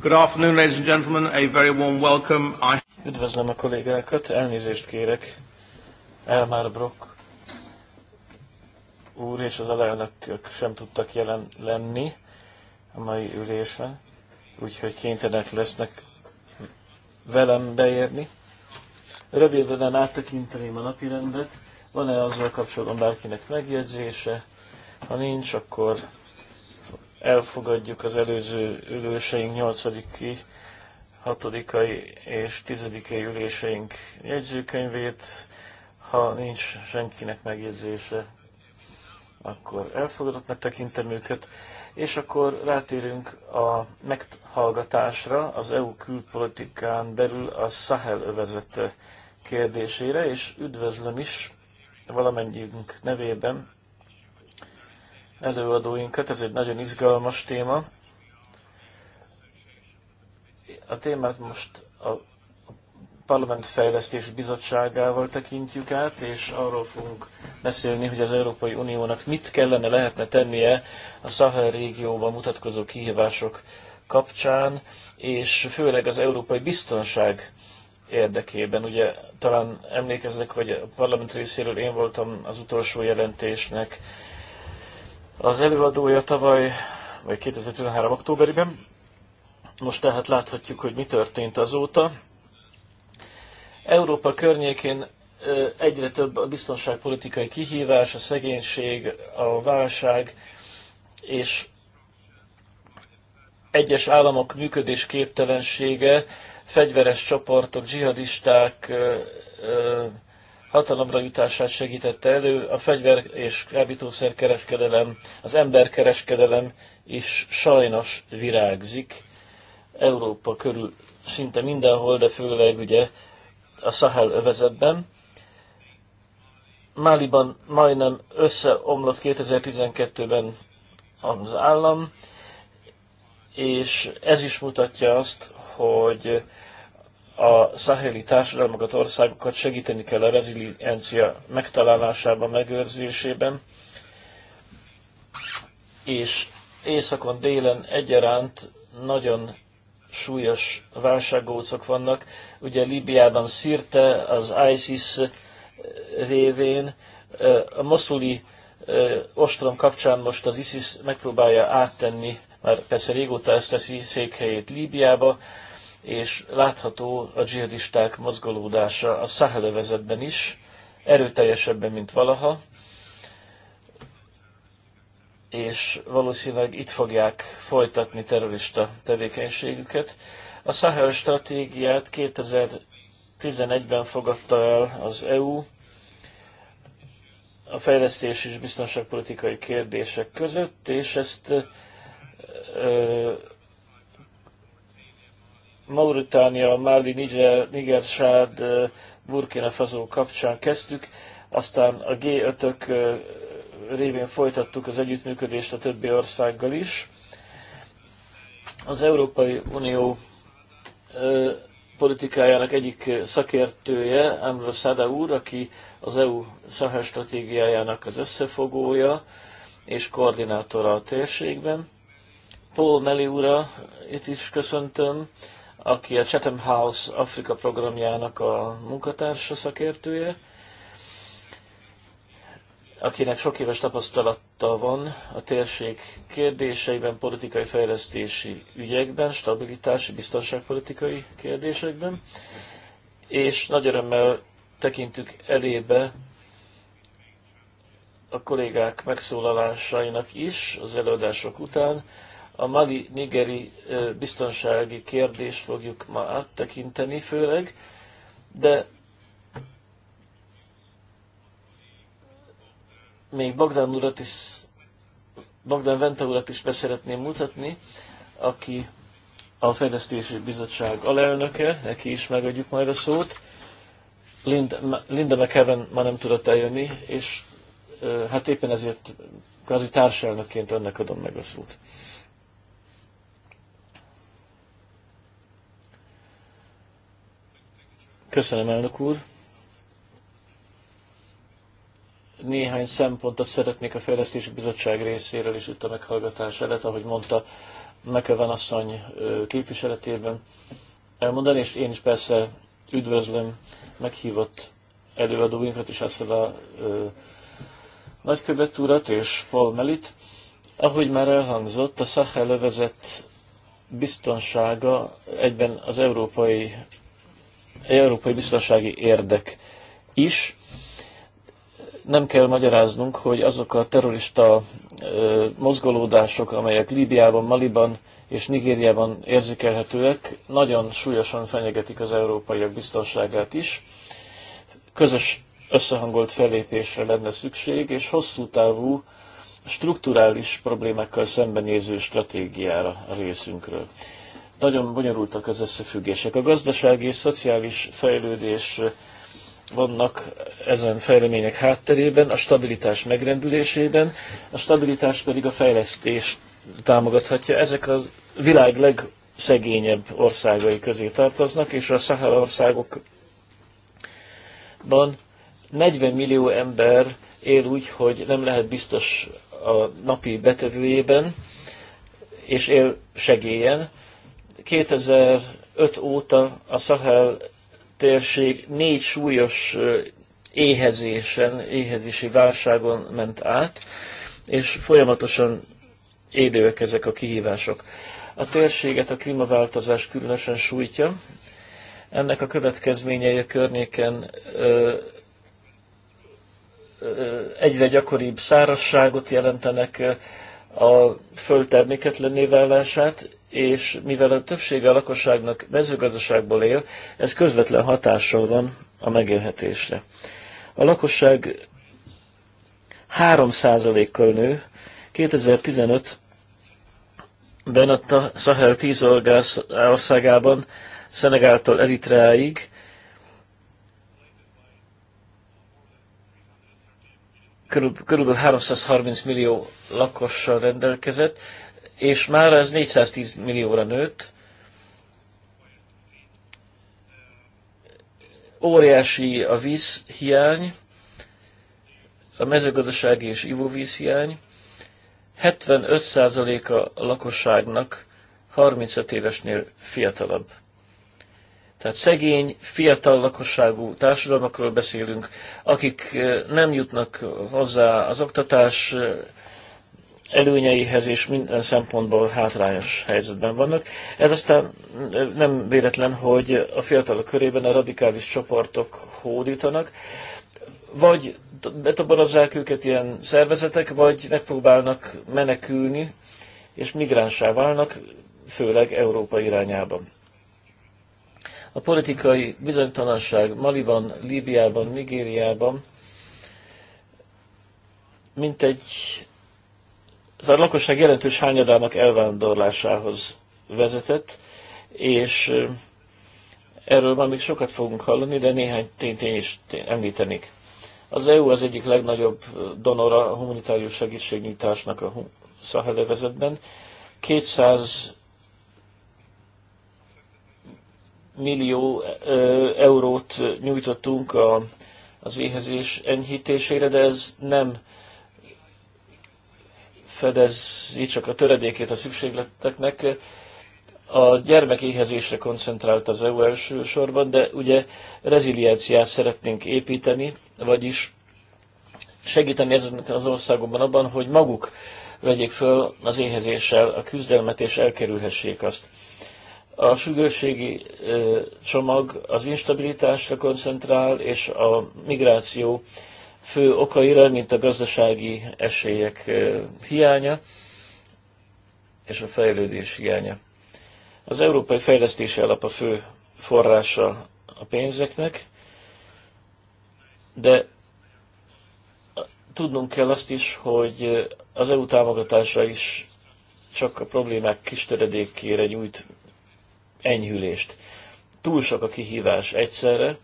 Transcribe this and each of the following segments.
Good afternoon, ladies and gentlemen. A very warm welcome. I... Üdvözlöm a kollégákat, elnézést kérek. Elmar Brock úr és az alelnökök sem tudtak jelen lenni a mai ülésen, úgyhogy kénytelenek lesznek velem beérni. Röviden áttekinteném a napirendet. Van-e azzal kapcsolatban bárkinek megjegyzése? Ha nincs, akkor elfogadjuk az előző üléseink 8 hatodikai és 10 üléseink jegyzőkönyvét. Ha nincs senkinek megjegyzése, akkor elfogadottnak tekintem őket. És akkor rátérünk a meghallgatásra az EU külpolitikán belül a Sahel övezete kérdésére, és üdvözlöm is valamennyiünk nevében előadóinkat, ez egy nagyon izgalmas téma. A témát most a Parlament Fejlesztés Bizottságával tekintjük át, és arról fogunk beszélni, hogy az Európai Uniónak mit kellene, lehetne tennie a Szahel régióban mutatkozó kihívások kapcsán, és főleg az európai biztonság érdekében. Ugye talán emlékeznek, hogy a parlament részéről én voltam az utolsó jelentésnek az előadója tavaly, vagy 2013. októberiben. Most tehát láthatjuk, hogy mi történt azóta. Európa környékén egyre több a biztonságpolitikai kihívás, a szegénység, a válság, és egyes államok működésképtelensége, fegyveres csoportok, dzsihadisták, hatalomra jutását segítette elő, a fegyver és kereskedelem, az emberkereskedelem is sajnos virágzik. Európa körül szinte mindenhol, de főleg ugye a Sahel övezetben. Máliban majdnem összeomlott 2012-ben az állam, és ez is mutatja azt, hogy a szaheli társadalmakat, országokat segíteni kell a reziliencia megtalálásában, megőrzésében, és északon, délen egyaránt nagyon súlyos válsággócok vannak. Ugye Líbiában szírte az ISIS révén, a moszuli ostrom kapcsán most az ISIS megpróbálja áttenni, már persze régóta ezt teszi székhelyét Líbiába, és látható a dzsihadisták mozgolódása a Szahelövezetben is, erőteljesebben, mint valaha, és valószínűleg itt fogják folytatni terrorista tevékenységüket. A Sahel stratégiát 2011-ben fogadta el az EU a fejlesztés és biztonságpolitikai kérdések között, és ezt ö, Mauritánia, Mali, Niger, Niger, Sád, eh, Burkina Faso kapcsán kezdtük, aztán a G5-ök eh, révén folytattuk az együttműködést a többi országgal is. Az Európai Unió eh, politikájának egyik szakértője, Amro Sada úr, aki az EU Sahel stratégiájának az összefogója és koordinátora a térségben. Paul Meli úra, itt is köszöntöm, aki a Chatham House Afrika programjának a munkatársa szakértője, akinek sok éves tapasztalata van a térség kérdéseiben, politikai fejlesztési ügyekben, stabilitási, biztonságpolitikai kérdésekben, és nagy örömmel tekintük elébe a kollégák megszólalásainak is az előadások után, a mali-nigeri biztonsági kérdést fogjuk ma áttekinteni főleg, de még Bagdán urat is, Bagdán Vente urat is beszeretném mutatni, aki a Fejlesztési Bizottság alelnöke, neki is megadjuk majd a szót. Linda, Linda McEwen ma nem tudott eljönni, és hát éppen ezért kvázi társelnökként önnek adom meg a szót. Köszönöm, elnök úr. Néhány szempontot szeretnék a Fejlesztési Bizottság részéről is itt a meghallgatás előtt, ahogy mondta Mekeven asszony képviseletében elmondani, és én is persze üdvözlöm meghívott előadóinkat is, a nagykövet urat és Paul Melit. Ahogy már elhangzott, a Szahel övezet biztonsága egyben az európai európai biztonsági érdek is. Nem kell magyaráznunk, hogy azok a terrorista mozgolódások, amelyek Líbiában, Maliban és Nigériában érzékelhetőek, nagyon súlyosan fenyegetik az európaiak biztonságát is. Közös összehangolt fellépésre lenne szükség, és hosszú távú strukturális problémákkal szembenéző stratégiára a részünkről. Nagyon bonyolultak az összefüggések. A gazdasági és szociális fejlődés vannak ezen fejlemények hátterében, a stabilitás megrendülésében, a stabilitás pedig a fejlesztést támogathatja. Ezek a világ legszegényebb országai közé tartoznak, és a Szahara országokban 40 millió ember él úgy, hogy nem lehet biztos a napi betevőjében, és él segélyen. 2005 óta a Szahel térség négy súlyos éhezésen, éhezési válságon ment át, és folyamatosan élőek ezek a kihívások. A térséget a klímaváltozás különösen sújtja. Ennek a következményei a környéken ö, ö, egyre gyakoribb szárazságot jelentenek, a földterméketlenéválását, és mivel a többsége a lakosságnak mezőgazdaságból él, ez közvetlen hatással van a megélhetésre. A lakosság 3%-kal nő, 2015-ben a Sahel 10 országában, Szenegáltól Eritreáig körülbelül 330 millió lakossal rendelkezett, és már ez 410 millióra nőtt. Óriási a vízhiány, a mezőgazdasági és ivóvízhiány. 75% a lakosságnak 35 évesnél fiatalabb. Tehát szegény, fiatal lakosságú társadalmakról beszélünk, akik eh, nem jutnak hozzá az oktatás eh, előnyeihez és minden szempontból hátrányos helyzetben vannak. Ez aztán eh, nem véletlen, hogy a fiatalok körében a radikális csoportok hódítanak, vagy betoborozzák őket ilyen szervezetek, vagy megpróbálnak menekülni, és migránsá válnak, főleg Európa irányában. A politikai bizonytalanság Maliban, Líbiában, Nigériában mintegy ez a lakosság jelentős hányadának elvándorlásához vezetett, és erről már még sokat fogunk hallani, de néhány tényt én is említenék. Az EU az egyik legnagyobb donora a humanitárius segítségnyújtásnak a Szahelevezetben. 200 millió eurót nyújtottunk a, az éhezés enyhítésére, de ez nem fedezi csak a töredékét a szükségleteknek. A gyermekéhezésre koncentrált az EU elsősorban, de ugye rezilienciát szeretnénk építeni, vagyis segíteni ezeknek az országokban abban, hogy maguk vegyék föl az éhezéssel a küzdelmet és elkerülhessék azt. A sürgősségi csomag az instabilitásra koncentrál, és a migráció fő okaira, mint a gazdasági esélyek hiánya és a fejlődés hiánya. Az Európai Fejlesztési Alap a fő forrása a pénzeknek, de tudnunk kell azt is, hogy az EU támogatása is csak a problémák kis töredékére nyújt enyhülést. Túl sok a kihívás egyszerre,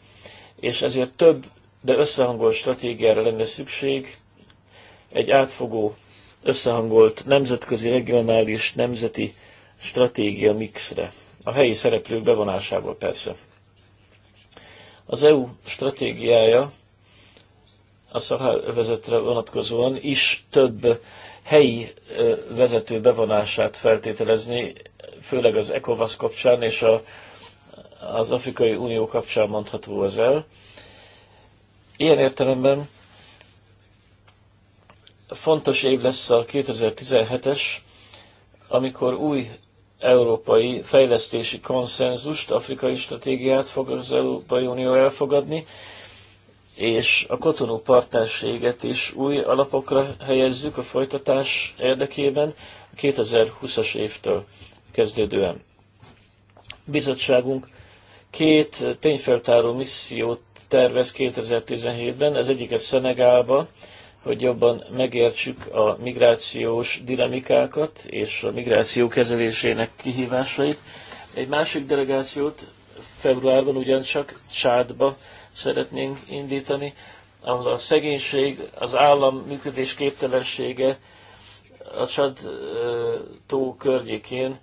és ezért több de összehangolt stratégiára lenne szükség, egy átfogó, összehangolt nemzetközi, regionális, nemzeti stratégia mixre. A helyi szereplők bevonásával persze. Az EU stratégiája a Szahel-vezetre vonatkozóan is több helyi vezető bevonását feltételezni, főleg az ECOWAS kapcsán és a, az Afrikai Unió kapcsán mondható az el. Ilyen értelemben fontos év lesz a 2017-es, amikor új európai fejlesztési konszenzust, afrikai stratégiát fog az Európai Unió elfogadni, és a Kotonú partnerséget is új alapokra helyezzük a folytatás érdekében 2020-as évtől kezdődően. Bizottságunk Két tényfeltáró missziót tervez 2017-ben, ez egyiket Szenegálba, hogy jobban megértsük a migrációs dinamikákat és a migráció kezelésének kihívásait. Egy másik delegációt februárban ugyancsak Csádba szeretnénk indítani, ahol a szegénység, az állam működés képtelensége a Csad tó környékén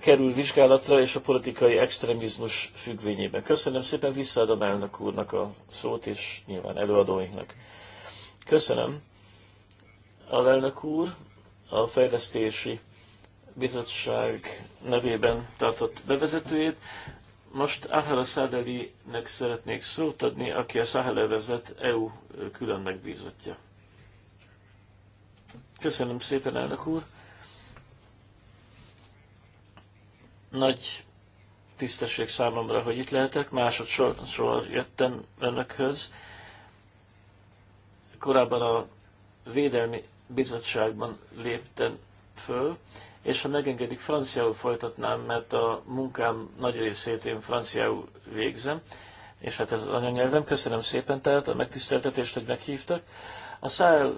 kerül vizsgálatra és a politikai extremizmus függvényében. Köszönöm szépen, visszaadom elnök úrnak a szót, és nyilván előadóinknak. Köszönöm. A elnök úr a fejlesztési bizottság nevében tartott bevezetőjét. Most Szádeli-nek szeretnék szót adni, aki a vezet EU külön megbízottja. Köszönöm szépen, elnök úr! Nagy tisztesség számomra, hogy itt lehetek, másodszorra jöttem önökhöz. Korábban a Védelmi Bizottságban léptem föl, és ha megengedik, franciául folytatnám, mert a munkám nagy részét én franciául végzem, és hát ez anyanyelvem. Köszönöm szépen tehát a megtiszteltetést, hogy meghívtak. A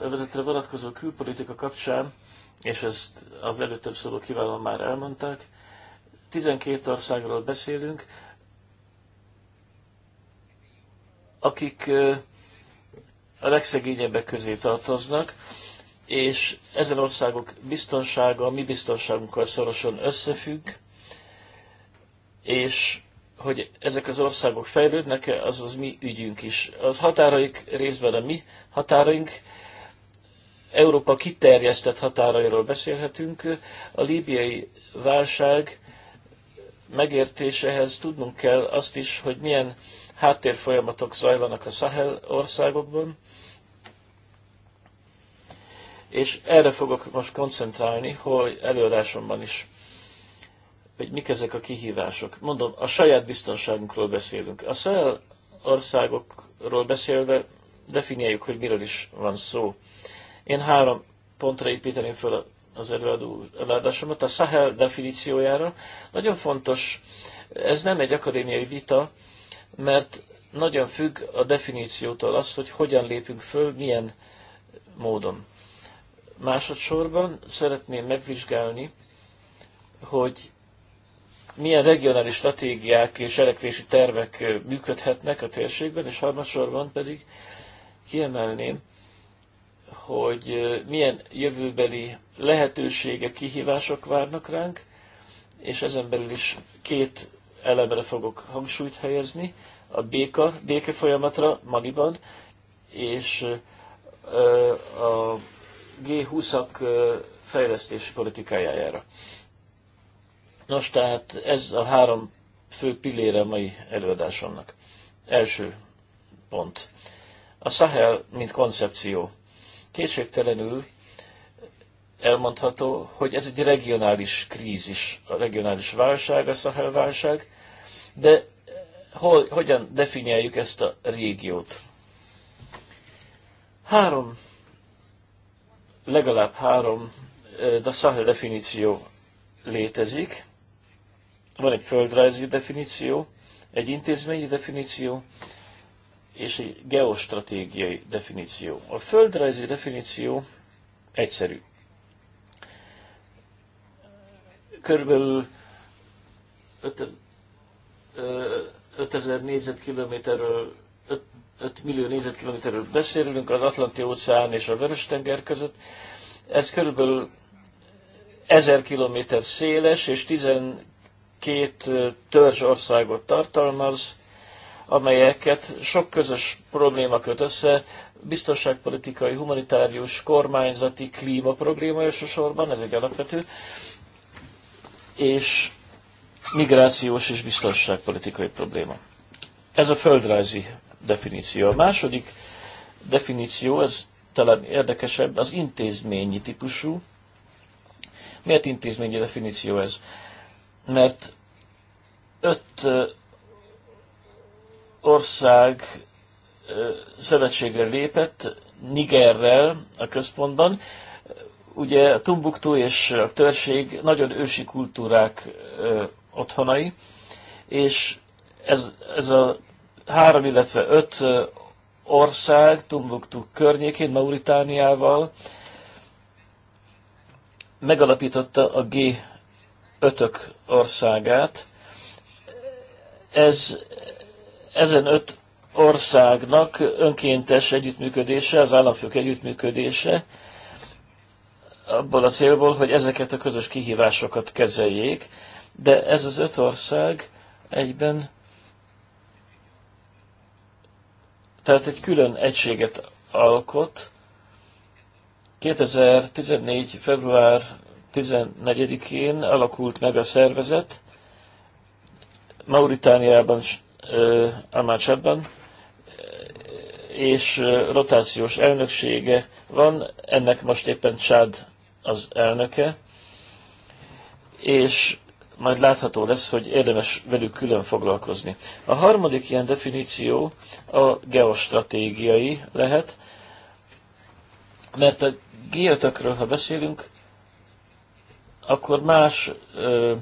vezetre vonatkozó külpolitika kapcsán, és ezt az előtt több szóló kiválóan már elmondták, 12 országról beszélünk, akik a legszegényebbek közé tartoznak, és ezen országok biztonsága a mi biztonságunkkal szorosan összefügg, és hogy ezek az országok fejlődnek-e, az az mi ügyünk is. Az határaik részben a mi határaink, Európa kiterjesztett határairól beszélhetünk. A líbiai válság megértéséhez tudnunk kell azt is, hogy milyen háttérfolyamatok zajlanak a Sahel országokban, és erre fogok most koncentrálni, hogy előadásomban is, hogy mik ezek a kihívások. Mondom, a saját biztonságunkról beszélünk. A Sahel országokról beszélve definiáljuk, hogy miről is van szó. Én három pontra építeném föl a az előadó előadásomat a Sahel definíciójára. Nagyon fontos, ez nem egy akadémiai vita, mert nagyon függ a definíciótól az, hogy hogyan lépünk föl, milyen módon. Másodszorban szeretném megvizsgálni, hogy milyen regionális stratégiák és elekvési tervek működhetnek a térségben, és harmadsorban pedig kiemelném, hogy milyen jövőbeli lehetőségek, kihívások várnak ránk, és ezen belül is két elemre fogok hangsúlyt helyezni, a béka, béke folyamatra Maliban, és a G20-ak fejlesztési politikájára. Nos, tehát ez a három fő pillére a mai előadásomnak. Első pont. A Sahel, mint koncepció. Kétségtelenül elmondható, hogy ez egy regionális krízis, a regionális válság, a Szahel válság, de hol, hogyan definiáljuk ezt a régiót? Három, legalább három de Szahel definíció létezik. Van egy földrajzi definíció, egy intézményi definíció, és egy geostratégiai definíció. A földrajzi definíció egyszerű. Körülbelül 5000 négyzetkilométerről, 5, 5 millió négyzetkilométerről beszélünk az Atlanti-óceán és a Vörös-tenger között. Ez körülbelül 1000 kilométer széles és 12 törzs országot tartalmaz, amelyeket sok közös probléma köt össze, biztonságpolitikai, humanitárius, kormányzati, klíma probléma elsősorban, ez egy alapvető, és migrációs és biztonságpolitikai probléma. Ez a földrajzi definíció. A második definíció, ez talán érdekesebb, az intézményi típusú. Miért intézményi definíció ez? Mert öt ország szövetségre lépett, Nigerrel a központban. Ugye a Tumbuktu és a törzség nagyon ősi kultúrák otthonai, és ez, ez a három, illetve öt ország Tumbuktu környékén, Mauritániával megalapította a g 5 országát. Ez ezen öt országnak önkéntes együttműködése, az államfők együttműködése, abból a célból, hogy ezeket a közös kihívásokat kezeljék, de ez az öt ország egyben, tehát egy külön egységet alkot. 2014. február 14-én alakult meg a szervezet, Mauritániában Amácsában, és rotációs elnöksége van, ennek most éppen Csád az elnöke, és majd látható lesz, hogy érdemes velük külön foglalkozni. A harmadik ilyen definíció a geostratégiai lehet, mert a geotakról, ha beszélünk, akkor más ö,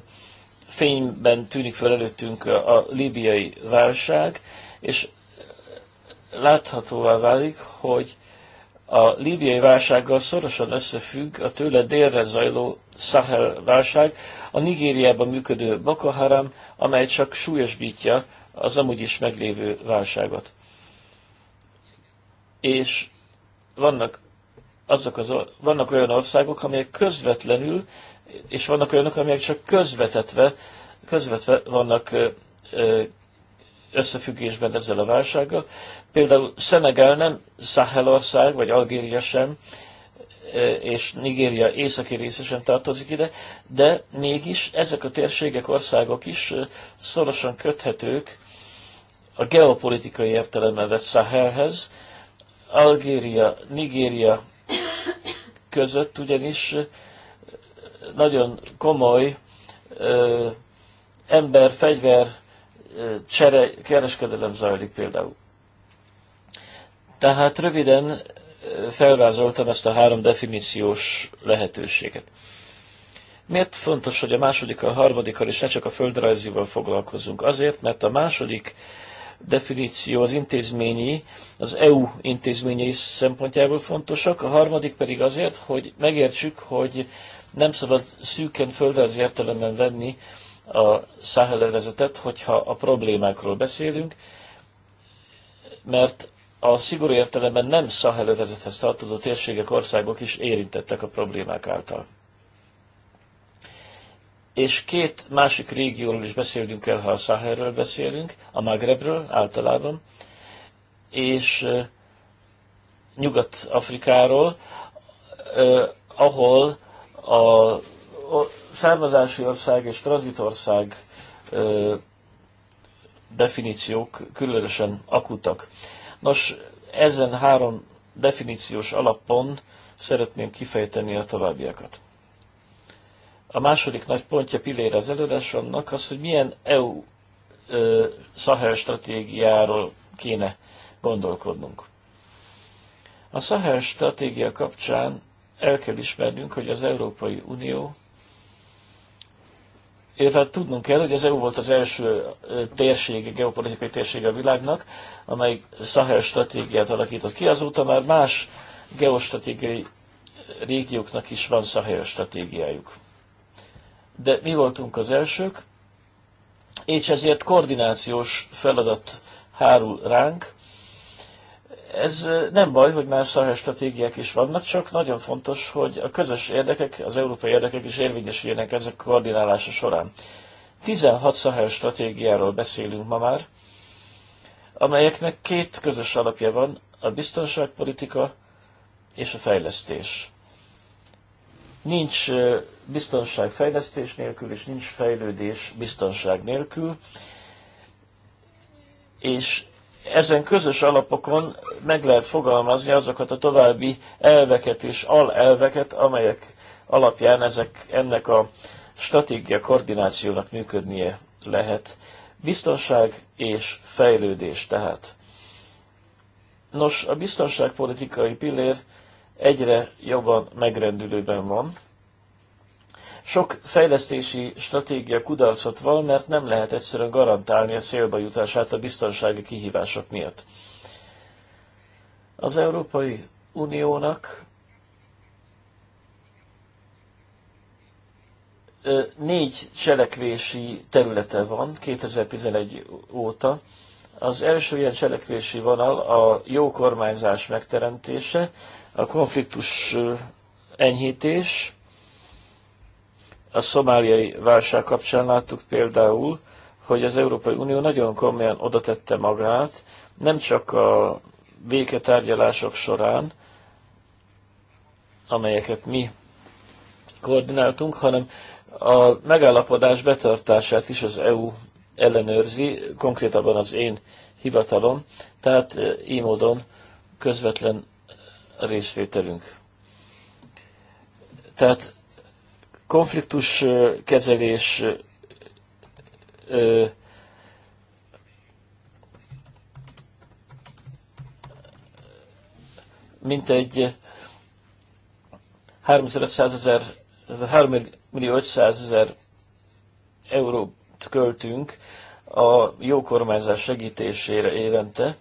fényben tűnik fel előttünk a líbiai válság, és láthatóvá válik, hogy a líbiai válsággal szorosan összefügg a tőle délre zajló Sahel válság, a Nigériában működő Boko Haram, amely csak súlyosbítja az amúgy is meglévő válságot. És vannak, azok az, vannak olyan országok, amelyek közvetlenül, és vannak olyanok, amelyek csak közvetetve közvetve vannak összefüggésben ezzel a válsággal. Például Szenegál nem Szahelország, vagy Algéria sem, és Nigéria északi része sem tartozik ide, de mégis ezek a térségek, országok is szorosan köthetők a geopolitikai értelemben vett Sahelhez. Algéria, Nigéria között ugyanis nagyon komoly ember, fegyver, csere, kereskedelem zajlik például. Tehát röviden felvázoltam ezt a három definíciós lehetőséget. Miért fontos, hogy a másodikkal, a harmadikkal és ne csak a földrajzival foglalkozunk? Azért, mert a második definíció az intézményi, az EU intézményei szempontjából fontosak, a harmadik pedig azért, hogy megértsük, hogy nem szabad szűken földrajzi értelemben venni a száhelövezetet, hogyha a problémákról beszélünk, mert a szigorú értelemben nem száhelövezethez tartozó térségek, országok is érintettek a problémák által. És két másik régióról is beszélünk el, ha a Száhelről beszélünk, a Magrebről általában, és Nyugat-Afrikáról, ahol a származási ország és tranzitország definíciók különösen akutak. Nos, ezen három definíciós alapon szeretném kifejteni a továbbiakat. A második nagy pontja pillér az annak az, hogy milyen EU ö, Szahel stratégiáról kéne gondolkodnunk. A Szahel stratégia kapcsán el kell ismernünk, hogy az Európai Unió illetve tudnunk kell, hogy az EU volt az első térsége, geopolitikai térsége a világnak, amely Sahel stratégiát alakított ki, azóta már más geostratégiai régióknak is van Sahel stratégiájuk. De mi voltunk az elsők, és ezért koordinációs feladat hárul ránk, ez nem baj, hogy már Szahel stratégiák is vannak, csak nagyon fontos, hogy a közös érdekek, az európai érdekek is érvényesüljenek ezek koordinálása során. 16 Szahel stratégiáról beszélünk ma már, amelyeknek két közös alapja van, a biztonságpolitika és a fejlesztés. Nincs biztonság fejlesztés nélkül, és nincs fejlődés biztonság nélkül, és ezen közös alapokon meg lehet fogalmazni azokat a további elveket és alelveket, amelyek alapján ezek, ennek a stratégia koordinációnak működnie lehet. Biztonság és fejlődés tehát. Nos, a biztonságpolitikai pillér egyre jobban megrendülőben van, sok fejlesztési stratégia kudarcot val, mert nem lehet egyszerűen garantálni a célba jutását a biztonsági kihívások miatt. Az Európai Uniónak négy cselekvési területe van 2011 óta. Az első ilyen cselekvési vonal a jó kormányzás megteremtése, a konfliktus enyhítés, a szomáliai válság kapcsán láttuk például, hogy az Európai Unió nagyon komolyan oda tette magát, nem csak a béketárgyalások során, amelyeket mi koordináltunk, hanem a megállapodás betartását is az EU ellenőrzi, konkrétabban az én hivatalom, tehát e, így módon közvetlen részvételünk. Tehát konfliktus kezelés mint egy 300 ezer, 3 millió 500 eurót költünk a jó kormányzás segítésére évente.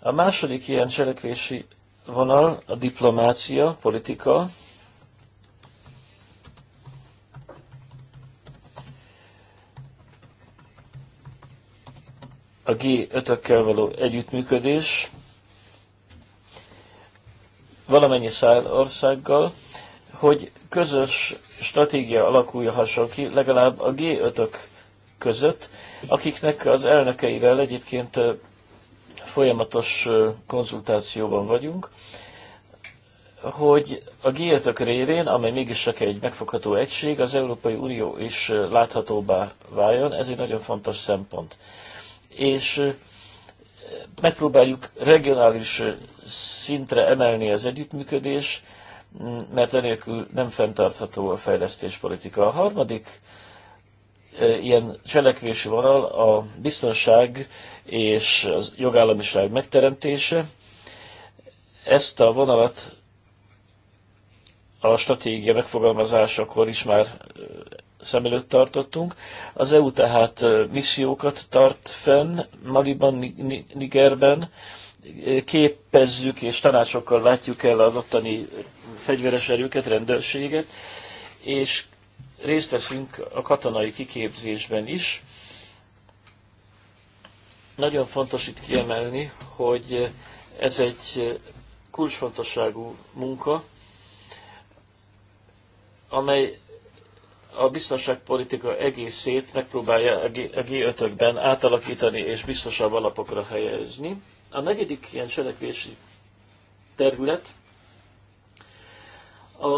A második ilyen cselekvési vonal a diplomácia, politika, a G5-ökkel való együttműködés valamennyi száll országgal, hogy közös stratégia alakulhasson ki legalább a G5-ök között, akiknek az elnökeivel egyébként folyamatos konzultációban vagyunk, hogy a g 5 révén, amely mégis csak egy megfogható egység, az Európai Unió is láthatóbbá váljon, ez egy nagyon fontos szempont és megpróbáljuk regionális szintre emelni az együttműködés, mert enélkül nem fenntartható a fejlesztéspolitika. A harmadik ilyen cselekvési vonal a biztonság és a jogállamiság megteremtése. Ezt a vonalat a stratégia megfogalmazásakor is már szem előtt tartottunk. Az EU tehát missziókat tart fenn Maliban, Nigerben, képezzük és tanácsokkal látjuk el az ottani fegyveres erőket, rendőrséget, és részt veszünk a katonai kiképzésben is. Nagyon fontos itt kiemelni, hogy ez egy kulcsfontosságú munka, amely a biztonságpolitika egészét megpróbálja a G5-ökben átalakítani és biztosabb alapokra helyezni. A negyedik ilyen cselekvési terület a,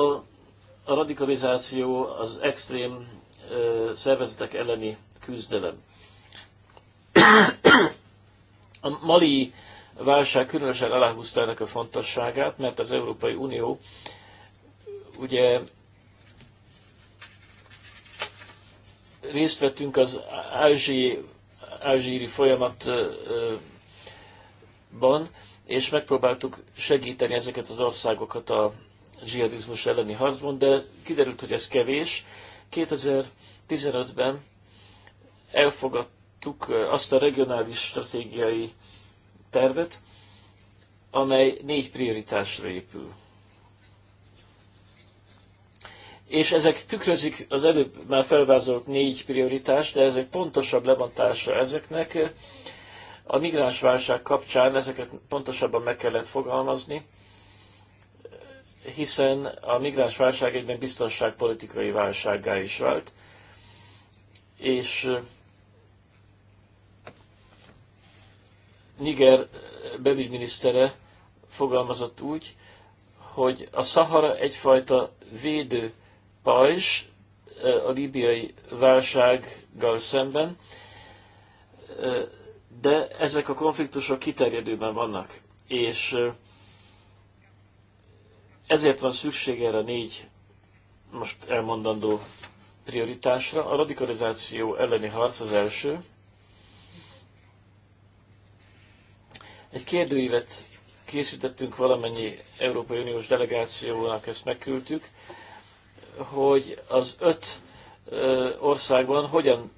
a radikalizáció, az extrém ö, szervezetek elleni küzdelem. A mali válság különösen aláhúzta ennek a fontosságát, mert az Európai Unió ugye részt vettünk az ázsíri folyamatban, és megpróbáltuk segíteni ezeket az országokat a zsihadizmus elleni harcban, de kiderült, hogy ez kevés. 2015-ben elfogadtuk azt a regionális stratégiai tervet, amely négy prioritásra épül és ezek tükrözik az előbb már felvázolt négy prioritást, de ez egy pontosabb lebontása ezeknek. A migránsválság kapcsán ezeket pontosabban meg kellett fogalmazni, hiszen a migránsválság egyben biztonságpolitikai válsággá is vált, és Niger belügyminisztere fogalmazott úgy, hogy a Szahara egyfajta védő pajzs a líbiai válsággal szemben, de ezek a konfliktusok kiterjedőben vannak, és ezért van szükség erre a négy most elmondandó prioritásra. A radikalizáció elleni harc az első. Egy kérdőívet készítettünk valamennyi Európai Uniós delegációnak, ezt megküldtük hogy az öt országban hogyan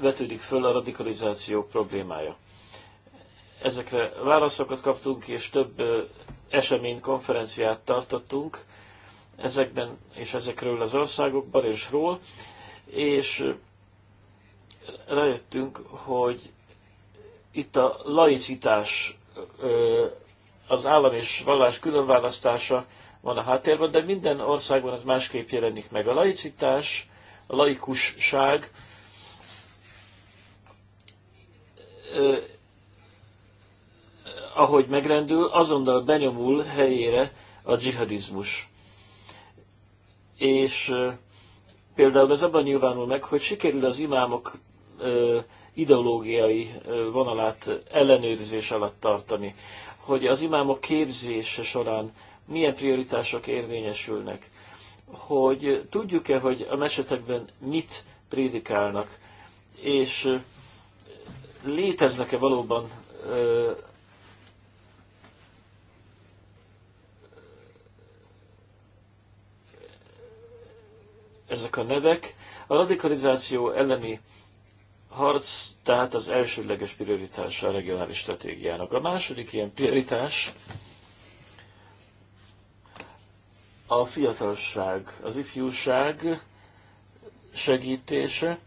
vetődik föl a radikalizáció problémája. Ezekre válaszokat kaptunk, és több esemény, konferenciát tartottunk ezekben és ezekről az országokban és ról, és rájöttünk, hogy itt a laicitás, az állam és vallás különválasztása van a háttérben, de minden országban az másképp jelenik meg. A laicitás, a laikusság ahogy megrendül, azonnal benyomul helyére a dzsihadizmus. És például ez abban nyilvánul meg, hogy sikerül az imámok ideológiai vonalát ellenőrzés alatt tartani, hogy az imámok képzése során milyen prioritások érvényesülnek, hogy tudjuk-e, hogy a mesetekben mit prédikálnak, és léteznek-e valóban ezek a nevek. A radikalizáció elleni harc tehát az elsődleges prioritása a regionális stratégiának. A második ilyen prioritás a fiatalság, az ifjúság segítése.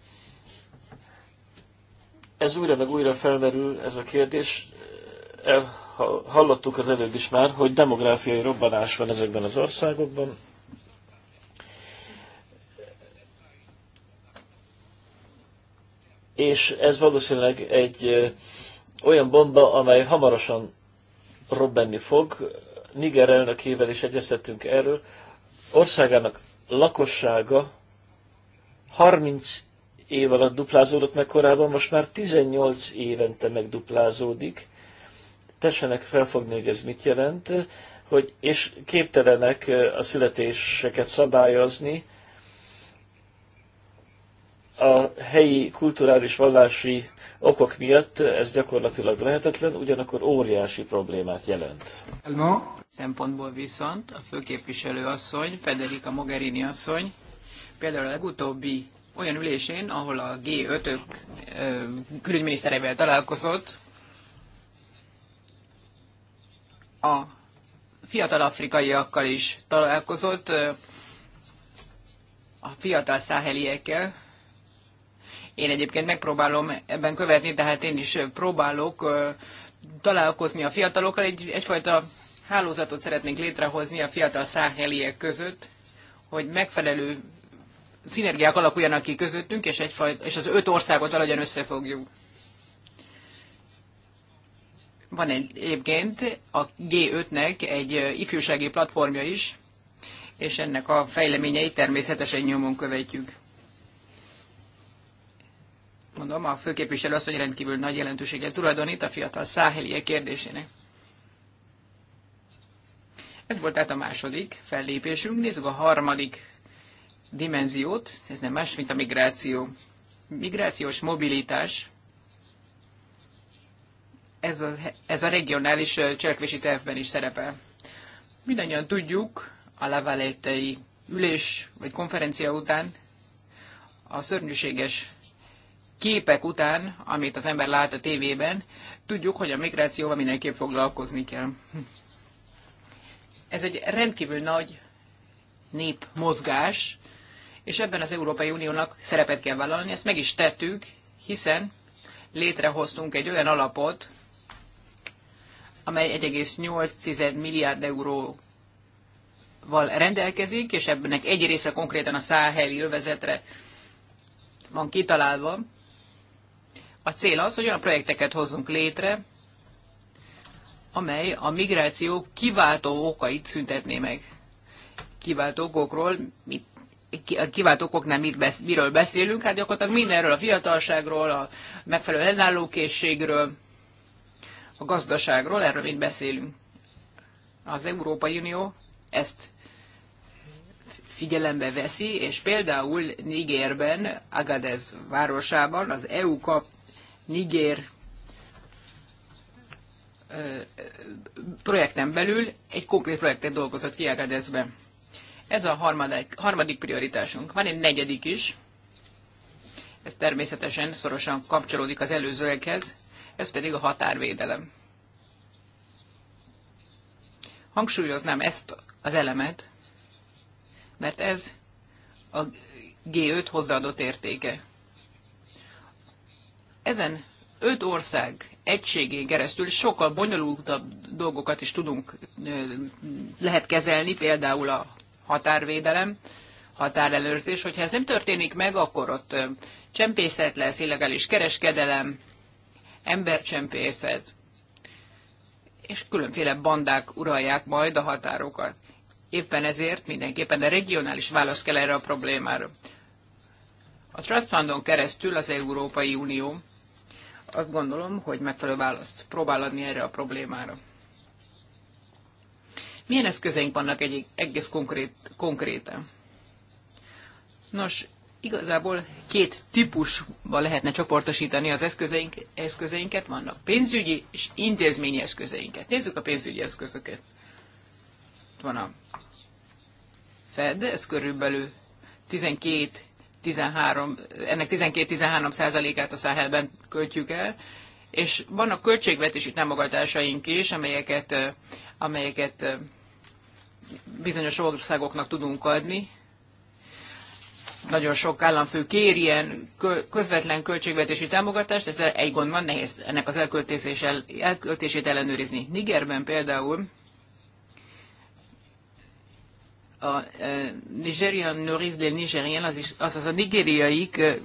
Ez újra meg újra felmerül ez a kérdés. El, hallottuk az előbb is már, hogy demográfiai robbanás van ezekben az országokban. És ez valószínűleg egy olyan bomba, amely hamarosan robbenni fog, Niger elnökével is egyeztettünk erről. Országának lakossága 30 év alatt duplázódott meg korábban, most már 18 évente megduplázódik. Tessenek felfogni, hogy ez mit jelent, hogy, és képtelenek a születéseket szabályozni, a helyi kulturális vallási okok miatt ez gyakorlatilag lehetetlen, ugyanakkor óriási problémát jelent. Szempontból viszont a főképviselő asszony, Federica Mogherini asszony, például a legutóbbi olyan ülésén, ahol a G5-ök külügyminiszterevel találkozott, a fiatal afrikaiakkal is találkozott, a fiatal száheliekkel, én egyébként megpróbálom ebben követni, tehát én is próbálok találkozni a fiatalokkal. Egy, egyfajta hálózatot szeretnénk létrehozni a fiatal száheliek között, hogy megfelelő szinergiák alakuljanak ki közöttünk, és, egyfajta, és az öt országot valahogyan összefogjuk. Van egy, egyébként a G5-nek egy ifjúsági platformja is, és ennek a fejleményeit természetesen nyomon követjük mondom, a főképviselő asszony rendkívül nagy jelentőséget tulajdonít a fiatal száheliek kérdésének. Ez volt tehát a második fellépésünk. Nézzük a harmadik dimenziót, ez nem más, mint a migráció. Migrációs mobilitás, ez a, ez a regionális cselekvési tervben is szerepel. Mindannyian tudjuk, a levelétei ülés vagy konferencia után a szörnyűséges képek után, amit az ember lát a tévében, tudjuk, hogy a migrációval mindenképp foglalkozni kell. Ez egy rendkívül nagy népmozgás, és ebben az Európai Uniónak szerepet kell vállalni. Ezt meg is tettük, hiszen létrehoztunk egy olyan alapot, amely 1,8 milliárd euró val rendelkezik, és ebben egy része konkrétan a száheli övezetre van kitalálva. A cél az, hogy olyan projekteket hozzunk létre, amely a migráció kiváltó okait szüntetné meg. Kiváltó okokról, mit, a kiváltó okoknál mit besz, miről beszélünk? Hát gyakorlatilag mindenről, a fiatalságról, a megfelelő ellenállókészségről, a gazdaságról, erről mind beszélünk. Az Európai Unió ezt figyelembe veszi, és például Nigerben, Agadez városában az EU kap Niger projekten belül egy konkrét projektet dolgozott ki Agadezbe. Ez a harmadik, harmadik prioritásunk. Van egy negyedik is, ez természetesen szorosan kapcsolódik az előzőekhez, ez pedig a határvédelem. Hangsúlyoznám ezt az elemet, mert ez a G5 hozzáadott értéke. Ezen öt ország egységén keresztül sokkal bonyolultabb dolgokat is tudunk, lehet kezelni, például a határvédelem, határelőrzés. Hogyha ez nem történik meg, akkor ott csempészet lesz, illegális kereskedelem, embercsempészet, és különféle bandák uralják majd a határokat. Éppen ezért mindenképpen a regionális válasz kell erre a problémára. A Trust Fundon keresztül az Európai Unió azt gondolom, hogy megfelelő választ próbál adni erre a problémára. Milyen eszközeink vannak egy, egész konkrét, konkrétan? Nos, igazából két típusba lehetne csoportosítani az eszközeink, eszközeinket, vannak pénzügyi és intézményi eszközeinket. Nézzük a pénzügyi eszközöket. Itt van a Fed, ez körülbelül 12 13, ennek 12-13 százalékát a Száhelben költjük el, és vannak költségvetési támogatásaink is, amelyeket, amelyeket bizonyos országoknak tudunk adni. Nagyon sok államfő kér ilyen közvetlen költségvetési támogatást, ezzel egy gond van, nehéz ennek az elköltését ellenőrizni. Nigerben például a e, Nigerian nourrice del Nigerian, azaz az, az a nigériaik, e,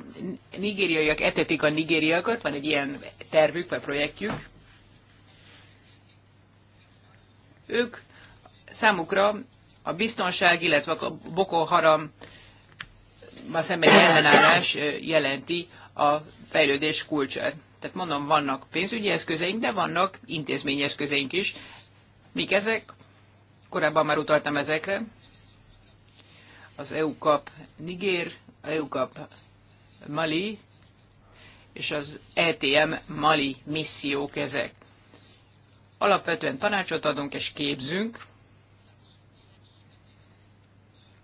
nigériaiak etetik a nigériakat, van egy ilyen tervük vagy projektjük. Ők számukra a biztonság, illetve a Boko Haram ma szemben ellenállás e, jelenti a fejlődés kulcsát. Tehát mondom, vannak pénzügyi eszközeink, de vannak intézményeszközeink is. Mik ezek? Korábban már utaltam ezekre az EU kap Niger, EU kap Mali, és az ETM Mali missziók ezek. Alapvetően tanácsot adunk és képzünk.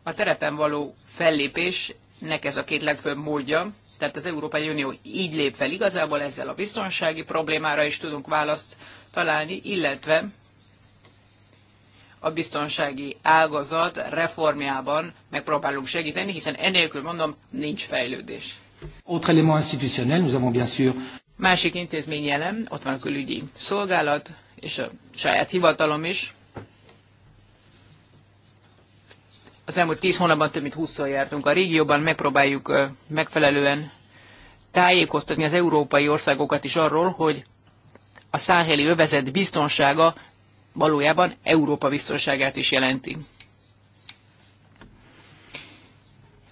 A terepen való fellépésnek ez a két legfőbb módja, tehát az Európai Unió így lép fel igazából, ezzel a biztonsági problémára is tudunk választ találni, illetve a biztonsági ágazat reformjában megpróbálunk segíteni, hiszen enélkül mondom, nincs fejlődés. Autre élément institutionnel, nous avons bien sûr... Másik intézmény jelen, ott van a külügyi szolgálat, és a saját hivatalom is. Az elmúlt tíz hónapban több mint 20 jártunk a régióban, megpróbáljuk megfelelően tájékoztatni az európai országokat is arról, hogy a száheli övezet biztonsága valójában Európa biztonságát is jelenti.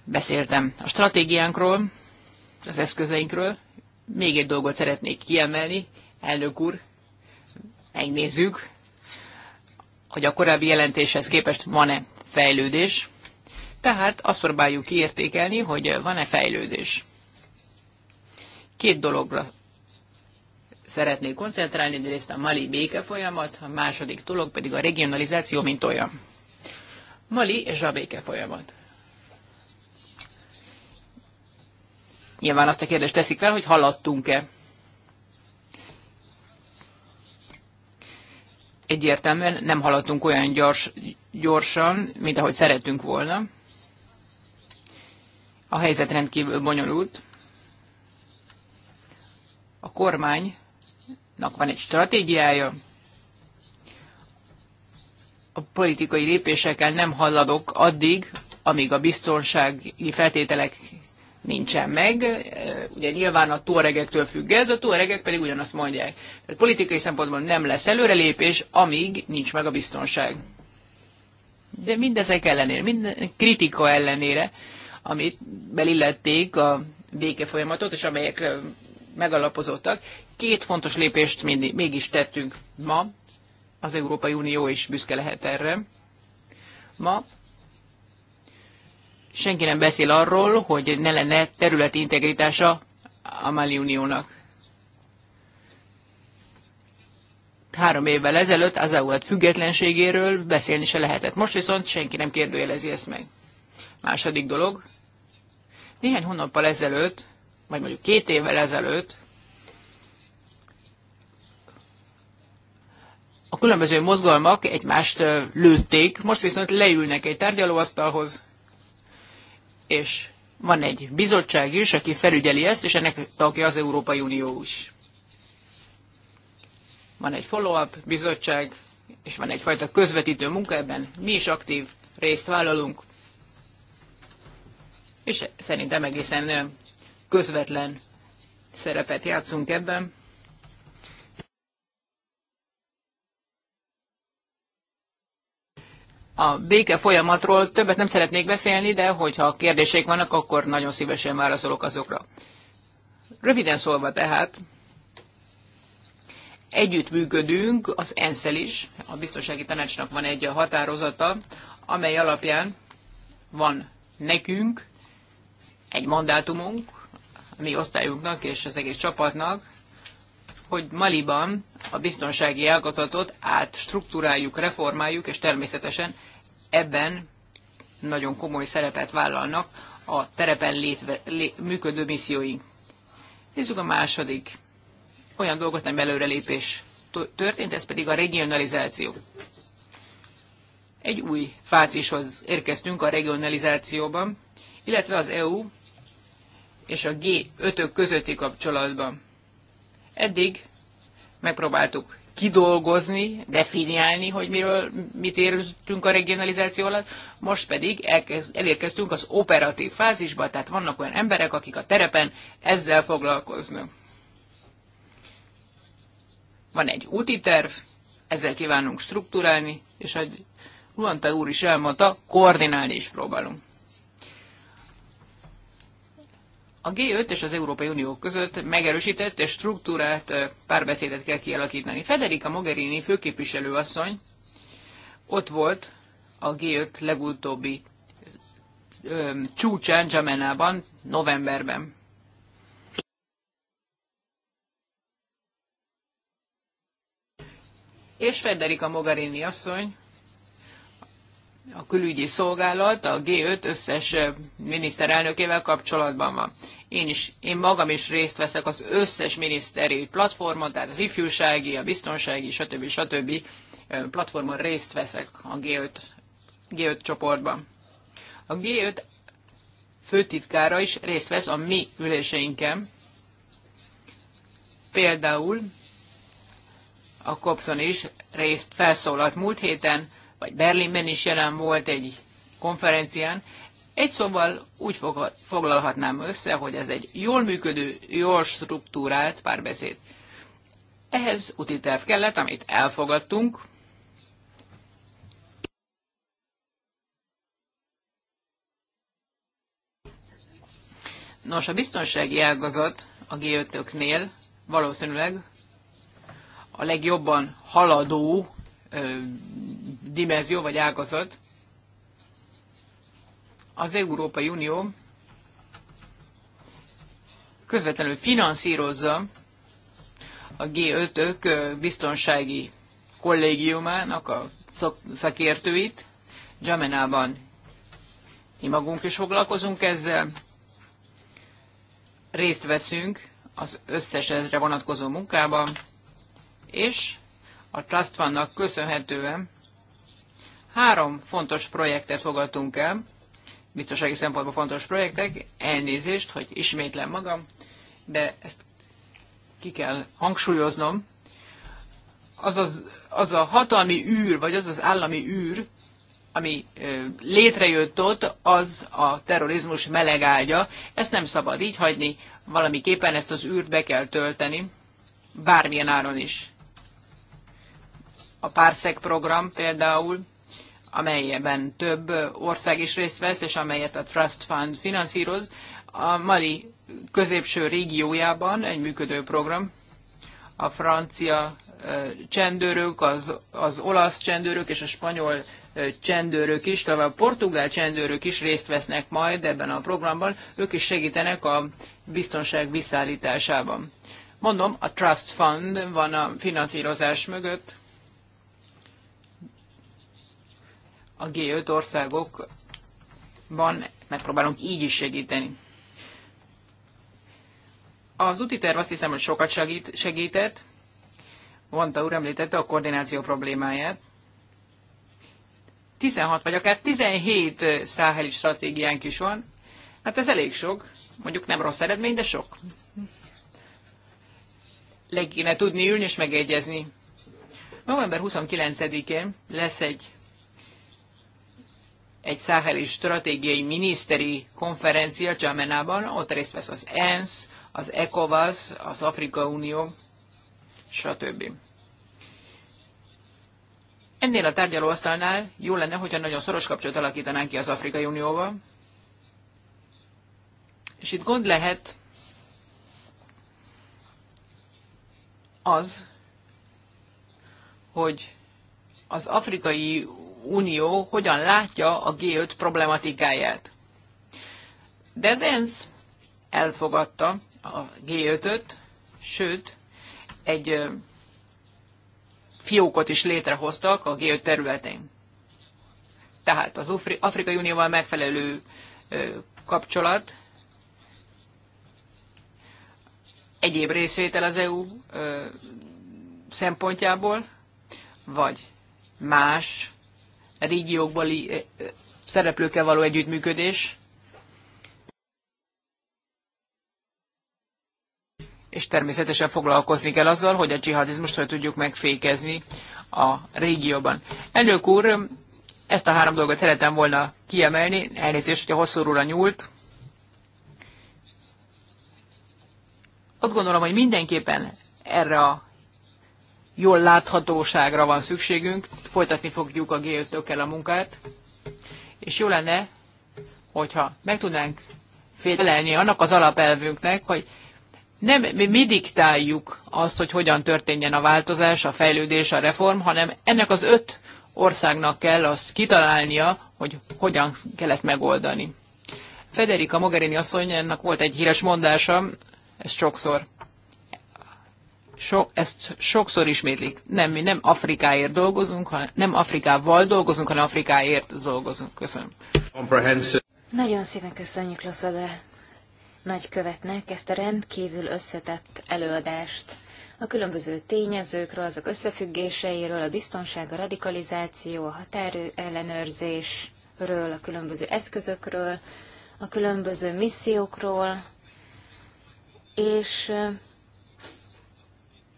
Beszéltem a stratégiánkról, az eszközeinkről. Még egy dolgot szeretnék kiemelni, elnök úr, megnézzük, hogy a korábbi jelentéshez képest van-e fejlődés. Tehát azt próbáljuk kiértékelni, hogy van-e fejlődés. Két dologra szeretnék koncentrálni, de részt a Mali béke folyamat, a második dolog pedig a regionalizáció, mint olyan. Mali és a béke folyamat. Nyilván azt a kérdést teszik fel, hogy haladtunk-e. Egyértelműen nem haladtunk olyan gyors, gyorsan, mint ahogy szerettünk volna. A helyzet rendkívül bonyolult. A kormány van egy stratégiája. A politikai lépésekkel nem halladok addig, amíg a biztonsági feltételek nincsen meg. Ugye nyilván a tuaregektől függ ez, a tuaregek pedig ugyanazt mondják. Tehát politikai szempontból nem lesz előrelépés, amíg nincs meg a biztonság. De mindezek ellenére, minden kritika ellenére, amit belillették a békefolyamatot, és amelyek megalapozottak, két fontos lépést mégis tettünk ma, az Európai Unió is büszke lehet erre. Ma senki nem beszél arról, hogy ne lenne területi integritása a Mali Uniónak. Három évvel ezelőtt az EU függetlenségéről beszélni se lehetett. Most viszont senki nem kérdőjelezi ezt meg. Második dolog. Néhány hónappal ezelőtt, vagy mondjuk két évvel ezelőtt a különböző mozgalmak egymást lőtték, most viszont leülnek egy tárgyalóasztalhoz, és van egy bizottság is, aki felügyeli ezt, és ennek tagja az Európai Unió is. Van egy follow-up bizottság, és van egyfajta közvetítő munka ebben. Mi is aktív részt vállalunk, és szerintem egészen közvetlen szerepet játszunk ebben. a béke folyamatról többet nem szeretnék beszélni, de hogyha kérdéseik vannak, akkor nagyon szívesen válaszolok azokra. Röviden szólva tehát, együttműködünk az ensz is, a biztonsági tanácsnak van egy határozata, amely alapján van nekünk egy mandátumunk, a mi osztályunknak és az egész csapatnak, hogy Maliban a biztonsági ágazatot átstruktúráljuk, reformáljuk, és természetesen ebben nagyon komoly szerepet vállalnak a terepen létve, lé, működő misszióink. Nézzük a második olyan dolgot, nem előrelépés történt, ez pedig a regionalizáció. Egy új fázishoz érkeztünk a regionalizációban, illetve az EU és a G5-ök közötti kapcsolatban. Eddig megpróbáltuk kidolgozni, definiálni, hogy miről, mit értünk a regionalizáció alatt, most pedig elkez, elérkeztünk az operatív fázisba, tehát vannak olyan emberek, akik a terepen ezzel foglalkoznak. Van egy úti terv, ezzel kívánunk struktúrálni, és ahogy Luanta úr is elmondta, koordinálni is próbálunk. A G5 és az Európai Unió között megerősített és struktúrált párbeszédet kell kialakítani. Federica Mogherini főképviselőasszony ott volt a G5 legutóbbi csúcsán Jamenában, novemberben. És Federica Mogherini asszony a külügyi szolgálat a G5 összes miniszterelnökével kapcsolatban van. Én, is, én magam is részt veszek az összes miniszteri platformon, tehát az ifjúsági, a biztonsági, stb. stb. platformon részt veszek a G5, G5 csoportban. A G5 főtitkára is részt vesz a mi üléseinken. Például a Kopson is részt felszólalt múlt héten, vagy Berlinben is jelen volt egy konferencián. Egy szóval úgy foglalhatnám össze, hogy ez egy jól működő, jól struktúrált párbeszéd. Ehhez úti terv kellett, amit elfogadtunk. Nos, a biztonsági ágazat a g valószínűleg a legjobban haladó dimenzió vagy ágazat. Az Európai Unió közvetlenül finanszírozza a G5-ök biztonsági kollégiumának a szakértőit. Jamenában mi magunk is foglalkozunk ezzel. Részt veszünk az összes ezre vonatkozó munkában, és a Trust Fundnak köszönhetően Három fontos projektet fogadtunk el, biztonsági szempontból fontos projektek, elnézést, hogy ismétlem magam, de ezt ki kell hangsúlyoznom. Az, az, az a hatalmi űr, vagy az az állami űr, ami létrejött ott, az a terrorizmus melegágya. Ezt nem szabad így hagyni, valamiképpen ezt az űrt be kell tölteni, bármilyen áron is. A Párszeg program például amelyben több ország is részt vesz, és amelyet a Trust Fund finanszíroz, a Mali középső régiójában egy működő program. A francia csendőrök, az, az olasz csendőrök és a spanyol csendőrök is, tovább a portugál csendőrök is részt vesznek majd ebben a programban, ők is segítenek a biztonság visszaállításában. Mondom, a Trust Fund van a finanszírozás mögött, a G5 országokban megpróbálunk így is segíteni. Az úti terv azt hiszem, hogy sokat segít, segített. Vonta úr említette a koordináció problémáját. 16 vagy akár 17 száheli stratégiánk is van. Hát ez elég sok. Mondjuk nem rossz eredmény, de sok. Le kéne tudni ülni és megegyezni. November 29-én lesz egy egy száheli stratégiai miniszteri konferencia Csamenában, ott részt vesz az ENSZ, az ECOVAS, az Afrika Unió, stb. Ennél a tárgyalóasztalnál jó lenne, hogyha nagyon szoros kapcsolat alakítanánk ki az Afrikai Unióval. És itt gond lehet az, hogy az Afrikai Unió hogyan látja a G5 problematikáját. De az elfogadta a G5-öt, sőt, egy fiókot is létrehoztak a G5 területén. Tehát az Afrikai Unióval megfelelő kapcsolat, egyéb részvétel az EU szempontjából, vagy más régiókbali szereplőkkel való együttműködés, és természetesen foglalkozni kell azzal, hogy a dzsihadizmust hogy tudjuk megfékezni a régióban. Elnök úr, ezt a három dolgot szeretem volna kiemelni, elnézést, a hosszúra nyúlt. Azt gondolom, hogy mindenképpen erre a jól láthatóságra van szükségünk, folytatni fogjuk a g a munkát, és jó lenne, hogyha meg tudnánk félelni annak az alapelvünknek, hogy nem mi, mi diktáljuk azt, hogy hogyan történjen a változás, a fejlődés, a reform, hanem ennek az öt országnak kell azt kitalálnia, hogy hogyan kell ezt megoldani. Federica Mogherini asszony, ennek volt egy híres mondása, ezt sokszor so, ezt sokszor ismétlik. Nem, mi nem Afrikáért dolgozunk, hanem nem Afrikával dolgozunk, hanem Afrikáért dolgozunk. Köszönöm. Nagyon szépen köszönjük Loszada nagykövetnek ezt a rendkívül összetett előadást. A különböző tényezőkről, azok összefüggéseiről, a biztonság, a radikalizáció, a határő ellenőrzésről, a különböző eszközökről, a különböző missziókról, és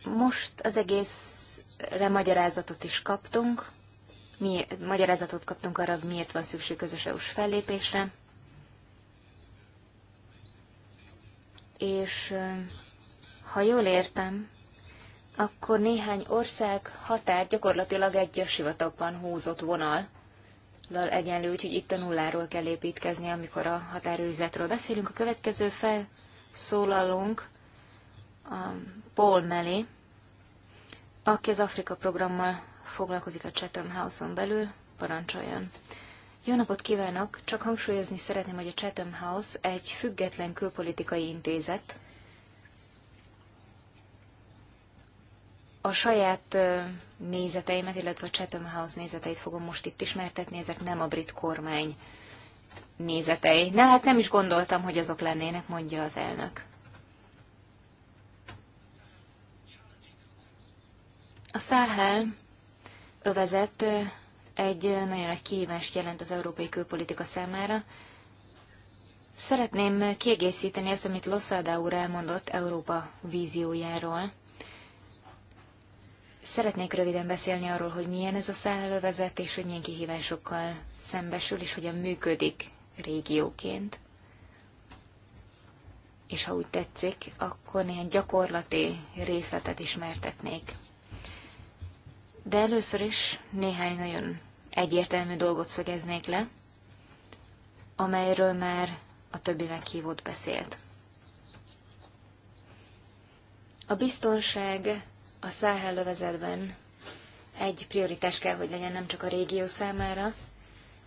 most az egészre magyarázatot is kaptunk, mi, magyarázatot kaptunk arra, miért van szükség közös EU-s fellépésre, és ha jól értem, akkor néhány ország határ gyakorlatilag egy a sivatagban húzott vonal egyenlő, úgyhogy itt a nulláról kell építkezni, amikor a határőrizetről beszélünk. A következő felszólalunk a Paul Mellé aki az Afrika programmal foglalkozik a Chatham House-on belül, parancsoljon. Jó napot kívánok! Csak hangsúlyozni szeretném, hogy a Chatham House egy független külpolitikai intézet. A saját nézeteimet, illetve a Chatham House nézeteit fogom most itt ismertetni, ezek nem a brit kormány nézetei. Na hát nem is gondoltam, hogy azok lennének, mondja az elnök. A Száhel övezet egy nagyon nagy kihívást jelent az európai külpolitika számára. Szeretném kiegészíteni azt, amit Losszada úr elmondott Európa víziójáról. Szeretnék röviden beszélni arról, hogy milyen ez a Száhel övezet és hogy milyen kihívásokkal szembesül, és hogyan működik régióként. És ha úgy tetszik, akkor néhány gyakorlati részletet ismertetnék de először is néhány nagyon egyértelmű dolgot szögeznék le, amelyről már a többi meghívót beszélt. A biztonság a Száhel övezetben egy prioritás kell, hogy legyen nem csak a régió számára,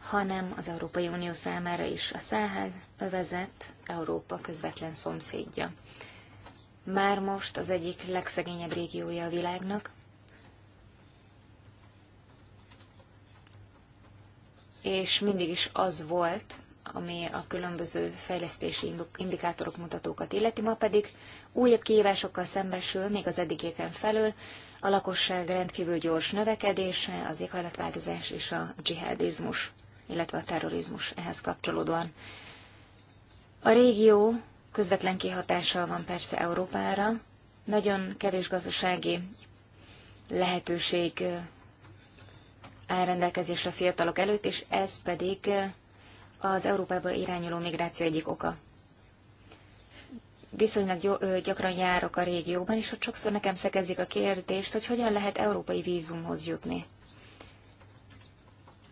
hanem az Európai Unió számára is. A Száhel övezet Európa közvetlen szomszédja. Már most az egyik legszegényebb régiója a világnak, és mindig is az volt, ami a különböző fejlesztési indikátorok mutatókat illeti, ma pedig újabb kihívásokkal szembesül, még az eddigéken felül, a lakosság rendkívül gyors növekedése, az éghajlatváltozás és a dzsihadizmus, illetve a terrorizmus ehhez kapcsolódóan. A régió közvetlen kihatással van persze Európára, nagyon kevés gazdasági lehetőség áll rendelkezésre fiatalok előtt, és ez pedig az Európába irányuló migráció egyik oka. Viszonylag gyakran járok a régióban, és ott sokszor nekem szekezik a kérdést, hogy hogyan lehet európai vízumhoz jutni.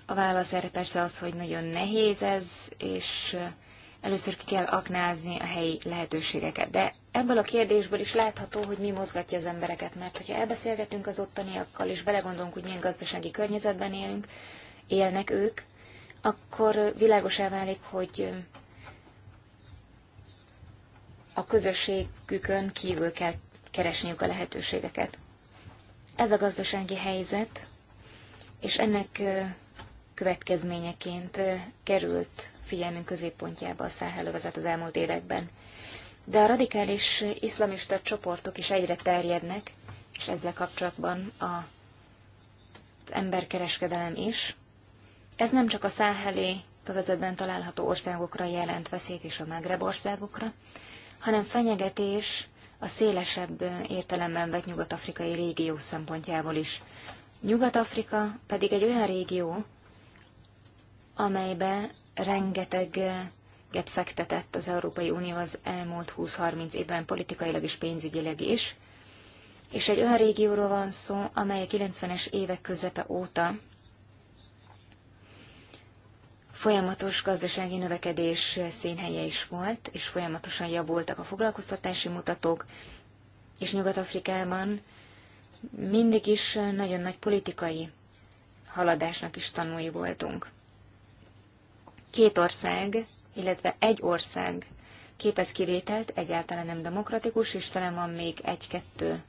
A válasz erre persze az, hogy nagyon nehéz ez, és először ki kell aknázni a helyi lehetőségeket, de ebből a kérdésből is látható, hogy mi mozgatja az embereket, mert hogyha elbeszélgetünk az ottaniakkal, és belegondolunk, hogy milyen gazdasági környezetben élünk, élnek ők, akkor világosá válik, hogy a közösségükön kívül kell keresniük a lehetőségeket. Ez a gazdasági helyzet, és ennek következményeként került figyelmünk középpontjába a száhelővezet az elmúlt években de a radikális iszlamista csoportok is egyre terjednek, és ezzel kapcsolatban a, az emberkereskedelem is. Ez nem csak a száhelé övezetben található országokra jelent veszélyt és a Magreb országokra, hanem fenyegetés a szélesebb értelemben vett nyugat-afrikai régió szempontjából is. Nyugat-Afrika pedig egy olyan régió, amelybe rengeteg fektetett az Európai Unió az elmúlt 20-30 évben politikailag és pénzügyileg is, és egy olyan régióról van szó, amely a 90-es évek közepe óta folyamatos gazdasági növekedés színhelye is volt, és folyamatosan javultak a foglalkoztatási mutatók, és Nyugat-Afrikában mindig is nagyon nagy politikai haladásnak is tanúi voltunk. Két ország illetve egy ország képez kivételt, egyáltalán nem demokratikus, és talán van még egy-kettő,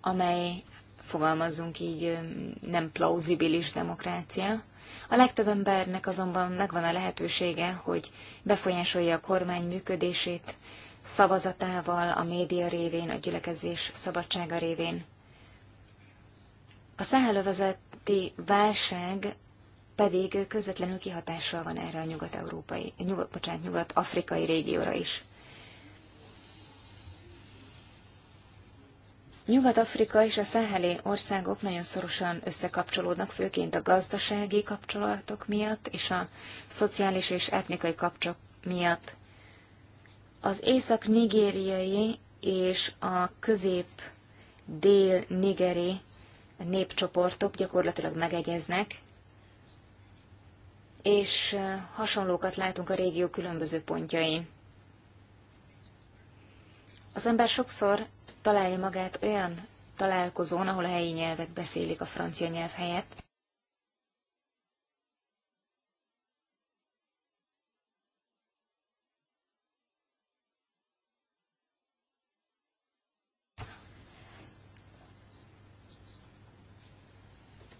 amely, fogalmazzunk így, nem plauzibilis demokrácia. A legtöbb embernek azonban megvan a lehetősége, hogy befolyásolja a kormány működését szavazatával, a média révén, a gyülekezés szabadsága révén. A száhelövezeti válság pedig közvetlenül kihatással van erre a nyugat-európai, nyugat, bocsánat, nyugat-afrikai régióra is. Nyugat-Afrika és a száheli országok nagyon szorosan összekapcsolódnak, főként a gazdasági kapcsolatok miatt és a szociális és etnikai kapcsok miatt. Az észak-nigériai és a közép-dél-nigeri népcsoportok gyakorlatilag megegyeznek, és hasonlókat látunk a régió különböző pontjain. Az ember sokszor találja magát olyan találkozón, ahol a helyi nyelvek beszélik a francia nyelv helyett.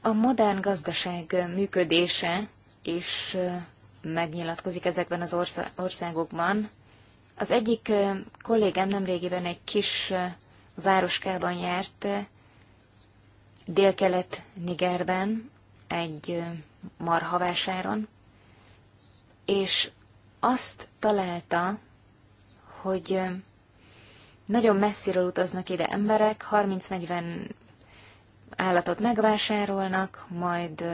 A modern gazdaság működése is megnyilatkozik ezekben az országokban. Az egyik kollégám nemrégiben egy kis városkában járt, délkelet Nigerben, egy marhavásáron, és azt találta, hogy nagyon messziről utaznak ide emberek, 30-40 állatot megvásárolnak, majd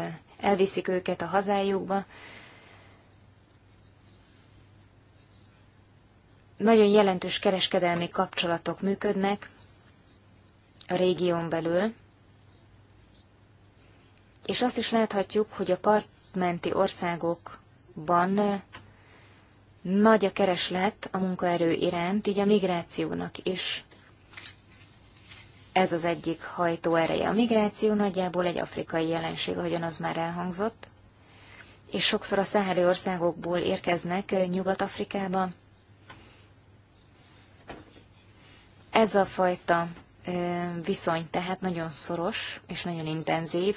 elviszik őket a hazájukba. Nagyon jelentős kereskedelmi kapcsolatok működnek a régión belül, és azt is láthatjuk, hogy a partmenti országokban nagy a kereslet a munkaerő iránt, így a migrációnak is ez az egyik hajtó ereje. A migráció nagyjából egy afrikai jelenség, ahogyan az már elhangzott, és sokszor a száheli országokból érkeznek Nyugat-Afrikába. Ez a fajta viszony tehát nagyon szoros és nagyon intenzív,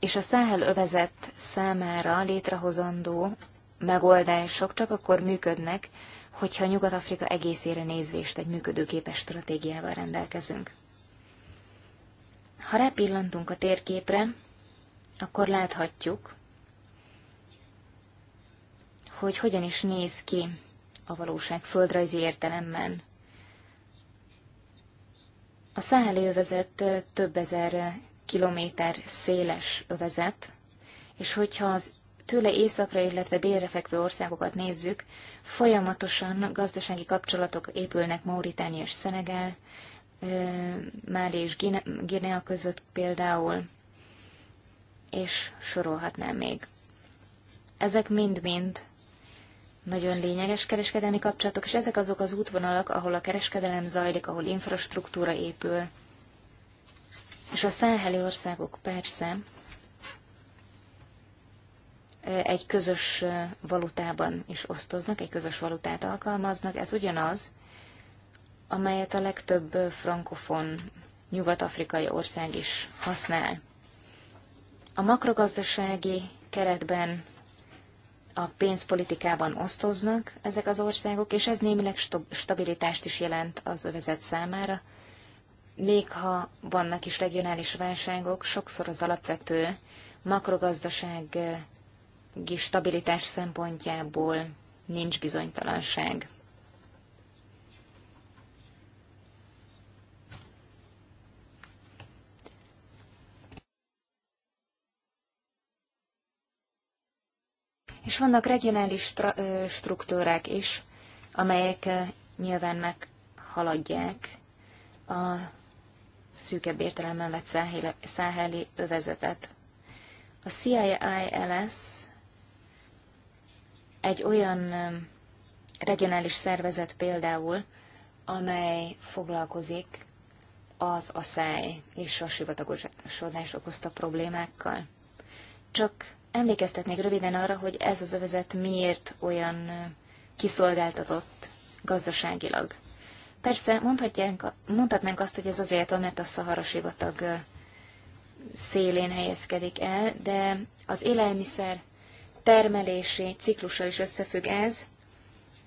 és a Száhel övezet számára létrehozandó megoldások csak akkor működnek, hogyha Nyugat-Afrika egészére nézvést egy működőképes stratégiával rendelkezünk. Ha rápillantunk a térképre, akkor láthatjuk, hogy hogyan is néz ki a valóság földrajzi értelemben. A száheli övezet több ezer kilométer széles övezet, és hogyha az tőle északra, illetve délre fekvő országokat nézzük, folyamatosan gazdasági kapcsolatok épülnek Mauritánia és Szenegel, Máli és Guinea között például, és sorolhatnám még. Ezek mind-mind nagyon lényeges kereskedelmi kapcsolatok, és ezek azok az útvonalak, ahol a kereskedelem zajlik, ahol infrastruktúra épül. És a száheli országok persze egy közös valutában is osztoznak, egy közös valutát alkalmaznak. Ez ugyanaz, amelyet a legtöbb frankofon nyugat-afrikai ország is használ. A makrogazdasági keretben a pénzpolitikában osztoznak ezek az országok, és ez némileg stabilitást is jelent az övezet számára. Még ha vannak is regionális válságok, sokszor az alapvető makrogazdaság stabilitás szempontjából nincs bizonytalanság. És vannak regionális struktúrák is, amelyek nyilván meghaladják a szűkebb értelemben vett száheli övezetet. A CIILS egy olyan regionális szervezet például, amely foglalkozik az száj és a sivatagosodás okozta problémákkal. Csak emlékeztetnék röviden arra, hogy ez az övezet miért olyan kiszolgáltatott gazdaságilag. Persze mondhatnánk azt, hogy ez azért mert a szahara sivatag szélén helyezkedik el, de az élelmiszer termelési ciklussal is összefügg ez.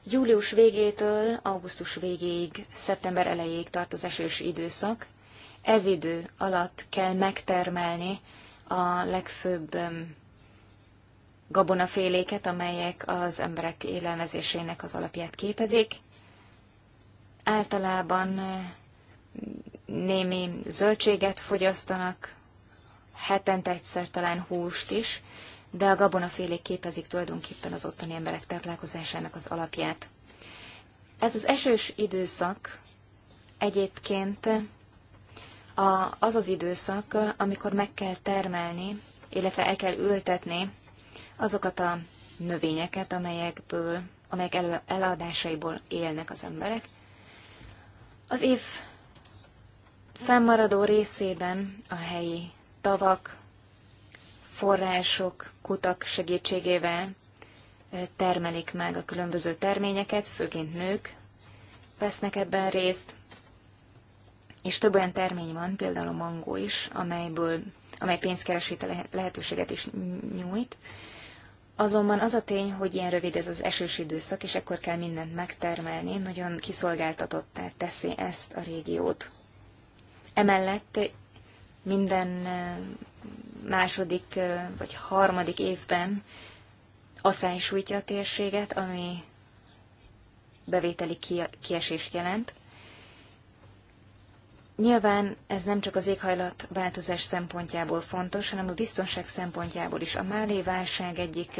Július végétől augusztus végéig, szeptember elejéig tart az esős időszak. Ez idő alatt kell megtermelni a legfőbb gabonaféléket, amelyek az emberek élelmezésének az alapját képezik. Általában némi zöldséget fogyasztanak, hetente egyszer talán húst is, de a gabonafélék képezik tulajdonképpen az ottani emberek táplálkozásának az alapját. Ez az esős időszak egyébként a, az az időszak, amikor meg kell termelni, illetve el kell ültetni azokat a növényeket, amelyekből, amelyek elő, eladásaiból élnek az emberek. Az év fennmaradó részében a helyi tavak, források, kutak segítségével termelik meg a különböző terményeket, főként nők vesznek ebben részt, és több olyan termény van, például a mangó is, amelyből, amely pénzkeresíti lehetőséget is nyújt. Azonban az a tény, hogy ilyen rövid ez az esős időszak, és ekkor kell mindent megtermelni, nagyon kiszolgáltatottá teszi ezt a régiót. Emellett minden második vagy harmadik évben asszály sújtja a térséget, ami bevételi kiesést jelent. Nyilván ez nem csak az éghajlat változás szempontjából fontos, hanem a biztonság szempontjából is. A Málé válság egyik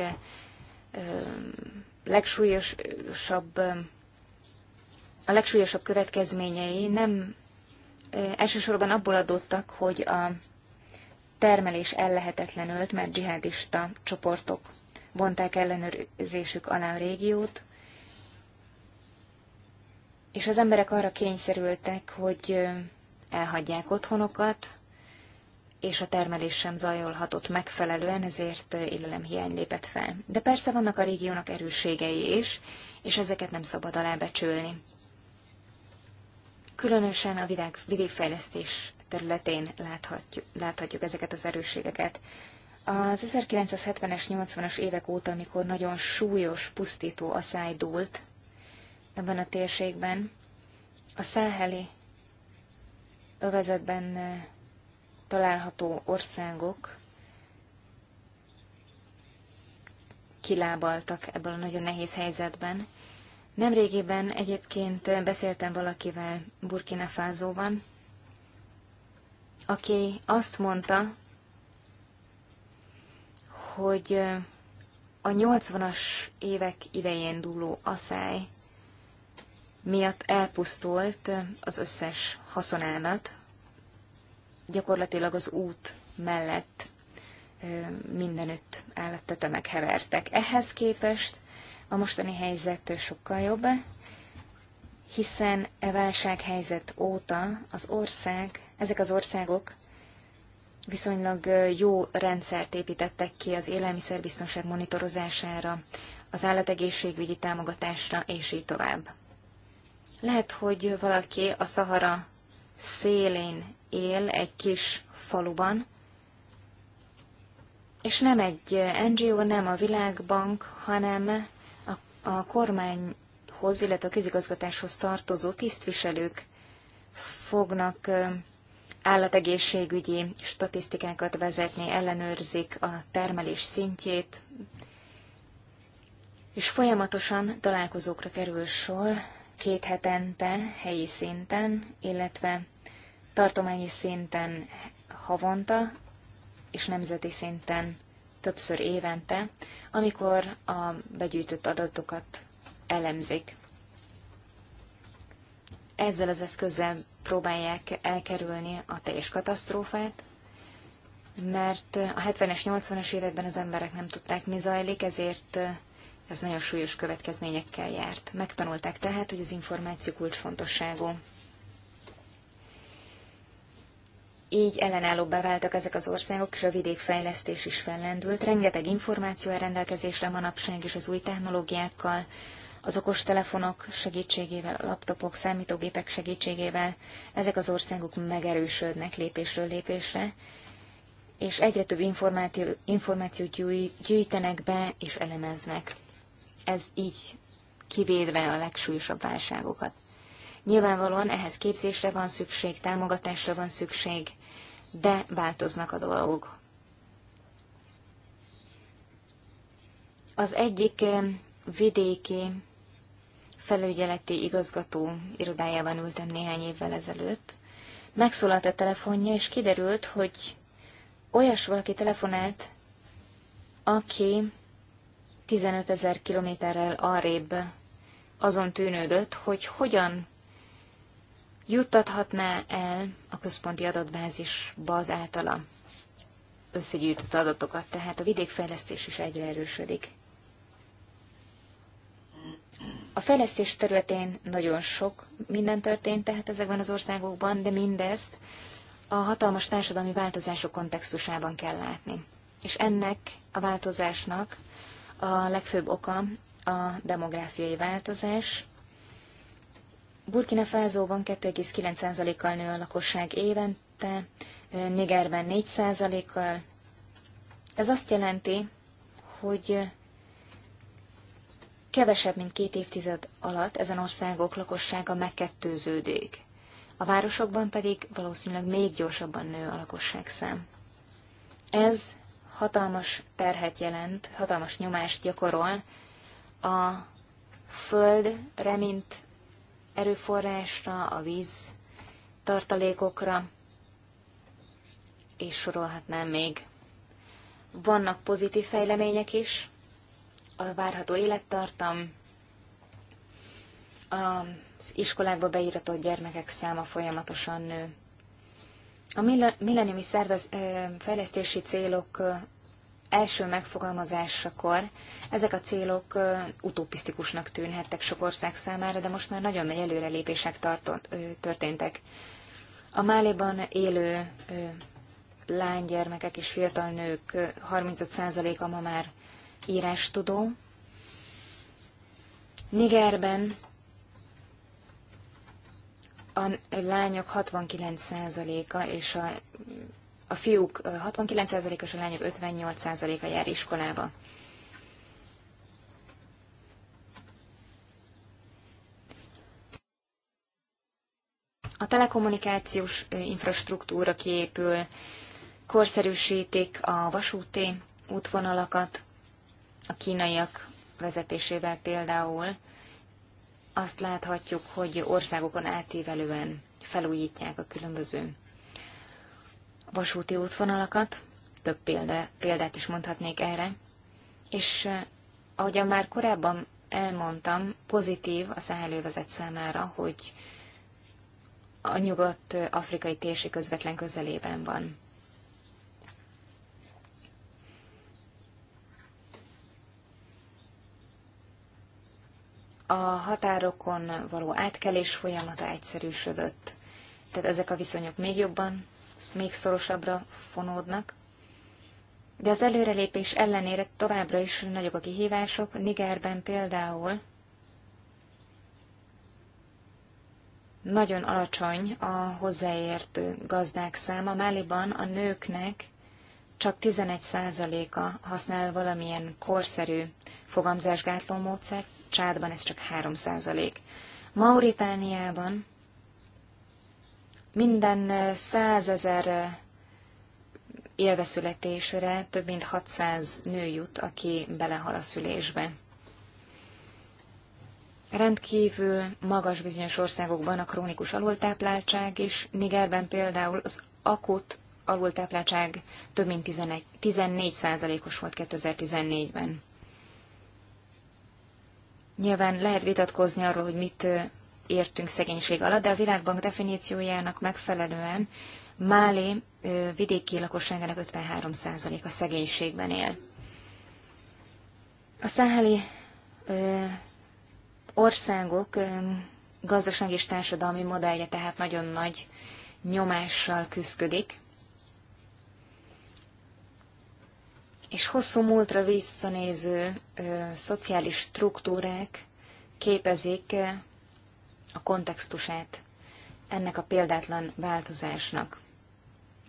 legsúlyosabb, a legsúlyosabb következményei nem elsősorban abból adottak, hogy a termelés ellehetetlenült, mert dzsihadista csoportok vonták ellenőrzésük alá a régiót, és az emberek arra kényszerültek, hogy elhagyják otthonokat, és a termelés sem zajolhatott megfelelően, ezért élelemhiány lépett fel. De persze vannak a régiónak erősségei is, és ezeket nem szabad alábecsülni. Különösen a vidékfejlesztés területén láthatjuk, láthatjuk ezeket az erősségeket. Az 1970-es, 80-as évek óta, amikor nagyon súlyos, pusztító asszály dúlt ebben a térségben, a száheli övezetben található országok kilábaltak ebből a nagyon nehéz helyzetben. Nemrégiben egyébként beszéltem valakivel Burkina Fázóban, aki azt mondta, hogy a 80-as évek idején dúló asszály miatt elpusztult az összes haszonállat, gyakorlatilag az út mellett mindenütt állattetemek hevertek. Ehhez képest a mostani helyzet sokkal jobb, hiszen e válsághelyzet óta az ország ezek az országok viszonylag jó rendszert építettek ki az élelmiszerbiztonság monitorozására, az állategészségügyi támogatásra, és így tovább. Lehet, hogy valaki a Szahara szélén él egy kis faluban, és nem egy NGO, nem a Világbank, hanem a, a kormányhoz, illetve a közigazgatáshoz tartozó tisztviselők fognak állategészségügyi statisztikákat vezetni, ellenőrzik a termelés szintjét, és folyamatosan találkozókra kerül sor két hetente helyi szinten, illetve tartományi szinten havonta, és nemzeti szinten többször évente, amikor a begyűjtött adatokat elemzik ezzel az eszközzel próbálják elkerülni a teljes katasztrófát, mert a 70-es, 80 es években az emberek nem tudták, mi zajlik, ezért ez nagyon súlyos következményekkel járt. Megtanulták tehát, hogy az információ kulcsfontosságú. Így ellenállóbbá váltak ezek az országok, és a vidékfejlesztés is fellendült. Rengeteg információ a rendelkezésre manapság és az új technológiákkal, az okostelefonok segítségével, a laptopok, számítógépek segítségével ezek az országok megerősödnek lépésről lépésre, és egyre több információ, információt gyűjtenek be és elemeznek. Ez így kivédve a legsúlyosabb válságokat. Nyilvánvalóan ehhez képzésre van szükség, támogatásra van szükség, de változnak a dolgok. Az egyik eh, vidéki felügyeleti igazgató irodájában ültem néhány évvel ezelőtt. Megszólalt a telefonja, és kiderült, hogy olyas valaki telefonált, aki 15 ezer kilométerrel arrébb azon tűnődött, hogy hogyan juttathatná el a központi adatbázisba az általa összegyűjtött adatokat, tehát a vidékfejlesztés is egyre erősödik. A fejlesztés területén nagyon sok minden történt tehát ezekben az országokban, de mindezt a hatalmas társadalmi változások kontextusában kell látni. És ennek a változásnak a legfőbb oka a demográfiai változás. Burkina Fázóban 2,9%-kal nő a lakosság évente, Nigerben 4%-kal. Ez azt jelenti, hogy Kevesebb, mint két évtized alatt ezen országok lakossága megkettőződik. A városokban pedig valószínűleg még gyorsabban nő a lakosság szám. Ez hatalmas terhet jelent, hatalmas nyomást gyakorol a földre, mint erőforrásra, a víz tartalékokra, és sorolhatnám még. Vannak pozitív fejlemények is, a várható élettartam, az iskolákba beíratott gyermekek száma folyamatosan nő. A milleniumi szervez, fejlesztési célok első megfogalmazásakor ezek a célok utopisztikusnak tűnhettek sok ország számára, de most már nagyon nagy előrelépések tartott, történtek. A Máléban élő lánygyermekek és fiatal nők 35%-a ma már tudó. Nigerben a lányok 69%-a és a, a fiúk 69%-a és a lányok 58%-a jár iskolába. A telekommunikációs infrastruktúra kiépül, korszerűsítik a vasúti útvonalakat, a kínaiak vezetésével például azt láthatjuk, hogy országokon átívelően felújítják a különböző vasúti útvonalakat, több példa, példát is mondhatnék erre, és eh, ahogyan már korábban elmondtam, pozitív a száhelővezet számára, hogy a nyugat-afrikai térség közvetlen közelében van. a határokon való átkelés folyamata egyszerűsödött. Tehát ezek a viszonyok még jobban, még szorosabbra fonódnak. De az előrelépés ellenére továbbra is nagyok a kihívások. Nigerben például nagyon alacsony a hozzáértő gazdák száma. Máliban a nőknek csak 11%-a használ valamilyen korszerű fogamzásgátló módszert, Csádban ez csak 3 százalék. Mauritániában minden százezer élveszületésre több mint 600 nő jut, aki belehal a szülésbe. Rendkívül magas bizonyos országokban a krónikus alultápláltság is, Nigerben például az akut alultápláltság több mint 14 os volt 2014-ben. Nyilván lehet vitatkozni arról, hogy mit értünk szegénység alatt, de a Világbank definíciójának megfelelően Málé vidéki lakosságának 53%-a szegénységben él. A száheli országok gazdaság és társadalmi modellje tehát nagyon nagy nyomással küzdik. és hosszú múltra visszanéző ö, szociális struktúrák képezik a kontextusát ennek a példátlan változásnak.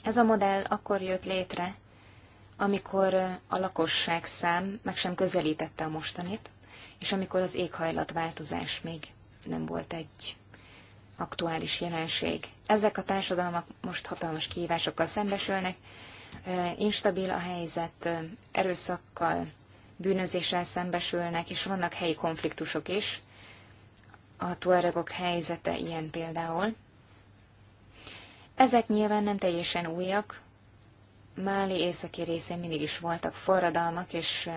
Ez a modell akkor jött létre, amikor a lakosság szám meg sem közelítette a mostanit, és amikor az éghajlatváltozás még nem volt egy aktuális jelenség. Ezek a társadalmak most hatalmas kihívásokkal szembesülnek, instabil a helyzet, erőszakkal, bűnözéssel szembesülnek, és vannak helyi konfliktusok is. A tuaregok helyzete ilyen például. Ezek nyilván nem teljesen újak. Máli északi részén mindig is voltak forradalmak és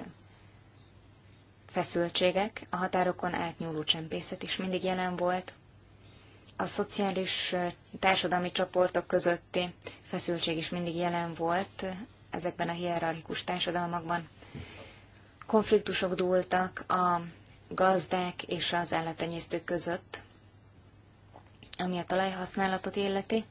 feszültségek, a határokon átnyúló csempészet is mindig jelen volt a szociális társadalmi csoportok közötti feszültség is mindig jelen volt ezekben a hierarchikus társadalmakban. Konfliktusok dúltak a gazdák és az állattenyésztők között, ami a talajhasználatot illeti,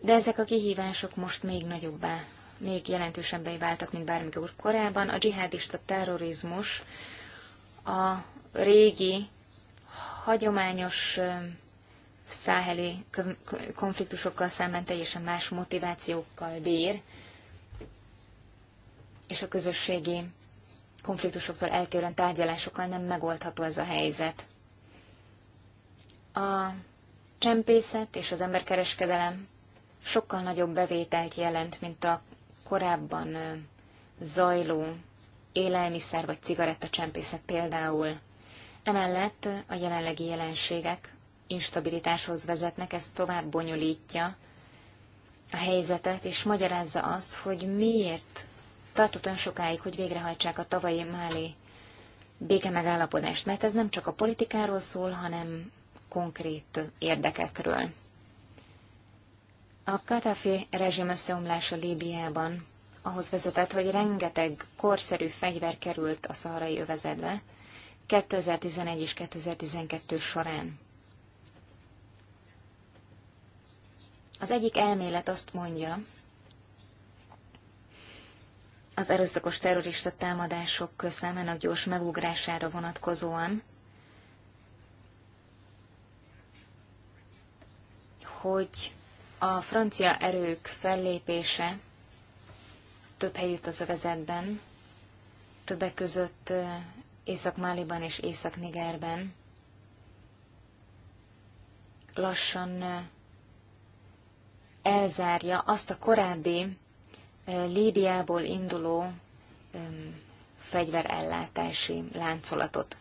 de ezek a kihívások most még nagyobbá, még jelentősebbé váltak, mint bármikor korábban. A dzsihádista terrorizmus a régi hagyományos száheli konfliktusokkal szemben teljesen más motivációkkal bír, és a közösségi konfliktusoktól eltérően tárgyalásokkal nem megoldható ez a helyzet. A csempészet és az emberkereskedelem sokkal nagyobb bevételt jelent, mint a korábban zajló élelmiszer vagy cigarettacsempészet például. Emellett a jelenlegi jelenségek instabilitáshoz vezetnek, ez tovább bonyolítja a helyzetet, és magyarázza azt, hogy miért tartott olyan sokáig, hogy végrehajtsák a tavalyi Máli béke megállapodást, mert ez nem csak a politikáról szól, hanem konkrét érdekekről. A Katafi rezsim összeomlása Líbiában ahhoz vezetett, hogy rengeteg korszerű fegyver került a szaharai övezetbe, 2011 és 2012 során. Az egyik elmélet azt mondja, az erőszakos terrorista támadások számának gyors megugrására vonatkozóan, hogy a francia erők fellépése több helyütt az övezetben, többek között Észak-Máliban és Észak-Nigerben lassan elzárja azt a korábbi Líbiából induló fegyverellátási láncolatot.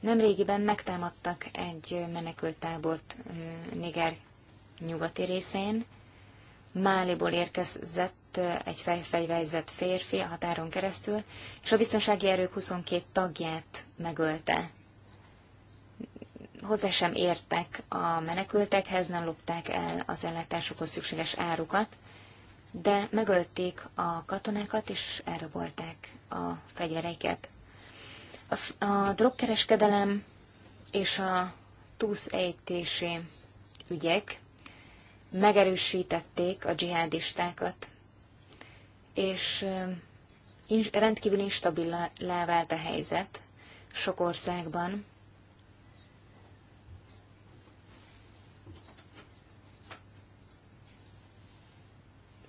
Nemrégiben megtámadtak egy menekültábort Niger nyugati részén. Máliból érkezett érintett egy fegyverhelyzett férfi a határon keresztül, és a biztonsági erők 22 tagját megölte. Hozzá sem értek a menekültekhez, nem lopták el az ellátásokhoz szükséges árukat, de megölték a katonákat, és elrabolták a fegyvereiket. A, a drogkereskedelem és a túszejtési ügyek megerősítették a dzsihádistákat és rendkívül instabil levált a helyzet sok országban.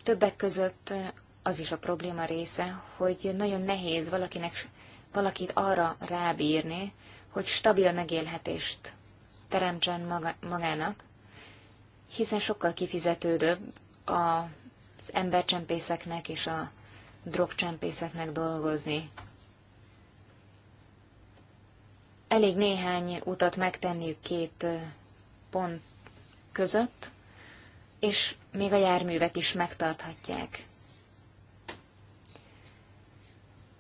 Többek között az is a probléma része, hogy nagyon nehéz valakinek, valakit arra rábírni, hogy stabil megélhetést teremtsen maga, magának, hiszen sokkal kifizetődőbb a az embercsempészeknek és a drogcsempészeknek dolgozni. Elég néhány utat megtenniük két pont között, és még a járművet is megtarthatják.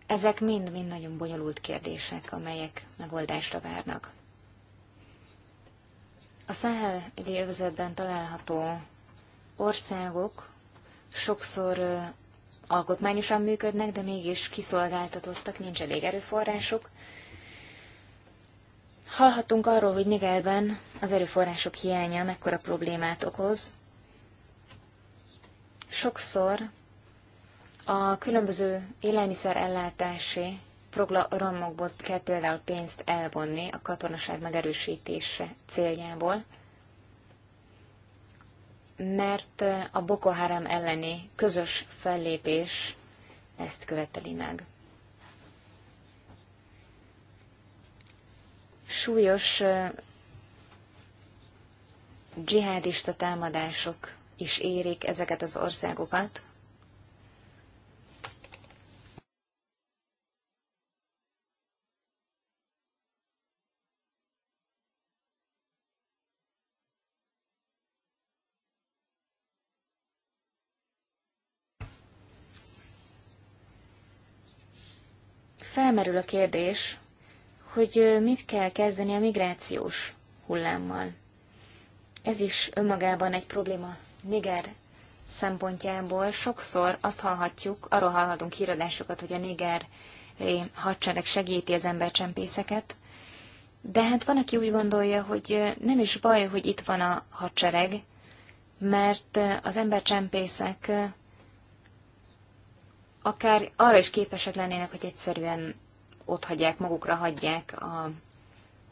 Ezek mind-mind nagyon bonyolult kérdések, amelyek megoldásra várnak. A Száheli övezetben található országok sokszor alkotmányosan működnek, de mégis kiszolgáltatottak, nincs elég erőforrásuk. Hallhattunk arról, hogy Nigerben az erőforrások hiánya mekkora problémát okoz. Sokszor a különböző ellátási programokból kell például pénzt elvonni a katonaság megerősítése céljából mert a Boko Haram elleni közös fellépés ezt követeli meg. Súlyos dzsihádista támadások is érik ezeket az országokat, felmerül a kérdés, hogy mit kell kezdeni a migrációs hullámmal. Ez is önmagában egy probléma Niger szempontjából. Sokszor azt hallhatjuk, arról hallhatunk híradásokat, hogy a Niger hadsereg segíti az embercsempészeket, de hát van, aki úgy gondolja, hogy nem is baj, hogy itt van a hadsereg, mert az embercsempészek akár arra is képesek lennének, hogy egyszerűen ott hagyják, magukra hagyják a,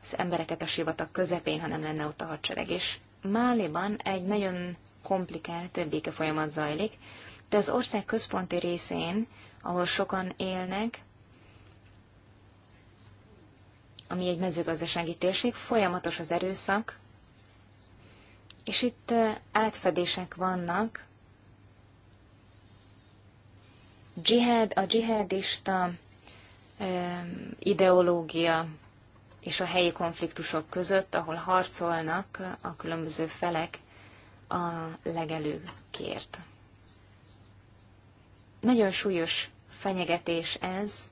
az embereket a sivatag közepén, ha nem lenne ott a hadsereg. És Máliban egy nagyon komplikált béke folyamat zajlik, de az ország központi részén, ahol sokan élnek, ami egy mezőgazdasági térség, folyamatos az erőszak, és itt átfedések vannak dzsihád, a dzsihádista ideológia és a helyi konfliktusok között, ahol harcolnak a különböző felek a legelőkért. Nagyon súlyos fenyegetés ez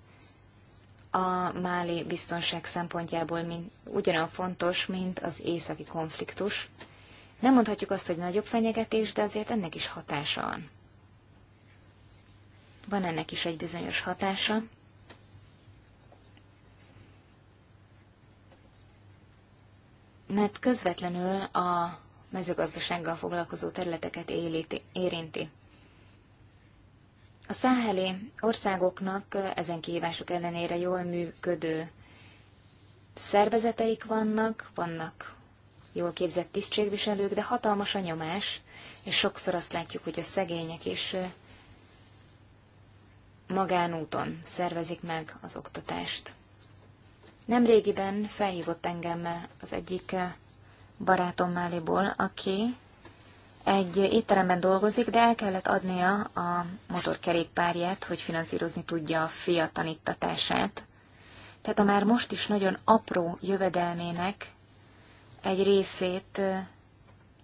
a máli biztonság szempontjából mint, ugyanolyan fontos, mint az északi konfliktus. Nem mondhatjuk azt, hogy nagyobb fenyegetés, de azért ennek is hatása van van ennek is egy bizonyos hatása. Mert közvetlenül a mezőgazdasággal foglalkozó területeket élíti, érinti. A száheli országoknak ezen kihívások ellenére jól működő szervezeteik vannak, vannak jól képzett tisztségviselők, de hatalmas a nyomás, és sokszor azt látjuk, hogy a szegények is magánúton szervezik meg az oktatást. Nemrégiben felhívott engem az egyik barátom Máliból, aki egy étteremben dolgozik, de el kellett adnia a motorkerékpárját, hogy finanszírozni tudja a fia tanítatását. Tehát a már most is nagyon apró jövedelmének egy részét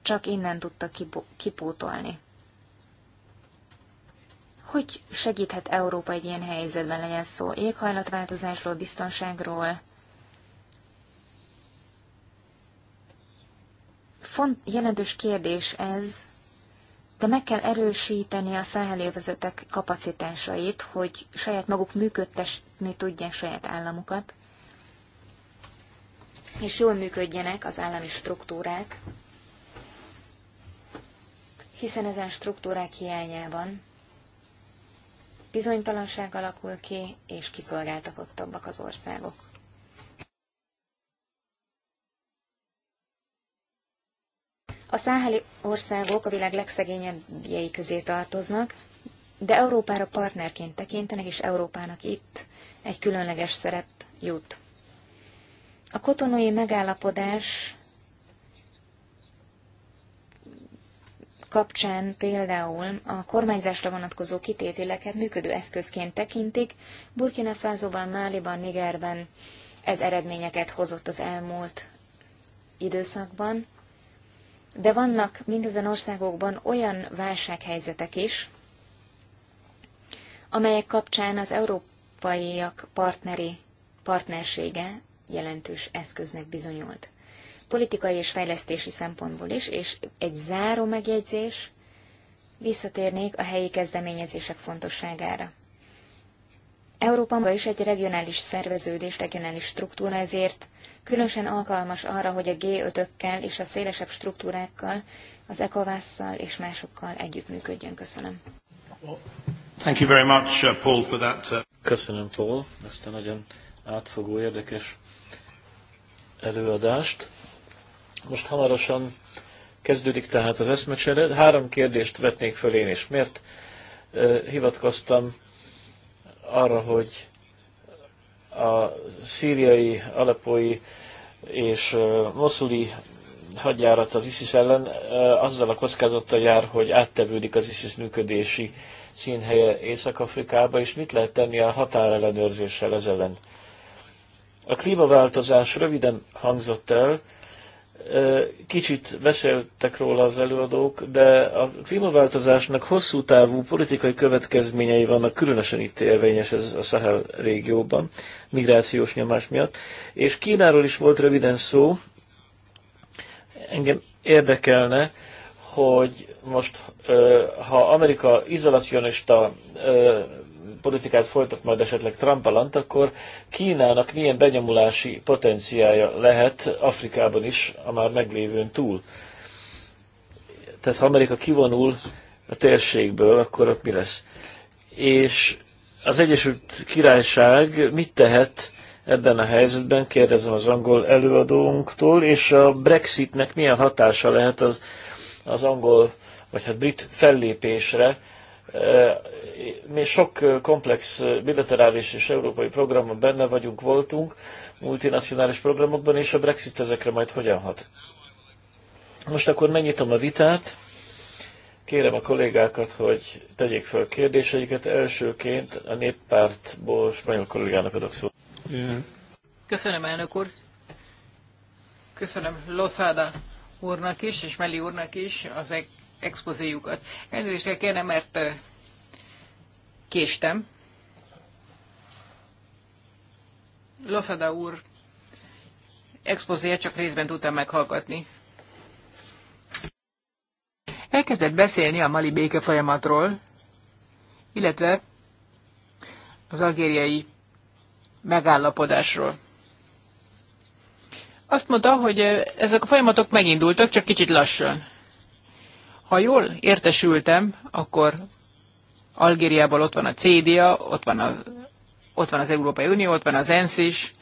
csak innen tudta kipótolni hogy segíthet Európa egy ilyen helyzetben, legyen szó éghajlatváltozásról, biztonságról. Font, jelentős kérdés ez, de meg kell erősíteni a száhelővezetek kapacitásait, hogy saját maguk működtesni tudják saját államukat, és jól működjenek az állami struktúrák, hiszen ezen struktúrák hiányában bizonytalanság alakul ki, és kiszolgáltatottabbak az országok. A száheli országok a világ legszegényebbjei közé tartoznak, de Európára partnerként tekintenek, és Európának itt egy különleges szerep jut. A kotonói megállapodás kapcsán például a kormányzásra vonatkozó kitételeket működő eszközként tekintik, Burkina Fasoban, Máliban, Nigerben ez eredményeket hozott az elmúlt időszakban, de vannak mindezen országokban olyan válsághelyzetek is, amelyek kapcsán az európaiak partneri partnersége jelentős eszköznek bizonyult politikai és fejlesztési szempontból is, és egy záró megjegyzés, visszatérnék a helyi kezdeményezések fontosságára. Európa maga is egy regionális szerveződés, regionális struktúra, ezért különösen alkalmas arra, hogy a G5-ökkel és a szélesebb struktúrákkal, az ECOWAS-szal és másokkal együttműködjön. Köszönöm. Thank you very much, uh, Paul, for that. Uh, Köszönöm, Paul, ezt a nagyon átfogó, érdekes előadást. Most hamarosan kezdődik tehát az eszmecsere. Három kérdést vetnék föl én is. Miért hivatkoztam arra, hogy a szíriai, alepói és moszuli hadjárat az ISIS ellen azzal a kockázattal jár, hogy áttevődik az ISIS működési színhelye Észak-Afrikába, és mit lehet tenni a határellenőrzéssel ez ellen? A klímaváltozás röviden hangzott el, Kicsit beszéltek róla az előadók, de a klímaváltozásnak hosszú távú politikai következményei vannak, különösen itt érvényes ez a Sahel régióban, migrációs nyomás miatt. És Kínáról is volt röviden szó. Engem érdekelne, hogy most, ha Amerika izolacionista politikát folytat majd esetleg Trump alatt, akkor Kínának milyen benyomulási potenciája lehet Afrikában is a már meglévőn túl. Tehát ha Amerika kivonul a térségből, akkor ott mi lesz? És az Egyesült Királyság mit tehet ebben a helyzetben, kérdezem az angol előadónktól, és a Brexitnek milyen hatása lehet az, az angol, vagy hát brit fellépésre mi sok komplex bilaterális és európai programban benne vagyunk, voltunk, multinacionális programokban, és a Brexit ezekre majd hogyan hat. Most akkor megnyitom a vitát. Kérem a kollégákat, hogy tegyék fel kérdéseiket. Elsőként a néppártból spanyol kollégának adok szót. Köszönöm, elnök úr. Köszönöm Loszáda úrnak is, és Meli úrnak is az e- expozéjukat. Elnézést kell kérnem, mert késtem. Loszada úr expozéját csak részben tudtam meghallgatni. Elkezdett beszélni a mali béke folyamatról, illetve az algériai megállapodásról. Azt mondta, hogy ezek a folyamatok megindultak, csak kicsit lassan. Ha jól értesültem, akkor Algériából ott van a CDA, ott van, a, ott van az Európai Unió, ott van az ENSZ is,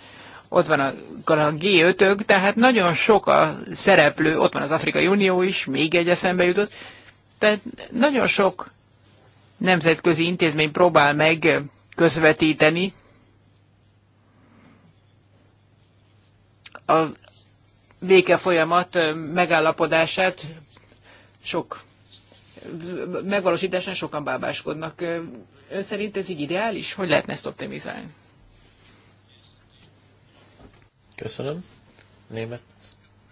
ott van a, a G5-ök, tehát nagyon sok a szereplő, ott van az Afrikai Unió is, még egy eszembe jutott, tehát nagyon sok nemzetközi intézmény próbál meg közvetíteni. A béke folyamat megállapodását sok megvalósításán sokan bábáskodnak. Ön szerint ez így ideális? Hogy lehetne ezt optimizálni? Köszönöm. Német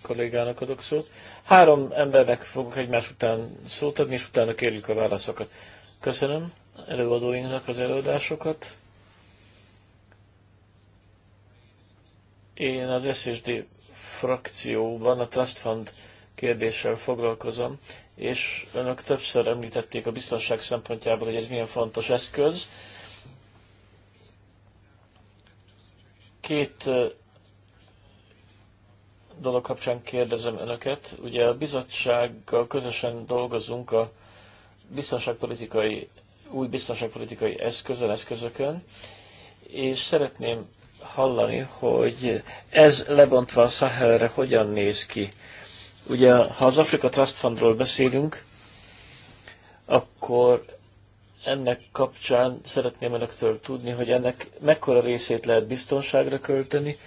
kollégának adok szót. Három embernek fogunk egymás után szót adni, és utána kérjük a válaszokat. Köszönöm előadóinknak az előadásokat. Én az SSD frakcióban a Trust Fund kérdéssel foglalkozom, és önök többször említették a biztonság szempontjából, hogy ez milyen fontos eszköz. Két dolog kapcsán kérdezem önöket. Ugye a bizottsággal közösen dolgozunk a biztonságpolitikai, új biztonságpolitikai eszközön, eszközökön, és szeretném hallani, hogy ez lebontva a Sahelre hogyan néz ki. Ugye, ha az Afrika Trust Fundról beszélünk, akkor ennek kapcsán szeretném önöktől tudni, hogy ennek mekkora részét lehet biztonságra költeni,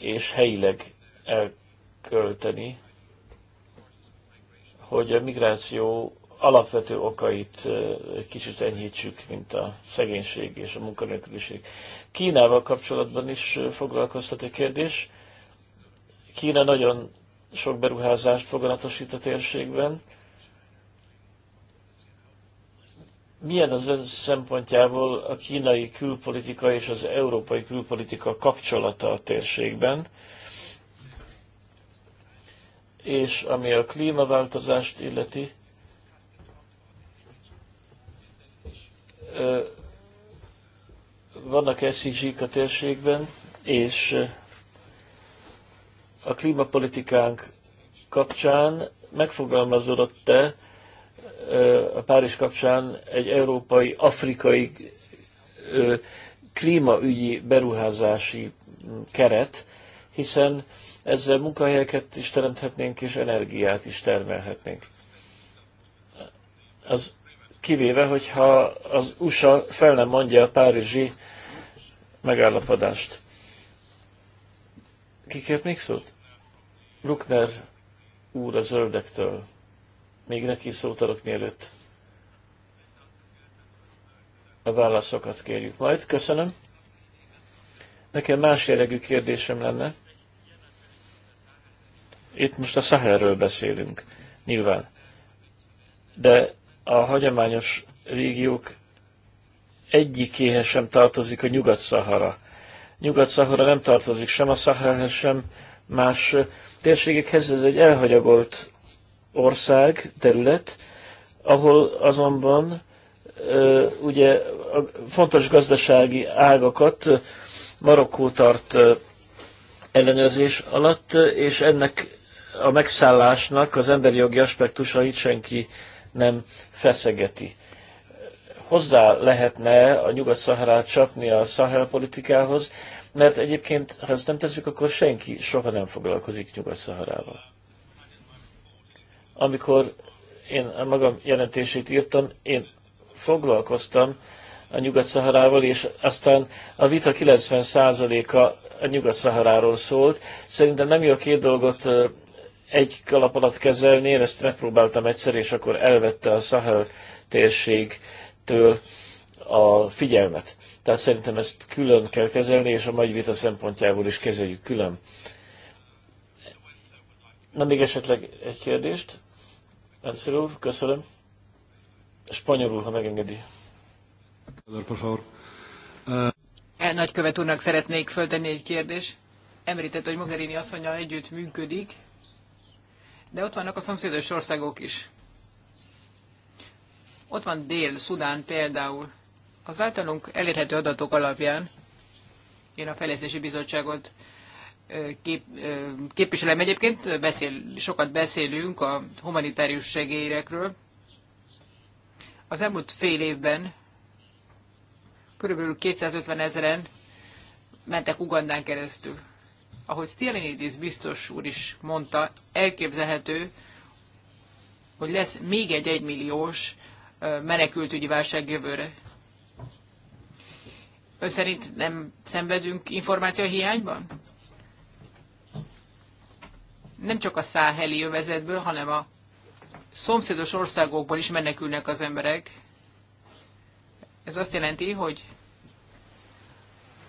és helyileg elkölteni, hogy a migráció alapvető okait kicsit enyhítsük, mint a szegénység és a munkanélküliség. Kínával kapcsolatban is foglalkoztat egy kérdés. Kína nagyon sok beruházást foganatosít a térségben. Milyen az ön szempontjából a kínai külpolitika és az európai külpolitika kapcsolata a térségben? És ami a klímaváltozást illeti, vannak SZG-k a térségben, és a klímapolitikánk kapcsán megfogalmazódott-e a Párizs kapcsán egy európai, afrikai klímaügyi beruházási keret, hiszen ezzel munkahelyeket is teremthetnénk, és energiát is termelhetnénk. Az kivéve, hogyha az USA fel nem mondja a párizsi megállapodást. Kikért még szót? Bruckner úr a zöldektől. Még neki szót adok mielőtt a válaszokat kérjük majd. Köszönöm. Nekem más jellegű kérdésem lenne. Itt most a Szahelről beszélünk, nyilván. De a hagyományos régiók egyikéhez sem tartozik a Nyugat-Szahara. Nyugat-Szahara nem tartozik sem a Szahelhez, sem más térségekhez. Ez egy elhagyagolt ország, terület, ahol azonban ugye a fontos gazdasági ágakat Marokkó tart ellenőrzés alatt, és ennek a megszállásnak az emberi jogi aspektusait senki nem feszegeti hozzá lehetne a Nyugat-Szaharát csapni a Szahel politikához, mert egyébként, ha ezt nem tesszük, akkor senki soha nem foglalkozik Nyugat-Szaharával. Amikor én a magam jelentését írtam, én foglalkoztam a Nyugat-Szaharával, és aztán a vita 90%-a a Nyugat-Szaharáról szólt. Szerintem nem jó két dolgot egy kalap alatt kezelni, én ezt megpróbáltam egyszer, és akkor elvette a Szahel térség től a figyelmet. Tehát szerintem ezt külön kell kezelni, és a mai vita szempontjából is kezeljük külön. Na még esetleg egy kérdést. Enszer úr, köszönöm. Spanyolul, ha megengedi. E, nagykövet úrnak szeretnék föltenni egy kérdést. Említett, hogy Mogherini asszonyal együtt működik, de ott vannak a szomszédos országok is. Ott van Dél-Szudán például. Az általunk elérhető adatok alapján én a Fejlesztési Bizottságot kép, képviselem egyébként, beszél, sokat beszélünk a humanitárius segélyekről. Az elmúlt fél évben körülbelül 250 ezeren mentek Ugandán keresztül. Ahogy Stielinidis biztos úr is mondta, elképzelhető, hogy lesz még egy egymilliós menekültügyi válság jövőre. Ön szerint nem szenvedünk információ hiányban? Nem csak a száheli övezetből, hanem a szomszédos országokból is menekülnek az emberek. Ez azt jelenti, hogy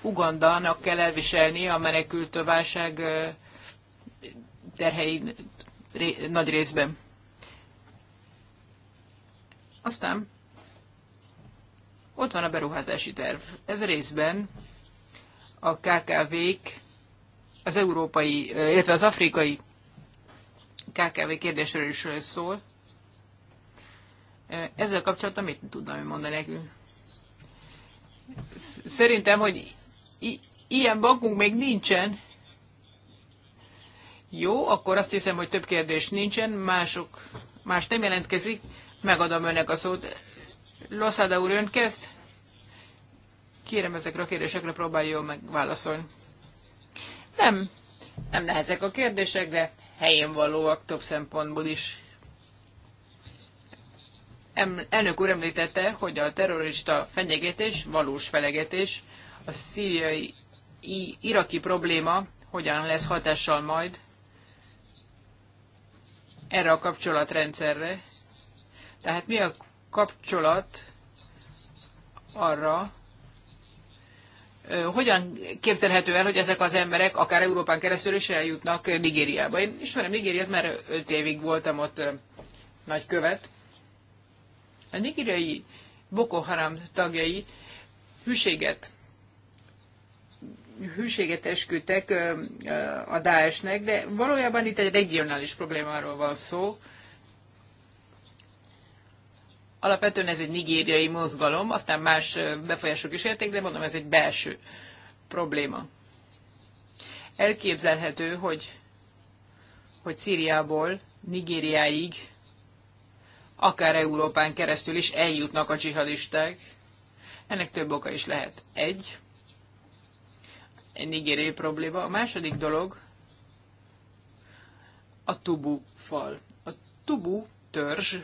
Ugandának kell elviselni a menekült válság terhein nagy részben. Aztán ott van a beruházási terv. Ez részben a KKV-k, az európai, illetve az afrikai KKV kérdésről is szól. Ezzel kapcsolatban mit tudna ő mondani nekünk? Szerintem, hogy ilyen bankunk még nincsen. Jó, akkor azt hiszem, hogy több kérdés nincsen, mások, más nem jelentkezik. Megadom önnek a szót. Loszada úr, ön kezd? Kérem ezekre a kérdésekre próbáljon válaszolni. Nem, nem nehezek a kérdések, de helyén valóak több szempontból is. Em, elnök úr említette, hogy a terrorista fenyegetés, valós fenyegetés, a szíriai iraki probléma hogyan lesz hatással majd erre a kapcsolatrendszerre, tehát mi a kapcsolat arra, hogyan képzelhető el, hogy ezek az emberek akár Európán keresztül is eljutnak Nigériába. Én ismerem Nigériát, mert 5 évig voltam ott nagy követ. A nigériai Boko Haram tagjai hűséget hűséget esküdtek a Daesnek, de valójában itt egy regionális problémáról van szó. Alapvetően ez egy nigériai mozgalom, aztán más befolyások is érték, de mondom, ez egy belső probléma. Elképzelhető, hogy, hogy Szíriából Nigériáig, akár Európán keresztül is eljutnak a dzsihadisták. Ennek több oka is lehet. Egy, egy nigériai probléma. A második dolog a tubu fal. A tubu törzs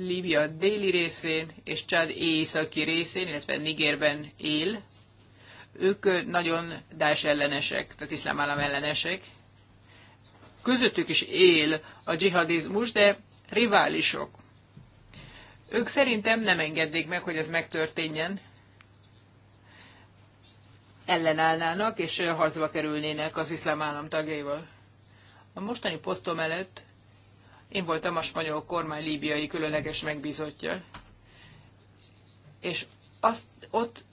Líbia déli részén és Csád északi részén, illetve Nigerben él. Ők nagyon Daesh ellenesek, tehát iszlám állam ellenesek. Közöttük is él a dzsihadizmus, de riválisok. Ők szerintem nem engedik meg, hogy ez megtörténjen. Ellenállnának és harcba kerülnének az iszlám állam tagjaival. A mostani posztom mellett én voltam a spanyol kormány líbiai különleges megbízottja. És azt ott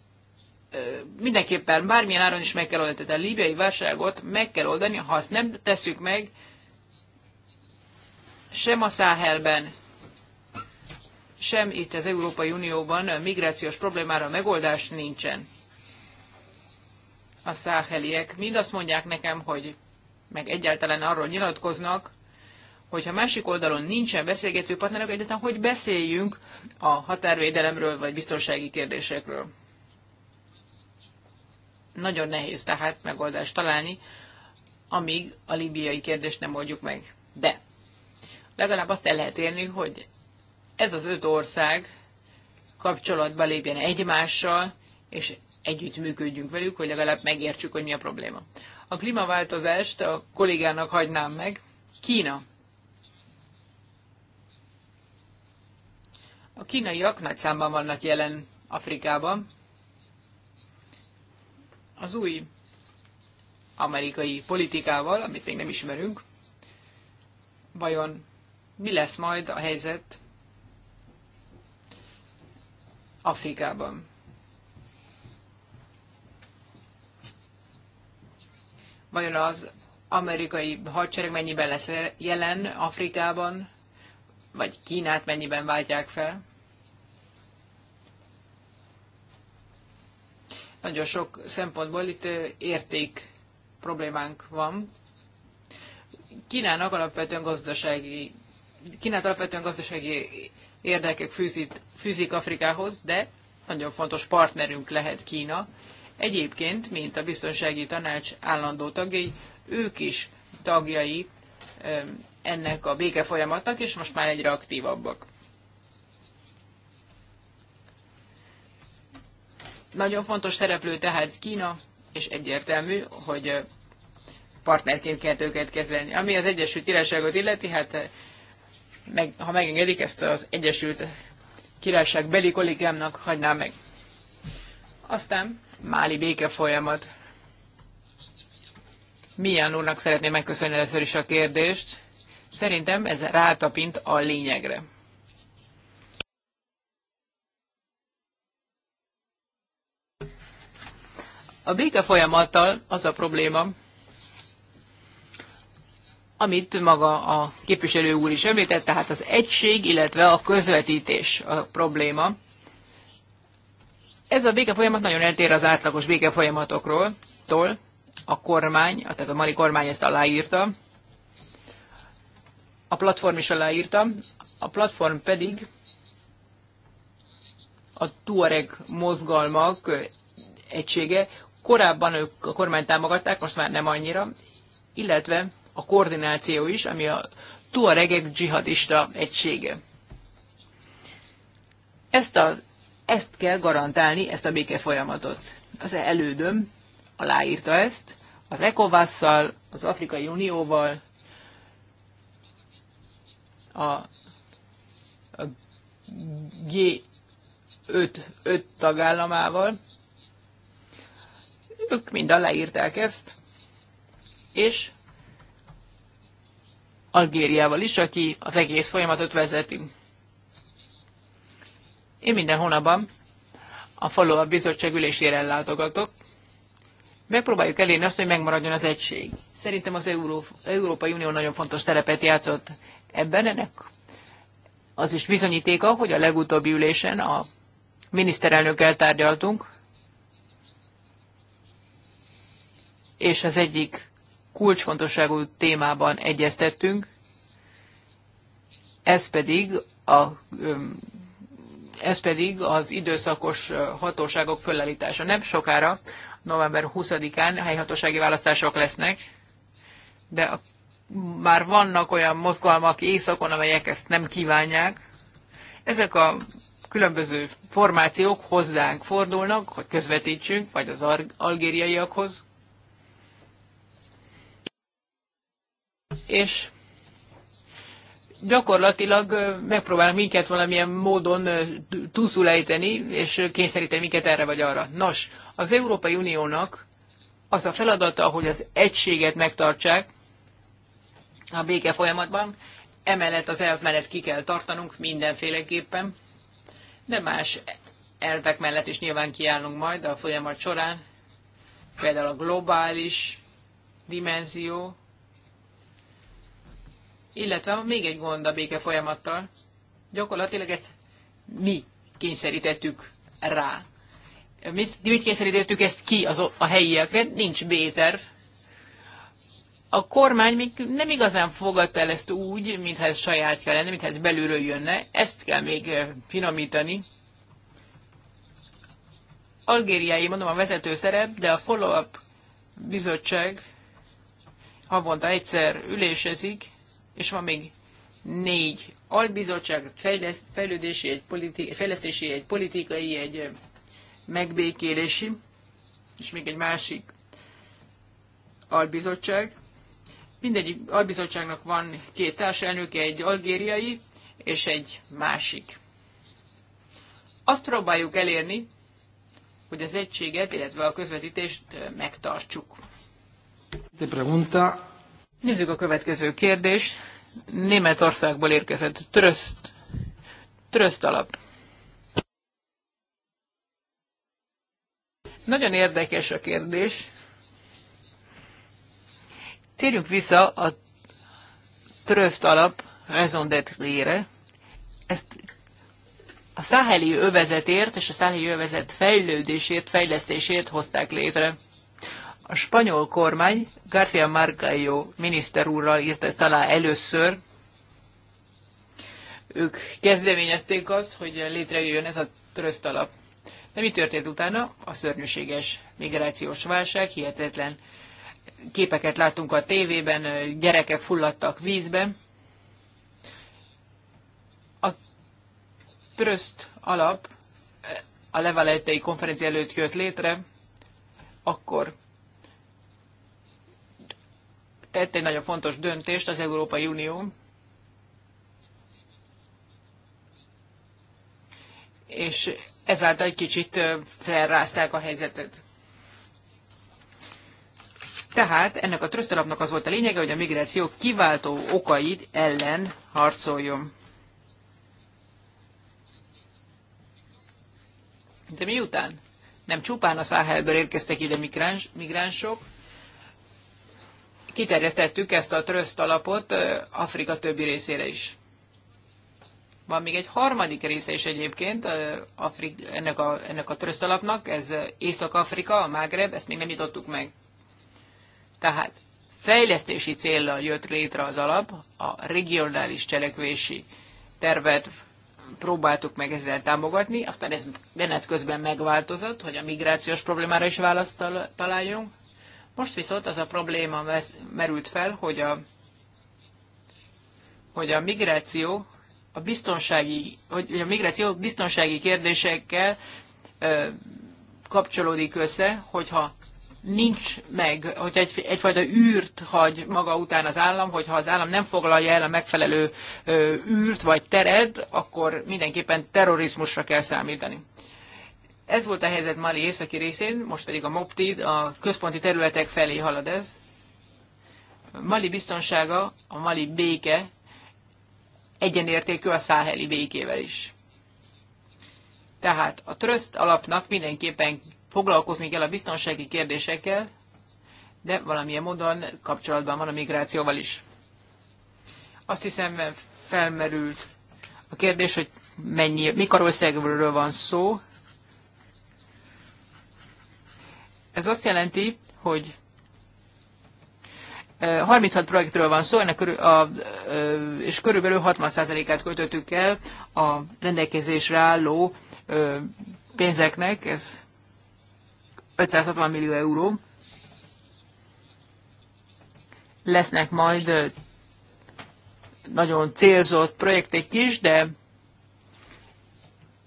mindenképpen bármilyen áron is meg kell oldani. Tehát a líbiai válságot meg kell oldani, ha azt nem tesszük meg, sem a Száhelben, sem itt az Európai Unióban migrációs problémára megoldás nincsen. A száheliek mind azt mondják nekem, hogy meg egyáltalán arról nyilatkoznak, hogyha másik oldalon nincsen beszélgető partnerek, egyáltalán hogy beszéljünk a határvédelemről vagy biztonsági kérdésekről. Nagyon nehéz tehát megoldást találni, amíg a libiai kérdést nem oldjuk meg. De legalább azt el lehet érni, hogy ez az öt ország kapcsolatba lépjen egymással, és együttműködjünk velük, hogy legalább megértsük, hogy mi a probléma. A klímaváltozást a kollégának hagynám meg. Kína A kínaiak nagy számban vannak jelen Afrikában. Az új amerikai politikával, amit még nem ismerünk, vajon mi lesz majd a helyzet Afrikában? Vajon az amerikai hadsereg mennyiben lesz jelen Afrikában? vagy Kínát mennyiben váltják fel. Nagyon sok szempontból itt érték problémánk van. Kínának alapvetően gazdasági, Kínát alapvetően gazdasági érdekek fűzik, fűzik Afrikához, de nagyon fontos partnerünk lehet Kína. Egyébként, mint a Biztonsági Tanács állandó tagjai, ők is tagjai ennek a béke folyamatnak, és most már egyre aktívabbak. Nagyon fontos szereplő tehát Kína, és egyértelmű, hogy partnerként kell őket kezelni. Ami az Egyesült Királyságot illeti, hát eh, meg, ha megengedik, ezt az Egyesült Királyság beli kollégámnak hagynám meg. Aztán Máli béke folyamat. Milyen úrnak szeretném megköszönni először is a kérdést. Szerintem ez rátapint a lényegre. A béke folyamattal az a probléma, amit maga a képviselő úr is említett, tehát az egység, illetve a közvetítés a probléma. Ez a folyamat nagyon eltér az átlagos folyamatokról, A kormány, tehát a mali kormány ezt aláírta, a platform is aláírta, a platform pedig a Tuareg mozgalmak egysége. Korábban ők a kormányt támogatták, most már nem annyira, illetve a koordináció is, ami a Tuaregek dzsihadista egysége. Ezt, a, ezt kell garantálni, ezt a béke folyamatot. Az elődöm aláírta ezt, az ECOWAS-szal, az Afrikai Unióval, a, a G5 5 tagállamával. Ők mind aláírták ezt, és Algériával is, aki az egész folyamatot vezeti. Én minden hónapban a falu a bizottság ülésére ellátogatok. Megpróbáljuk elérni azt, hogy megmaradjon az egység. Szerintem az Euró- Európai Unió nagyon fontos szerepet játszott ebben ennek az is bizonyítéka, hogy a legutóbbi ülésen a miniszterelnökkel tárgyaltunk, és az egyik kulcsfontosságú témában egyeztettünk, ez pedig, a, ez pedig az időszakos hatóságok fölállítása. Nem sokára, november 20-án helyhatósági választások lesznek, de a már vannak olyan mozgalmak északon, amelyek ezt nem kívánják. Ezek a különböző formációk hozzánk fordulnak, hogy közvetítsünk, vagy az algériaiakhoz. És gyakorlatilag megpróbál minket valamilyen módon túlszulejteni, és kényszeríteni minket erre vagy arra. Nos, az Európai Uniónak az a feladata, hogy az egységet megtartsák, a béke folyamatban. Emellett az elv mellett ki kell tartanunk mindenféleképpen, de más elvek mellett is nyilván kiállunk majd a folyamat során, például a globális dimenzió, illetve még egy gond a béke folyamattal, gyakorlatilag ezt mi kényszerítettük rá. Mi, mit kényszerítettük ezt ki az, a helyiekre? Nincs B-terv, a kormány még nem igazán fogadta el ezt úgy, mintha ez sajátja lenne, mintha ez belülről jönne. Ezt kell még eh, finomítani. Algériai, mondom, a vezető szerep, de a follow-up bizottság havonta egyszer ülésezik, és van még négy albizottság, fejlődési, egy politi, fejlesztési, egy politikai, egy eh, megbékélési, és még egy másik albizottság. Mindegyik albizottságnak van két társelnöke, egy algériai és egy másik. Azt próbáljuk elérni, hogy az egységet, illetve a közvetítést megtartsuk. Pregunta. Nézzük a következő kérdést. Németországból érkezett tröszt, tröszt alap. Nagyon érdekes a kérdés. Térjünk vissza a tröszt alap raison dêtre Ezt a száheli övezetért és a száheli övezet fejlődésért, fejlesztését hozták létre. A spanyol kormány García Margallo miniszter úrral írt ezt alá először. Ők kezdeményezték azt, hogy létrejöjjön ez a tröszt alap. De mi történt utána? A szörnyűséges migrációs válság, hihetetlen képeket látunk a tévében, gyerekek fulladtak vízben. A Tröst alap a levelejtei konferencia előtt jött létre, akkor tett egy nagyon fontos döntést az Európai Unió, és ezáltal egy kicsit felrázták a helyzetet. Tehát ennek a trösztalapnak az volt a lényege, hogy a migráció kiváltó okaid ellen harcoljon. De miután? Nem csupán a Száhelből érkeztek ide migráns, migránsok, kiterjesztettük ezt a trösztalapot Afrika többi részére is. Van még egy harmadik része is egyébként Afrik, ennek a, ennek a trösztalapnak, ez Észak-Afrika, a Mágreb, ezt még nem nyitottuk meg. Tehát fejlesztési célra jött létre az alap, a regionális cselekvési tervet próbáltuk meg ezzel támogatni, aztán ez menet közben megváltozott, hogy a migrációs problémára is választ találjunk. Most viszont az a probléma merült fel, hogy a, hogy a migráció a biztonsági, hogy a migráció biztonsági kérdésekkel ö, kapcsolódik össze, hogyha nincs meg, hogy egy, egyfajta űrt hagy maga után az állam, hogyha az állam nem foglalja el a megfelelő űrt vagy tered, akkor mindenképpen terrorizmusra kell számítani. Ez volt a helyzet Mali északi részén, most pedig a MOPTID, a központi területek felé halad ez. Mali biztonsága, a Mali béke egyenértékű a száheli békével is. Tehát a tröszt alapnak mindenképpen foglalkozni kell a biztonsági kérdésekkel, de valamilyen módon kapcsolatban van a migrációval is. Azt hiszem felmerült a kérdés, hogy mennyi, mikor országról van szó. Ez azt jelenti, hogy 36 projektről van szó, ennek körül, a, és körülbelül 60%-át költöttük el a rendelkezésre álló pénzeknek, ez 560 millió euró. Lesznek majd nagyon célzott projektek is, de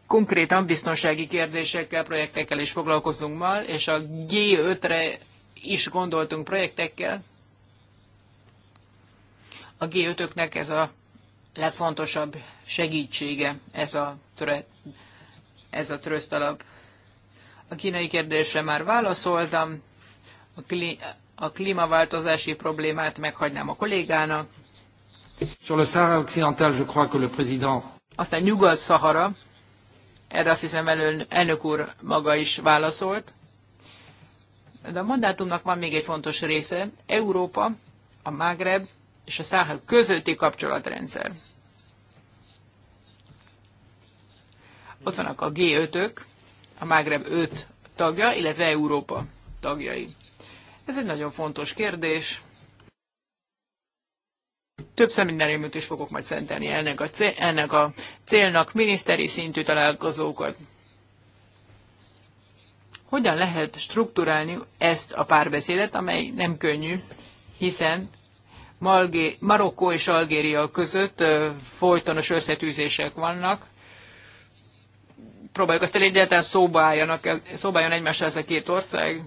konkrétan biztonsági kérdésekkel, projektekkel is foglalkozunk ma, és a G5-re is gondoltunk projektekkel. A G5-öknek ez a legfontosabb segítsége, ez a, ez a tröszt alap. A kínai kérdésre már válaszoltam, a, klí- a klímaváltozási problémát meghagynám a kollégának. Sur le Sahara occidental, je crois que le président... Aztán Nyugat-Szahara, erre azt hiszem elő, elnök úr maga is válaszolt. De a mandátumnak van még egy fontos része, Európa, a Mágreb és a Száha közötti kapcsolatrendszer. Ott vannak a G5-ök, a Mágreb 5 tagja, illetve Európa tagjai. Ez egy nagyon fontos kérdés. Több szemináriumot is fogok majd szentelni ennek a, cél, ennek a célnak, miniszteri szintű találkozókat. Hogyan lehet strukturálni ezt a párbeszédet, amely nem könnyű, hiszen Malgé- Marokkó és Algéria között folytonos összetűzések vannak próbáljuk azt elérni, hogy szóba, álljanak, szóba álljon egymással ez a két ország.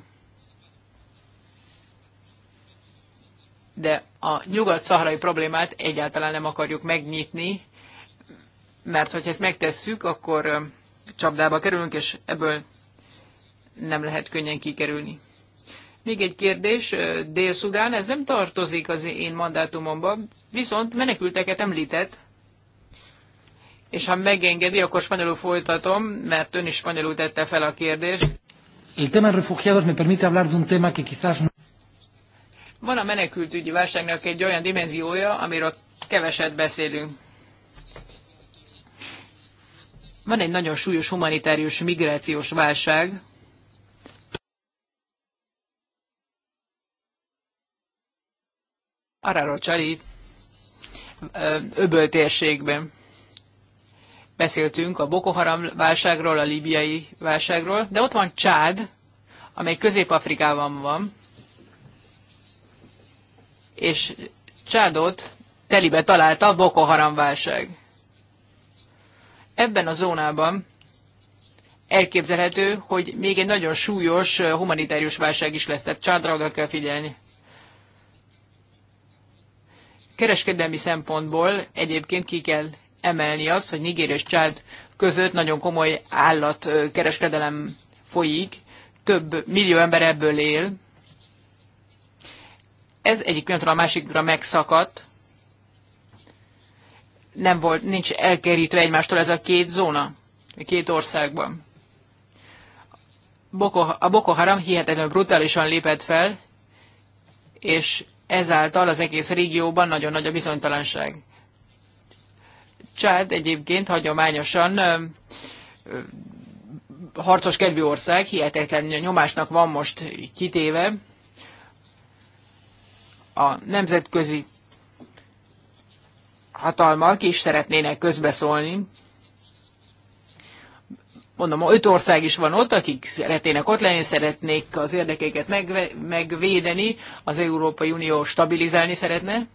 De a nyugat-szaharai problémát egyáltalán nem akarjuk megnyitni, mert hogyha ezt megtesszük, akkor csapdába kerülünk, és ebből nem lehet könnyen kikerülni. Még egy kérdés, Dél-Szudán, ez nem tartozik az én mandátumomban, viszont menekülteket említett, és ha megengedi, akkor spanyolul folytatom, mert ön is spanyolul tette fel a kérdést. El tema de refugiados me permite hablar de un tema que quizás no... Van a menekültügyi válságnak egy olyan dimenziója, amiről keveset beszélünk. Van egy nagyon súlyos humanitárius migrációs válság, Araro Csali öböl térségben. Beszéltünk a Boko Haram válságról, a líbiai válságról, de ott van Csád, amely Közép-Afrikában van, és Csádot telibe találta a Boko Haram válság. Ebben a zónában elképzelhető, hogy még egy nagyon súlyos humanitárius válság is lesz, tehát Csádra oda kell figyelni. Kereskedelmi szempontból egyébként ki kell emelni azt, hogy Niger és Csád között nagyon komoly állatkereskedelem folyik, több millió ember ebből él. Ez egyik pillanatra a másikra megszakadt. Nem volt, nincs elkerítve egymástól ez a két zóna, a két országban. Boko, a Boko Haram hihetetlenül brutálisan lépett fel, és ezáltal az egész régióban nagyon nagy a bizonytalanság. Csád egyébként hagyományosan harcos kedvű ország, hihetetlen nyomásnak van most kitéve. A nemzetközi hatalmak is szeretnének közbeszólni. Mondom, öt ország is van ott, akik szeretnének ott lenni, szeretnék az érdekeket megvédeni, az Európai Unió stabilizálni szeretne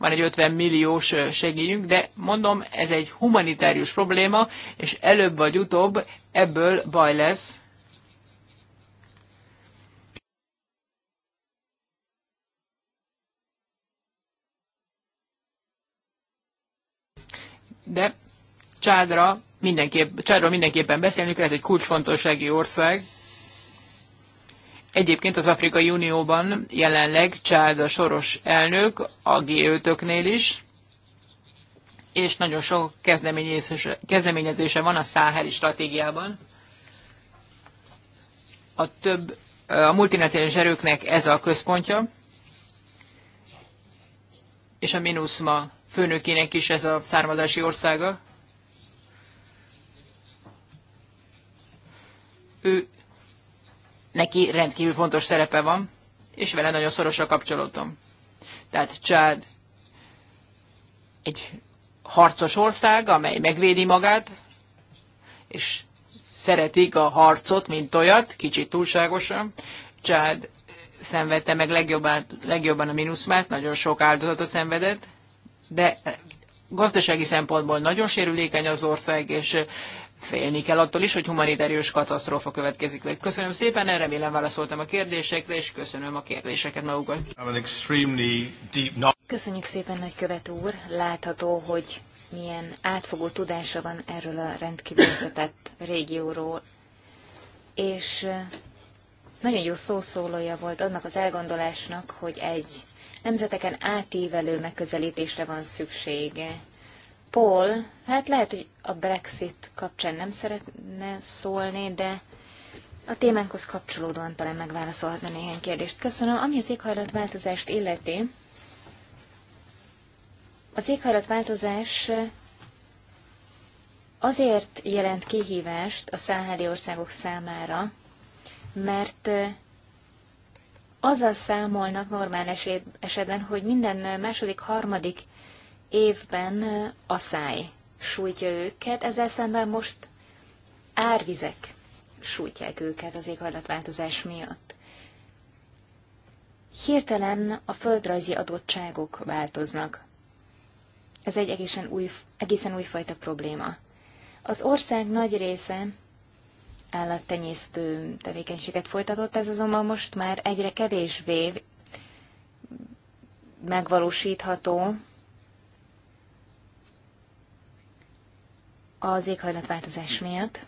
van egy 50 milliós segélyünk, de mondom, ez egy humanitárius probléma, és előbb vagy utóbb ebből baj lesz. De Csádra mindenképp, Csádra mindenképpen beszélni kellett, egy kulcsfontossági ország, Egyébként az Afrikai Unióban jelenleg Csád a soros elnök, a G5-öknél is, és nagyon sok kezdeményezése, kezdeményezése van a száheli stratégiában. A több a multinacionális erőknek ez a központja, és a MINUSMA főnökének is ez a származási országa. Ő neki rendkívül fontos szerepe van, és vele nagyon szoros a kapcsolatom. Tehát Csád egy harcos ország, amely megvédi magát, és szeretik a harcot, mint olyat, kicsit túlságosan. Csád szenvedte meg legjobban, legjobban a mínuszmát, nagyon sok áldozatot szenvedett, de gazdasági szempontból nagyon sérülékeny az ország, és félni kell attól is, hogy humanitárius katasztrófa következik meg. Köszönöm szépen, erre remélem válaszoltam a kérdésekre, és köszönöm a kérdéseket magukat. Köszönjük szépen, nagykövet úr. Látható, hogy milyen átfogó tudása van erről a rendkívül összetett régióról. És nagyon jó szószólója volt annak az elgondolásnak, hogy egy nemzeteken átívelő megközelítésre van szüksége Paul, hát lehet, hogy a Brexit kapcsán nem szeretne szólni, de a témánkhoz kapcsolódóan talán megválaszolhatna néhány kérdést. Köszönöm. Ami az éghajlatváltozást illeti, az éghajlatváltozás azért jelent kihívást a száháli országok számára, mert azzal számolnak normál esetben, hogy minden második, harmadik évben száj sújtja őket, ezzel szemben most árvizek sújtják őket az éghajlatváltozás miatt. Hirtelen a földrajzi adottságok változnak. Ez egy egészen, új, egészen újfajta probléma. Az ország nagy része állattenyésztő tevékenységet folytatott, ez azonban most már egyre kevésbé megvalósítható az éghajlatváltozás miatt.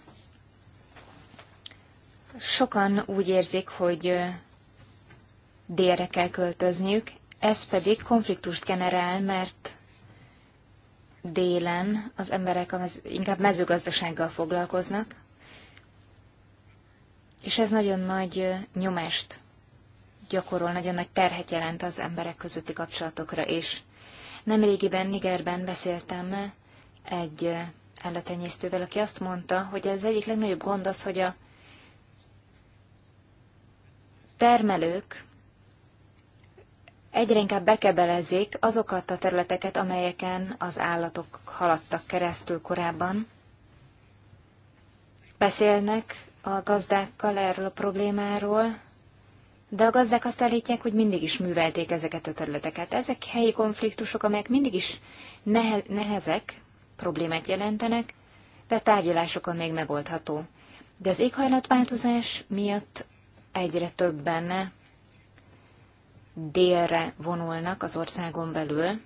Sokan úgy érzik, hogy délre kell költözniük, ez pedig konfliktust generál, mert délen az emberek inkább mezőgazdasággal foglalkoznak, és ez nagyon nagy nyomást gyakorol, nagyon nagy terhet jelent az emberek közötti kapcsolatokra is. Nemrégiben Nigerben beszéltem egy állatenyésztővel, aki azt mondta, hogy ez egyik legnagyobb gond az, hogy a termelők egyre inkább bekebelezik azokat a területeket, amelyeken az állatok haladtak keresztül korábban. Beszélnek a gazdákkal erről a problémáról, de a gazdák azt állítják, hogy mindig is művelték ezeket a területeket. Ezek helyi konfliktusok, amelyek mindig is nehezek, problémát jelentenek, de tárgyalásokon még megoldható. De az éghajlatváltozás miatt egyre többen délre vonulnak az országon belül,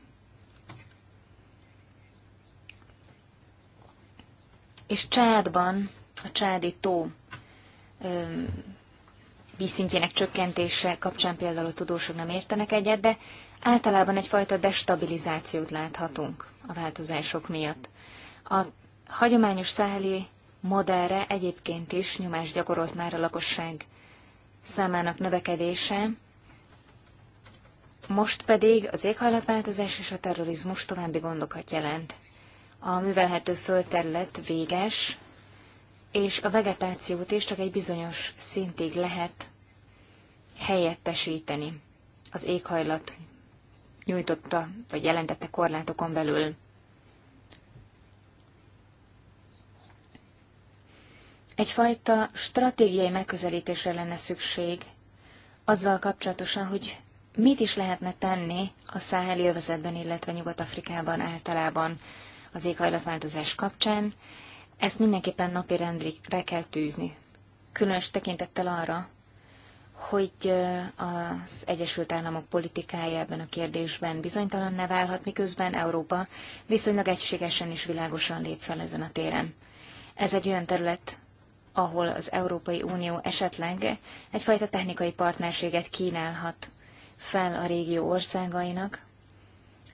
és Csádban a Csádi tó vízszintjének csökkentése kapcsán például a tudósok nem értenek egyet, de általában egyfajta destabilizációt láthatunk a változások miatt. A hagyományos száheli modellre egyébként is nyomást gyakorolt már a lakosság számának növekedése, most pedig az éghajlatváltozás és a terrorizmus további gondokat jelent. A művelhető földterület véges, és a vegetációt is csak egy bizonyos szintig lehet helyettesíteni az éghajlat nyújtotta, vagy jelentette korlátokon belül. Egyfajta stratégiai megközelítésre lenne szükség azzal kapcsolatosan, hogy mit is lehetne tenni a száheli övezetben, illetve Nyugat-Afrikában általában az éghajlatváltozás kapcsán. Ezt mindenképpen napi rendre kell tűzni, különös tekintettel arra, hogy az Egyesült Államok politikája ebben a kérdésben bizonytalanná válhat, miközben Európa viszonylag egységesen és világosan lép fel ezen a téren. Ez egy olyan terület, ahol az Európai Unió esetleg egyfajta technikai partnerséget kínálhat fel a régió országainak,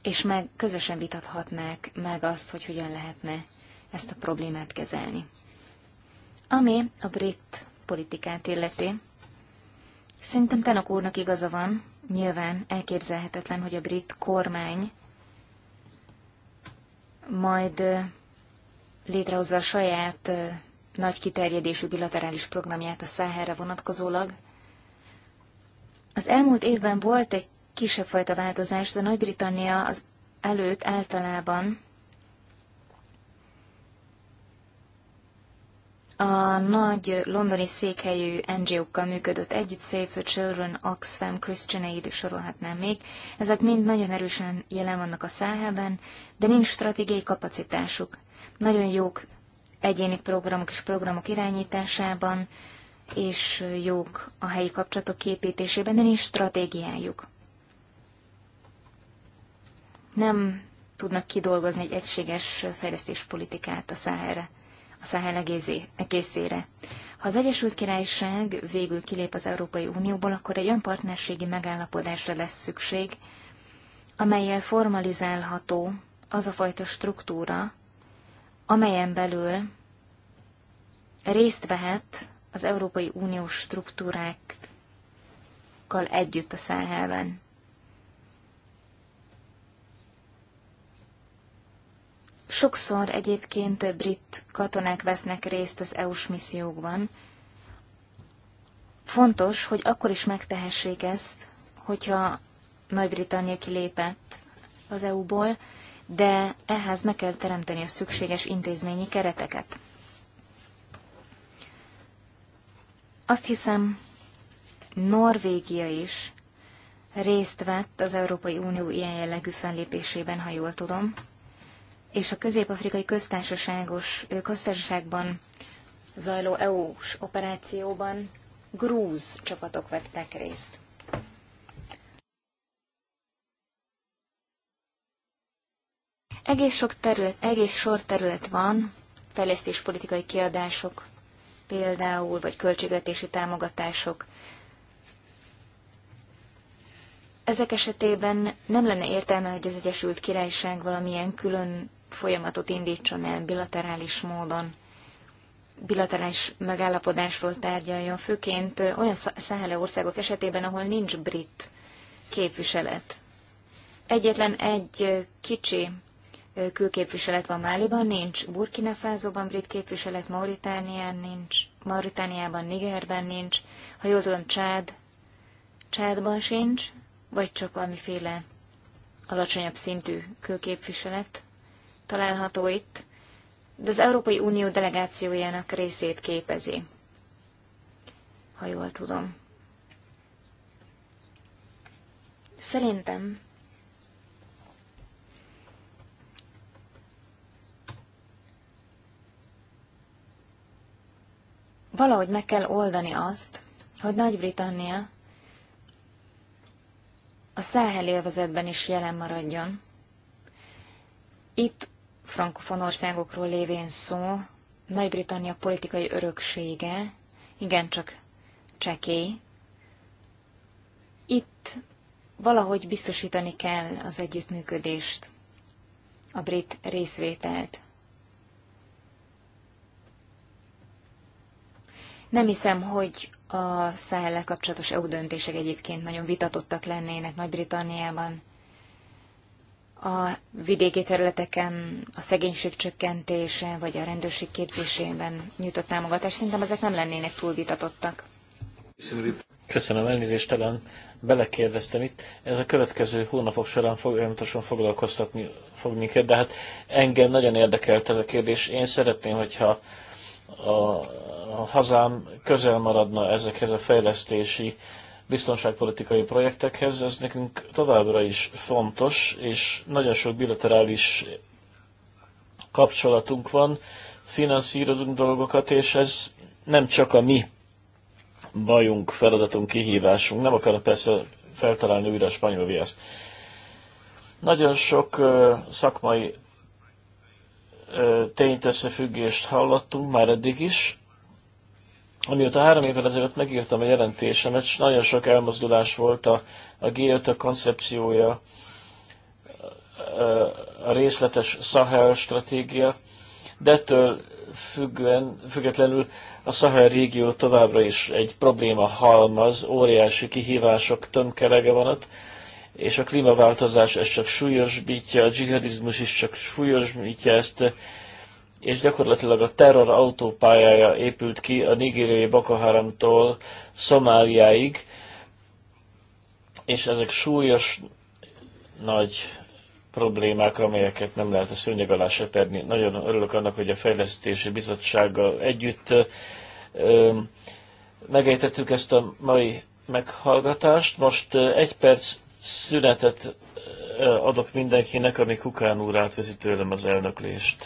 és meg közösen vitathatnák meg azt, hogy hogyan lehetne ezt a problémát kezelni. Ami a brit politikát illeti, Szerintem Tenok úrnak igaza van. Nyilván elképzelhetetlen, hogy a brit kormány majd létrehozza a saját nagy kiterjedésű bilaterális programját a száherre vonatkozólag. Az elmúlt évben volt egy kisebb fajta változás, de Nagy-Britannia az előtt általában a nagy londoni székhelyű NGO-kkal működött együtt, Save the Children, Oxfam, Christian Aid sorolhatnám még. Ezek mind nagyon erősen jelen vannak a száhában, de nincs stratégiai kapacitásuk. Nagyon jók egyéni programok és programok irányításában, és jók a helyi kapcsolatok képítésében, de nincs stratégiájuk. Nem tudnak kidolgozni egy egységes fejlesztéspolitikát a száhára a Szahel egészére. Ha az Egyesült Királyság végül kilép az Európai Unióból, akkor egy önpartnerségi megállapodásra lesz szükség, amelyel formalizálható az a fajta struktúra, amelyen belül részt vehet az Európai Uniós struktúrákkal együtt a Száhelben. Sokszor egyébként brit katonák vesznek részt az EU-s missziókban. Fontos, hogy akkor is megtehessék ezt, hogyha Nagy-Britannia kilépett az EU-ból, de ehhez meg kell teremteni a szükséges intézményi kereteket. Azt hiszem, Norvégia is részt vett az Európai Unió ilyen jellegű fellépésében, ha jól tudom és a közép-afrikai köztársaságos, köztársaságban zajló EU-s operációban grúz csapatok vettek részt. Egész, sok terület, egész sor terület van, fejlesztéspolitikai kiadások például, vagy költségvetési támogatások. Ezek esetében nem lenne értelme, hogy az Egyesült Királyság valamilyen külön folyamatot indítson el bilaterális módon, bilaterális megállapodásról tárgyaljon, főként olyan száhele országok esetében, ahol nincs brit képviselet. Egyetlen egy kicsi külképviselet van Máliban, nincs Burkina Fázóban brit képviselet, Mauritánián nincs, Mauritániában, Nigerben nincs, ha jól tudom, Csád, Csádban sincs, vagy csak valamiféle alacsonyabb szintű külképviselet található itt, de az Európai Unió delegációjának részét képezi, ha jól tudom. Szerintem valahogy meg kell oldani azt, hogy Nagy-Britannia a száhel élvezetben is jelen maradjon. Itt frankofon országokról lévén szó, Nagy-Britannia politikai öröksége igencsak csekély. Itt valahogy biztosítani kell az együttműködést, a brit részvételt. Nem hiszem, hogy a szállal kapcsolatos EU döntések egyébként nagyon vitatottak lennének Nagy-Britanniában a vidéki területeken a szegénység csökkentése, vagy a rendőrség képzésében nyújtott támogatás, szerintem ezek nem lennének túl vitatottak. Köszönöm, elnézést talán belekérdeztem itt. Ez a következő hónapok során folyamatosan foglalkoztatni fog minket, de hát engem nagyon érdekelt ez a kérdés. Én szeretném, hogyha a, a hazám közel maradna ezekhez a fejlesztési biztonságpolitikai projektekhez. Ez nekünk továbbra is fontos, és nagyon sok bilaterális kapcsolatunk van, finanszírozunk dolgokat, és ez nem csak a mi bajunk, feladatunk, kihívásunk. Nem akarom persze feltalálni újra a spanyol viaszt. Nagyon sok uh, szakmai uh, tényt, összefüggést hallottunk már eddig is, Amióta három évvel ezelőtt megírtam a jelentésemet, és nagyon sok elmozdulás volt a, a G5 a koncepciója, a részletes Sahel stratégia, de ettől függően, függetlenül a Sahel régió továbbra is egy probléma halmaz, óriási kihívások tömkelege van ott, és a klímaváltozás ez csak súlyosbítja, a dzsihadizmus is csak súlyosbítja ezt, és gyakorlatilag a terror autópályája épült ki a nigériai Bakaharamtól Szomáliáig, és ezek súlyos nagy problémák, amelyeket nem lehet a szőnyeg alá seperni. Nagyon örülök annak, hogy a Fejlesztési Bizottsággal együtt ö, megejtettük ezt a mai meghallgatást. Most egy perc szünetet adok mindenkinek, ami Kukán úr átvezi tőlem az elnöklést.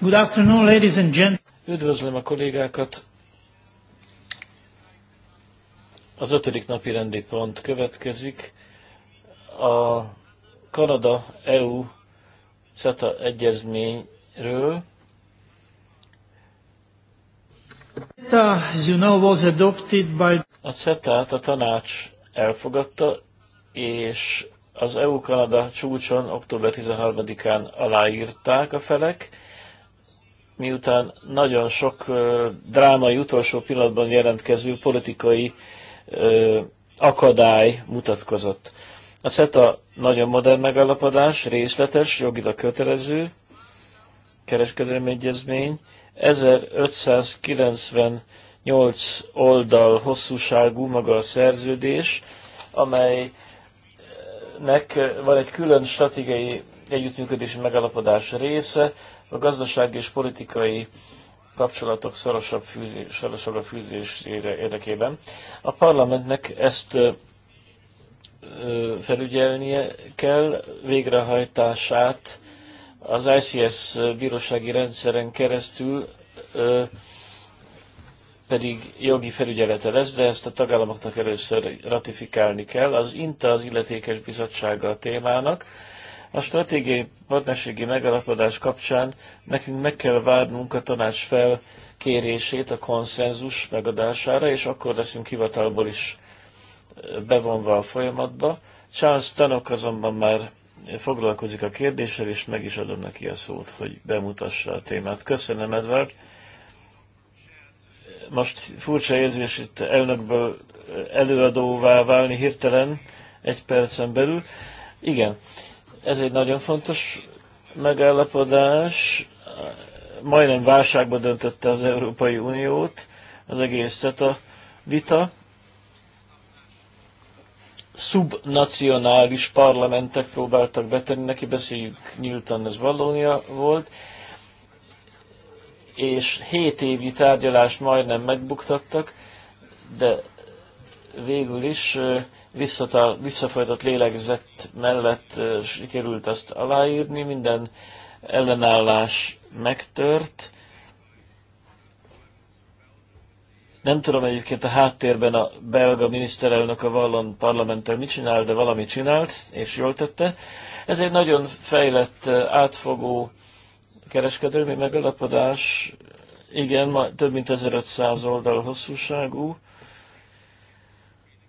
Good afternoon, ladies and gentlemen. Üdvözlöm a kollégákat. Az ötödik napi rendi pont következik. A Kanada-EU CETA egyezményről. CETA, as you know, was adopted by... A CETA-t a tanács elfogadta, és az EU-Kanada csúcson október 13-án aláírták a felek, miután nagyon sok drámai utolsó pillanatban jelentkező politikai akadály mutatkozott. A CETA nagyon modern megállapodás, részletes, jogilag kötelező, kereskedelmi egyezmény, 1590 8 oldal hosszúságú maga a szerződés, amelynek eh, van egy külön stratégiai együttműködési megalapodás része, a gazdasági és politikai kapcsolatok szorosabb, fűzés, szorosabb a fűzésére érdekében. A parlamentnek ezt eh, eh, felügyelnie kell, végrehajtását az ICS bírósági rendszeren keresztül pedig jogi felügyelete lesz, de ezt a tagállamoknak először ratifikálni kell. Az INTA az illetékes bizottsága a témának. A stratégiai partnerségi megalapodás kapcsán nekünk meg kell várnunk a tanács felkérését, a konszenzus megadására, és akkor leszünk hivatalból is bevonva a folyamatba. Charles Tanok azonban már foglalkozik a kérdéssel, és meg is adom neki a szót, hogy bemutassa a témát. Köszönöm, Edward! most furcsa érzés itt elnökből eh, előadóvá válni hirtelen egy percen belül. Igen, ez egy nagyon fontos megállapodás. Majdnem válságba döntötte az Európai Uniót az egész CETA vita. Szubnacionális parlamentek próbáltak betenni, neki beszéljük nyíltan, ez Vallónia volt és 7 évi tárgyalást majdnem megbuktattak, de végül is visszatal, visszafajtott lélegzett mellett sikerült azt aláírni, minden ellenállás megtört. Nem tudom egyébként a háttérben a belga miniszterelnök a vallon parlamenttel mit csinál, de valami csinált, és jól tette. Ez egy nagyon fejlett, átfogó kereskedelmi megalapodás, igen, ma több mint 1500 oldal hosszúságú,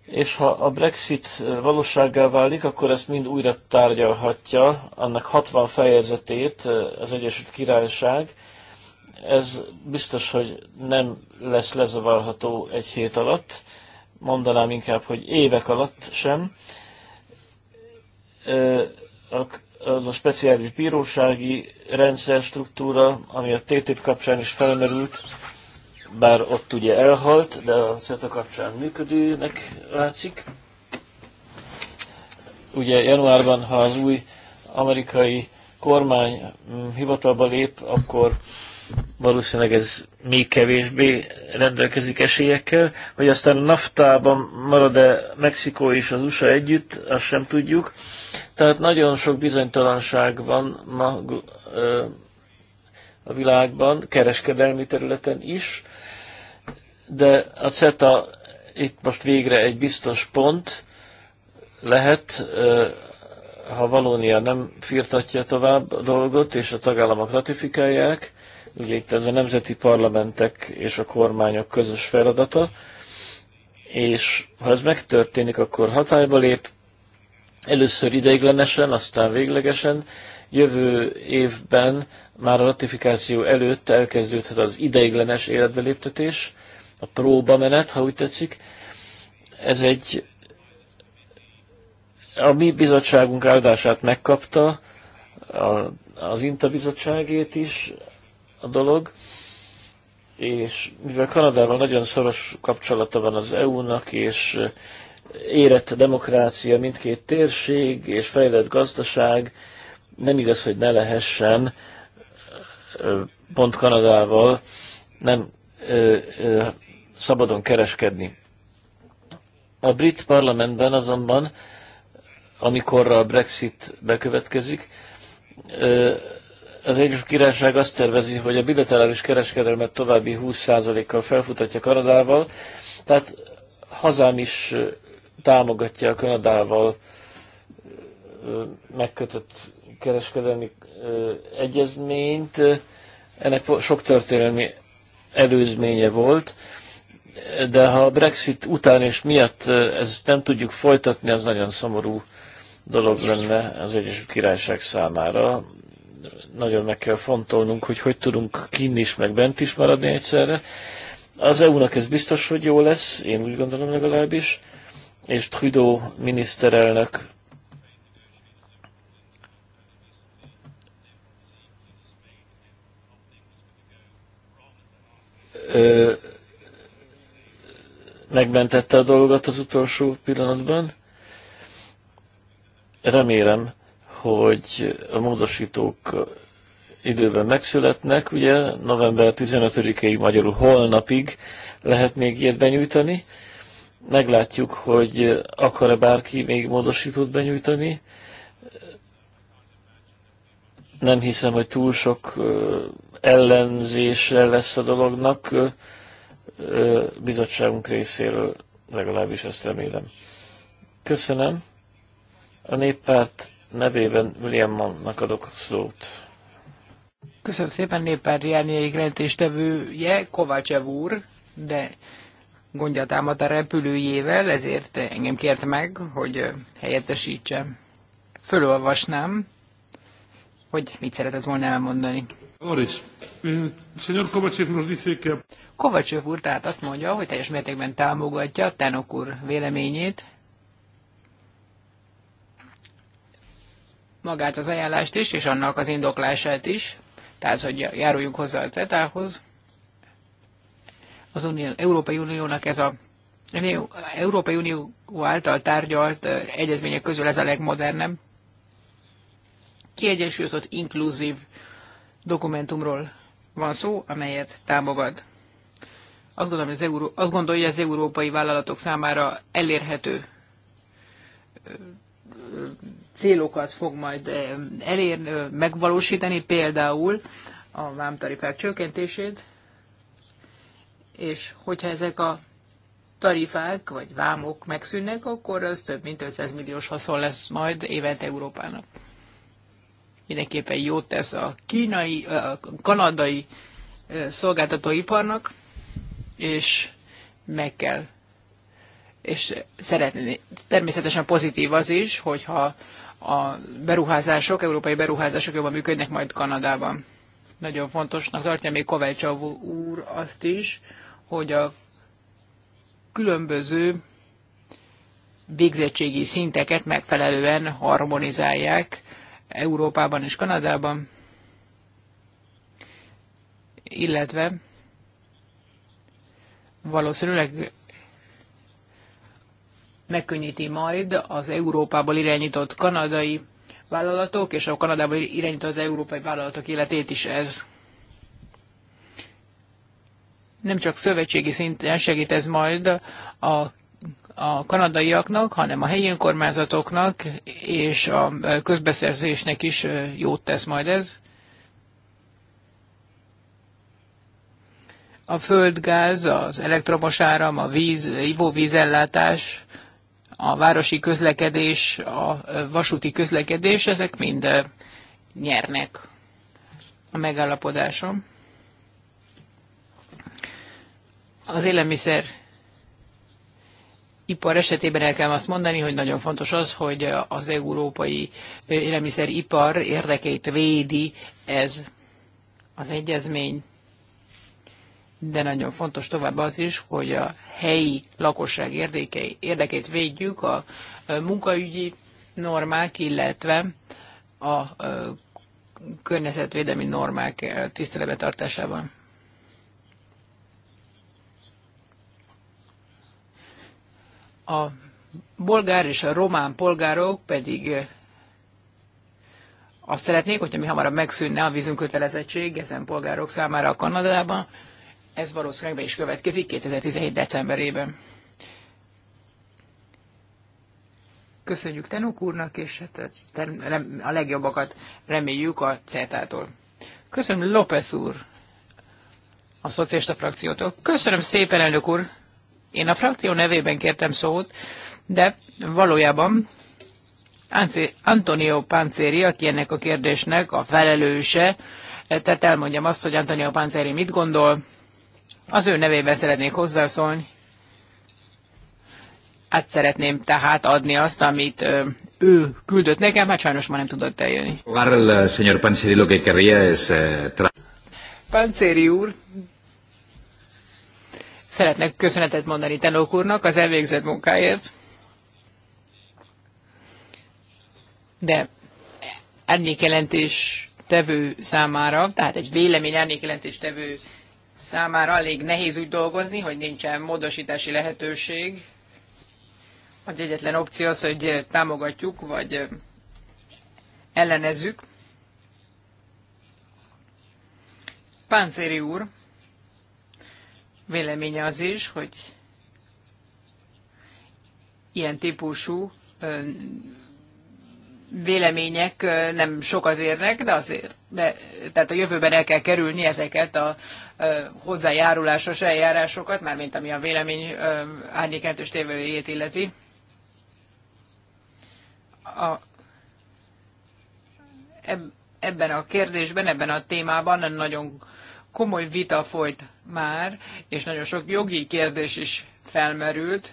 és ha a Brexit valósággá válik, akkor ezt mind újra tárgyalhatja, annak 60 fejezetét az Egyesült Királyság. Ez biztos, hogy nem lesz lezavarható egy hét alatt, mondanám inkább, hogy évek alatt sem. A az a speciális bírósági rendszer struktúra, ami a TTIP kapcsán is felmerült, bár ott ugye elhalt, de a CETA kapcsán működőnek látszik. Ugye januárban, ha az új amerikai kormány mm, hivatalba lép, akkor valószínűleg ez még kevésbé rendelkezik esélyekkel, hogy aztán a naftában marad-e Mexikó és az USA együtt, azt sem tudjuk. Tehát nagyon sok bizonytalanság van ma a világban, kereskedelmi területen is, de a CETA itt most végre egy biztos pont lehet, ha Valónia nem firtatja tovább a dolgot, és a tagállamok ratifikálják, itt ez a nemzeti parlamentek és a kormányok közös feladata, és ha ez megtörténik, akkor hatályba lép, először ideiglenesen, aztán véglegesen, jövő évben már a ratifikáció előtt elkezdődhet az ideiglenes életbeléptetés, a próba menet ha úgy tetszik. Ez egy a mi bizottságunk áldását megkapta, a, az INTA bizottságét is, a dolog, és mivel Kanadával nagyon szoros kapcsolata van az EU-nak, és eh, érett demokrácia mindkét térség, és fejlett gazdaság, nem igaz, hogy ne lehessen eh, pont Kanadával nem ö, eh, ö, szabadon kereskedni. A brit parlamentben azonban, amikor a Brexit bekövetkezik, ö, az Egyesült Királyság azt tervezi, hogy a bilaterális kereskedelmet további 20%-kal felfutatja Kanadával, tehát hazám is támogatja a Kanadával megkötött kereskedelmi egyezményt. Ennek sok történelmi előzménye volt, de ha a Brexit után és miatt ezt nem tudjuk folytatni, az nagyon szomorú dolog lenne az Egyesült Királyság számára nagyon meg kell fontolnunk, hogy hogy tudunk kinn is, meg bent is maradni egyszerre. Az EU-nak ez biztos, hogy jó lesz, én úgy gondolom legalábbis, és Trudeau miniszterelnök ö, megmentette a dolgot az utolsó pillanatban. Remélem, hogy a módosítók időben megszületnek, ugye november 15-ig, magyarul holnapig lehet még ilyet benyújtani. Meglátjuk, hogy akar-e bárki még módosítót benyújtani. Nem hiszem, hogy túl sok ellenzésre lesz a dolognak bizottságunk részéről, legalábbis ezt remélem. Köszönöm. A néppárt nevében William Mannnak adok szót. Köszönöm szépen néppárt árnyék jelentéstevője, Kovácsev úr, de gondja támad a repülőjével, ezért engem kért meg, hogy helyettesítsem. Fölolvasnám, hogy mit szeretett volna elmondani. Boris, señor nos Kovácsev úr tehát azt mondja, hogy teljes mértékben támogatja Tenok úr véleményét, magát az ajánlást is, és annak az indoklását is, tehát hogy járuljunk hozzá a CETA-hoz. Az Unió, Európai Uniónak ez a Európai Unió által tárgyalt egyezmények közül ez a legmodernebb. Kiegyensúlyozott, inkluzív dokumentumról van szó, amelyet támogat. Azt gondolom, az, Euró- azt gondolja, hogy az európai vállalatok számára elérhető célokat fog majd elérni, megvalósítani, például a vámtarifák csökkentését, és hogyha ezek a tarifák vagy vámok megszűnnek, akkor az több mint 500 milliós haszon lesz majd évente Európának. Mindenképpen jót tesz a kínai, a kanadai szolgáltatóiparnak, és meg kell, és szeretné, természetesen pozitív az is, hogyha a beruházások, európai beruházások jobban működnek majd Kanadában. Nagyon fontosnak tartja még Kovács úr azt is, hogy a különböző végzettségi szinteket megfelelően harmonizálják Európában és Kanadában, illetve valószínűleg megkönnyíti majd az Európából irányított kanadai vállalatok és a Kanadából irányított az európai vállalatok életét is ez. Nem csak szövetségi szinten segít ez majd a a kanadaiaknak, hanem a helyi önkormányzatoknak és a közbeszerzésnek is jót tesz majd ez. A földgáz, az elektromos áram, a víz, ivóvízellátás a városi közlekedés, a vasúti közlekedés, ezek mind nyernek a megállapodáson. Az élelmiszer ipar esetében el kell azt mondani, hogy nagyon fontos az, hogy az európai élelmiszeripar érdekeit védi ez az egyezmény de nagyon fontos tovább az is, hogy a helyi lakosság érdekei, érdekét védjük, a munkaügyi normák, illetve a környezetvédelmi normák tiszteletbe tartásában. A bolgár és a román polgárok pedig azt szeretnék, hogyha mi hamarabb megszűnne a vízumkötelezettség ezen polgárok számára a Kanadában, ez valószínűleg be is következik 2017. decemberében. Köszönjük Tenok úrnak, és hát a legjobbakat reméljük a CETA-tól. Köszönöm López úr a szocialista frakciótól. Köszönöm szépen, elnök úr! Én a frakció nevében kértem szót, de valójában Antonio Pancéri, aki ennek a kérdésnek a felelőse, tehát elmondjam azt, hogy Antonio Pancéri mit gondol, az ő nevében szeretnék hozzászólni. Hát szeretném tehát adni azt, amit ő küldött nekem, hát sajnos ma nem tudott eljönni. Eh, Pancéri eh, úr, szeretnek köszönetet mondani Tenók úrnak az elvégzett munkáért. De árnyékjelentés tevő számára, tehát egy vélemény árnyékjelentés tevő számára elég nehéz úgy dolgozni, hogy nincsen módosítási lehetőség. Az egyetlen opció az, hogy támogatjuk, vagy ellenezzük. Páncéri úr véleménye az is, hogy ilyen típusú vélemények nem sokat érnek, de azért, de, tehát a jövőben el kell kerülni ezeket a, a hozzájárulásos eljárásokat, mármint ami a vélemény árnyékentős tévőjét illeti. A, ebben a kérdésben, ebben a témában nagyon komoly vita folyt már, és nagyon sok jogi kérdés is felmerült.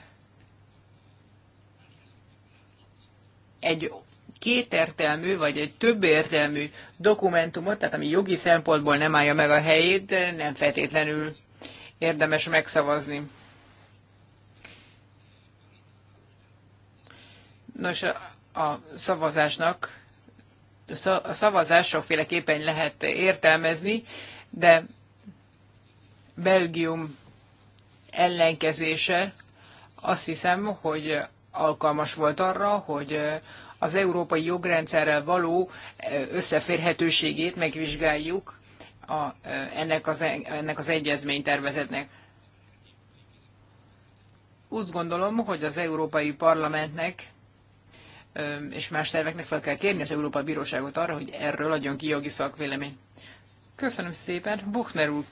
Egy kétértelmű, vagy egy többértelmű dokumentumot, tehát ami jogi szempontból nem állja meg a helyét, nem feltétlenül érdemes megszavazni. Nos, a szavazásnak a szavazás sokféleképpen lehet értelmezni, de Belgium ellenkezése azt hiszem, hogy alkalmas volt arra, hogy az európai jogrendszerrel való eh, összeférhetőségét megvizsgáljuk a, eh, ennek, az, ennek az egyezménytervezetnek. Úgy gondolom, hogy az Európai Parlamentnek eh, és más szerveknek fel kell kérni az Európai Bíróságot arra, hogy erről adjon ki jogi szakvélemény. Köszönöm szépen. Buchner úr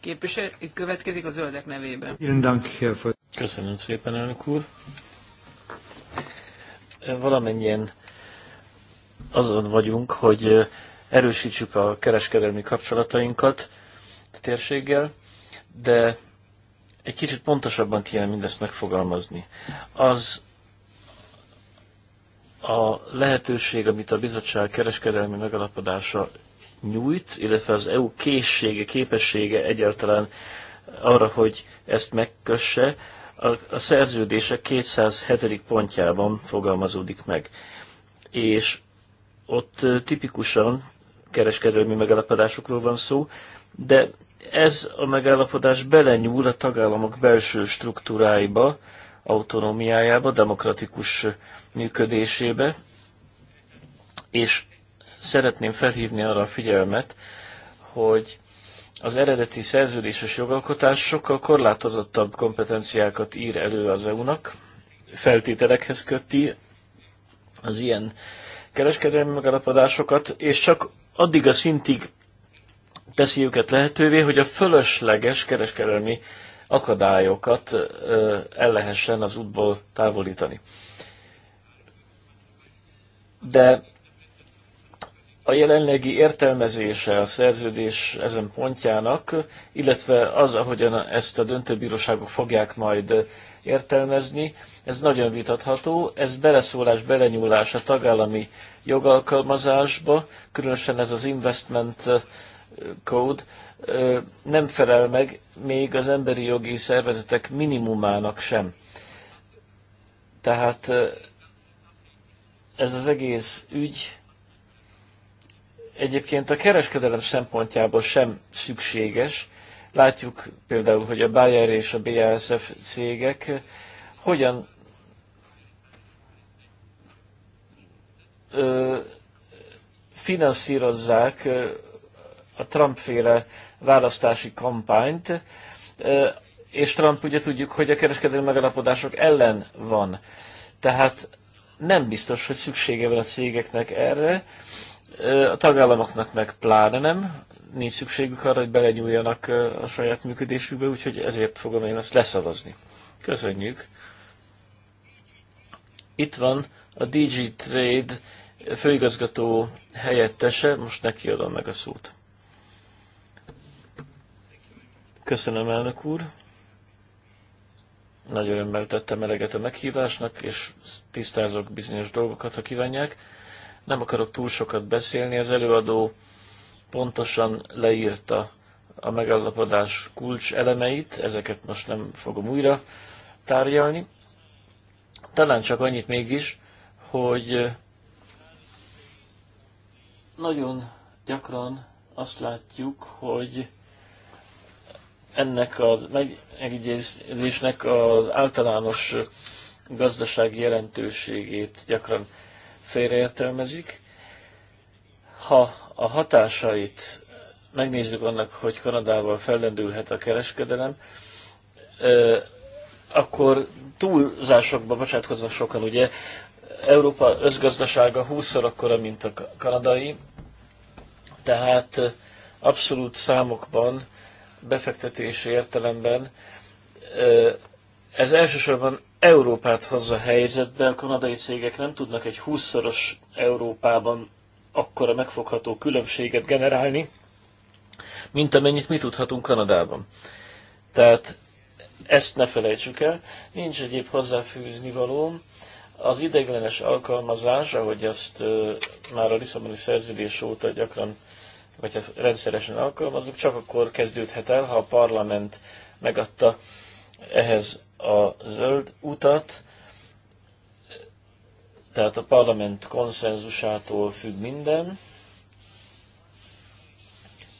képviselő következik a zöldek nevében. Köszönöm szépen, elnök úr valamennyien azon vagyunk, hogy erősítsük a kereskedelmi kapcsolatainkat a térséggel, de egy kicsit pontosabban kéne mindezt megfogalmazni. Az a lehetőség, amit a bizottság kereskedelmi megalapodása nyújt, illetve az EU készsége, képessége egyáltalán arra, hogy ezt megkösse, a, a 207. pontjában fogalmazódik meg. És ott tipikusan kereskedelmi megállapodásokról van szó, de ez a megállapodás belenyúl a tagállamok belső struktúráiba, autonómiájába, demokratikus működésébe, és szeretném felhívni arra a figyelmet, hogy az eredeti szerződéses jogalkotás sokkal korlátozottabb kompetenciákat ír elő az EU-nak, feltételekhez köti az ilyen kereskedelmi megalapodásokat, és csak addig a szintig teszi őket lehetővé, hogy a fölösleges kereskedelmi akadályokat el lehessen az útból távolítani. De a jelenlegi értelmezése a szerződés ezen pontjának, illetve az, ahogyan ezt a döntőbíróságok fogják majd értelmezni, ez nagyon vitatható, ez beleszólás, belenyúlás a tagállami jogalkalmazásba, különösen ez az investment eh, code eh, nem felel meg még az emberi jogi szervezetek minimumának sem. Tehát eh, ez az egész ügy egyébként a kereskedelem szempontjából sem szükséges. Látjuk például, hogy a Bayer és a BASF cégek hogyan ö, finanszírozzák a Trump-féle választási kampányt, és Trump ugye tudjuk, hogy a kereskedelmi megalapodások ellen van. Tehát nem biztos, hogy szüksége van a cégeknek erre, a tagállamoknak meg pláne nem, nincs szükségük arra, hogy belenyúljanak a saját működésükbe, úgyhogy ezért fogom én azt leszavazni. Köszönjük! Itt van a DG Trade főigazgató helyettese, most neki adom meg a szót. Köszönöm, elnök úr! Nagy örömmel tettem eleget a meghívásnak, és tisztázok bizonyos dolgokat, ha kívánják nem akarok túl sokat beszélni, az előadó pontosan leírta a megállapodás kulcs elemeit, ezeket most nem fogom újra tárgyalni. Talán csak annyit mégis, hogy nagyon gyakran azt látjuk, hogy ennek a megegyezésnek az általános gazdasági jelentőségét gyakran félreértelmezik. Ha a hatásait megnézzük annak, hogy Kanadával fellendülhet a kereskedelem, akkor túlzásokba bocsátkoznak sokan, ugye Európa összgazdasága 20-szor akkora, mint a kanadai, tehát abszolút számokban, befektetési értelemben ez elsősorban Európát hozza helyzetbe, a kanadai cégek nem tudnak egy 20-szoros Európában akkora megfogható különbséget generálni, mint amennyit mi tudhatunk Kanadában. Tehát ezt ne felejtsük el. Nincs egyéb hozzáfűzni való. Az ideiglenes alkalmazás, ahogy azt már a Lisszaboni szerződés óta gyakran, vagy ha hát rendszeresen alkalmazunk, csak akkor kezdődhet el, ha a parlament megadta ehhez a zöld utat, tehát a parlament konszenzusától függ minden.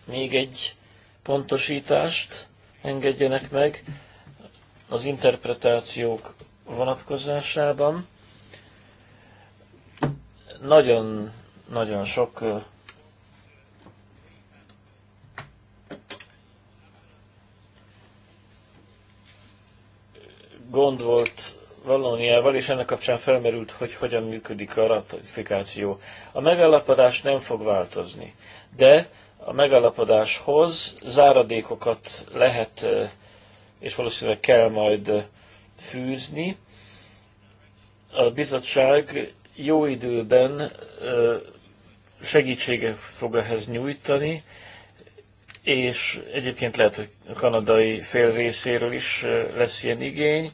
Még egy pontosítást engedjenek meg az interpretációk vonatkozásában. Nagyon, nagyon sok gond volt Valóniával, és ennek kapcsán felmerült, hogy hogyan működik a ratifikáció. A megállapodás nem fog változni, de a megállapodáshoz záradékokat lehet és valószínűleg kell majd fűzni. A bizottság jó időben segítséget fog ehhez nyújtani, és egyébként lehet, hogy a kanadai fél részéről is lesz ilyen igény.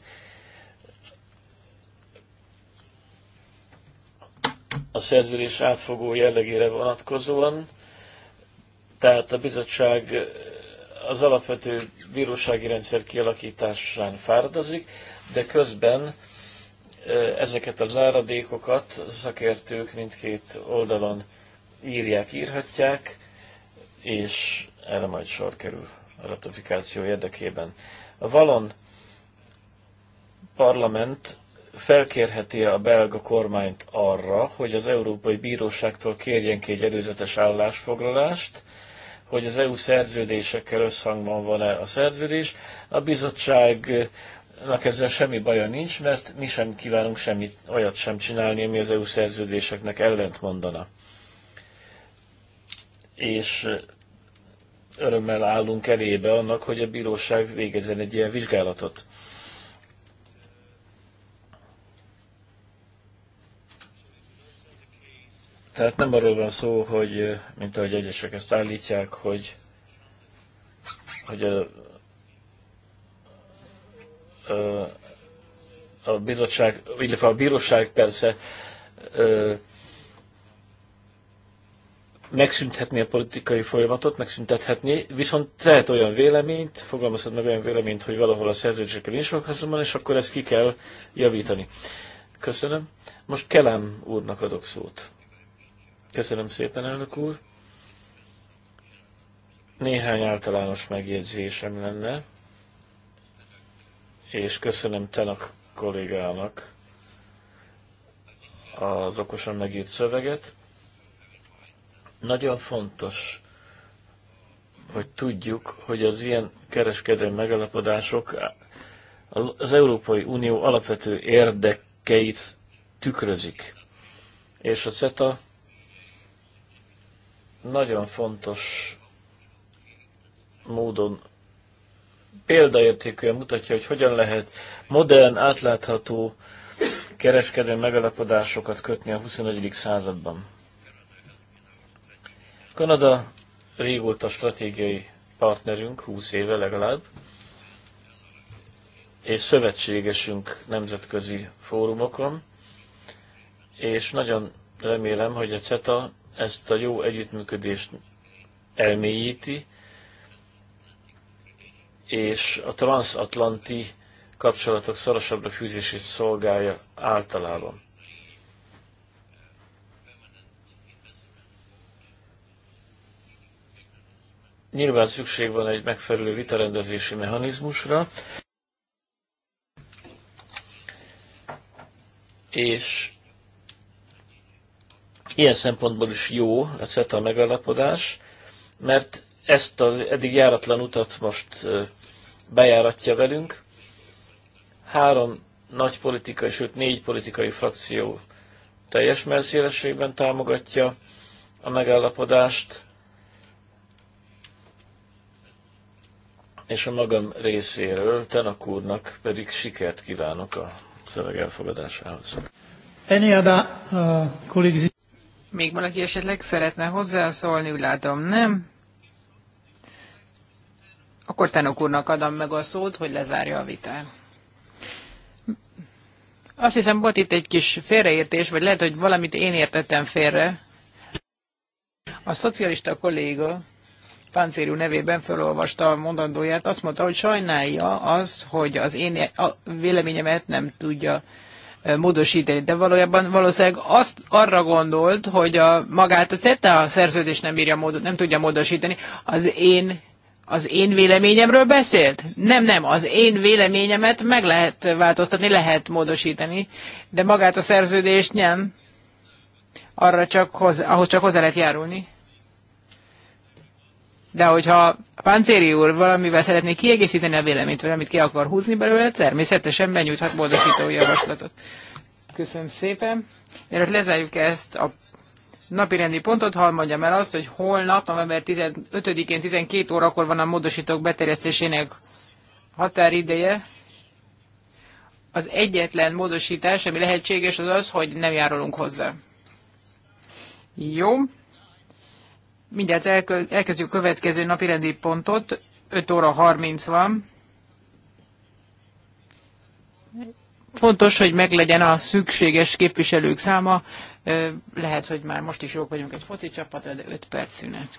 A szerződés átfogó jellegére vonatkozóan, tehát a bizottság az alapvető bírósági rendszer kialakításán fáradozik, de közben ezeket a záradékokat szakértők mindkét oldalon írják, írhatják, és erre majd sor kerül a ratifikáció érdekében. A Valon parlament felkérheti a belga kormányt arra, hogy az Európai Bíróságtól kérjen ki egy előzetes állásfoglalást, hogy az EU szerződésekkel összhangban van-e a szerződés. A bizottságnak ezzel semmi baja nincs, mert mi sem kívánunk semmit olyat sem csinálni, ami az EU szerződéseknek ellent mondana. És örömmel állunk elébe annak, hogy a bíróság végezzen egy ilyen vizsgálatot. Tehát nem arról van szó, hogy, mint ahogy egyesek ezt állítják, hogy, hogy a, a, a bizottság, illetve a bíróság persze megszüntetni a politikai folyamatot, megszüntethetni, viszont tehet olyan véleményt, fogalmazhat meg olyan véleményt, hogy valahol a szerződésekkel sok van, és akkor ezt ki kell javítani. Köszönöm. Most Kelem úrnak adok szót. Köszönöm szépen, elnök úr. Néhány általános megjegyzésem lenne, és köszönöm Tenak kollégának az okosan megírt szöveget. Nagyon fontos, hogy tudjuk, hogy az ilyen kereskedelmi megalapodások az Európai Unió alapvető érdekeit tükrözik. És a CETA nagyon fontos módon példaértékűen mutatja, hogy hogyan lehet modern, átlátható kereskedelmi megalapodásokat kötni a 21. században. Kanada régóta stratégiai partnerünk, 20 éve legalább, és szövetségesünk nemzetközi fórumokon, és nagyon remélem, hogy a CETA ezt a jó együttműködést elmélyíti, és a transatlanti kapcsolatok szorosabbra fűzését szolgálja általában. Nyilván szükség van egy megfelelő vitarendezési mechanizmusra, és ilyen szempontból is jó a CETA megalapodás, mert ezt az eddig járatlan utat most bejáratja velünk. Három nagy politikai, sőt négy politikai frakció teljes merszélességben támogatja a megállapodást, és a magam részéről Tenak úrnak pedig sikert kívánok a szöveg elfogadásához. Eniada, uh, Még valaki esetleg szeretne hozzászólni, úgy látom, nem? Akkor Tenok úrnak adom meg a szót, hogy lezárja a vitát. Azt hiszem, volt itt egy kis félreértés, vagy lehet, hogy valamit én értettem félre. A szocialista kolléga páncélú nevében felolvasta a mondandóját, azt mondta, hogy sajnálja azt, hogy az én véleményemet nem tudja módosítani, de valójában valószínűleg azt arra gondolt, hogy a, magát a CETA szerződés nem, írja, nem tudja módosítani, az én az én véleményemről beszélt? Nem, nem, az én véleményemet meg lehet változtatni, lehet módosítani, de magát a szerződést nem. Arra csak hozzá, ahhoz csak hozzá lehet járulni. De hogyha Pancéri úr valamivel szeretné kiegészíteni a véleményt, vagy amit ki akar húzni belőle, természetesen benyújthat módosító javaslatot. Köszönöm szépen. Mielőtt lezárjuk ezt a napirendi pontot, hall mondjam el azt, hogy holnap, november 15-én 12 órakor van a módosítók beterjesztésének határideje. Az egyetlen módosítás, ami lehetséges, az az, hogy nem járulunk hozzá. Jó, Mindjárt elkezdjük a következő napi rendi pontot. 5 óra 30 van. Fontos, hogy meglegyen a szükséges képviselők száma. Lehet, hogy már most is jók vagyunk egy foci csapatra, de 5 perc szünet.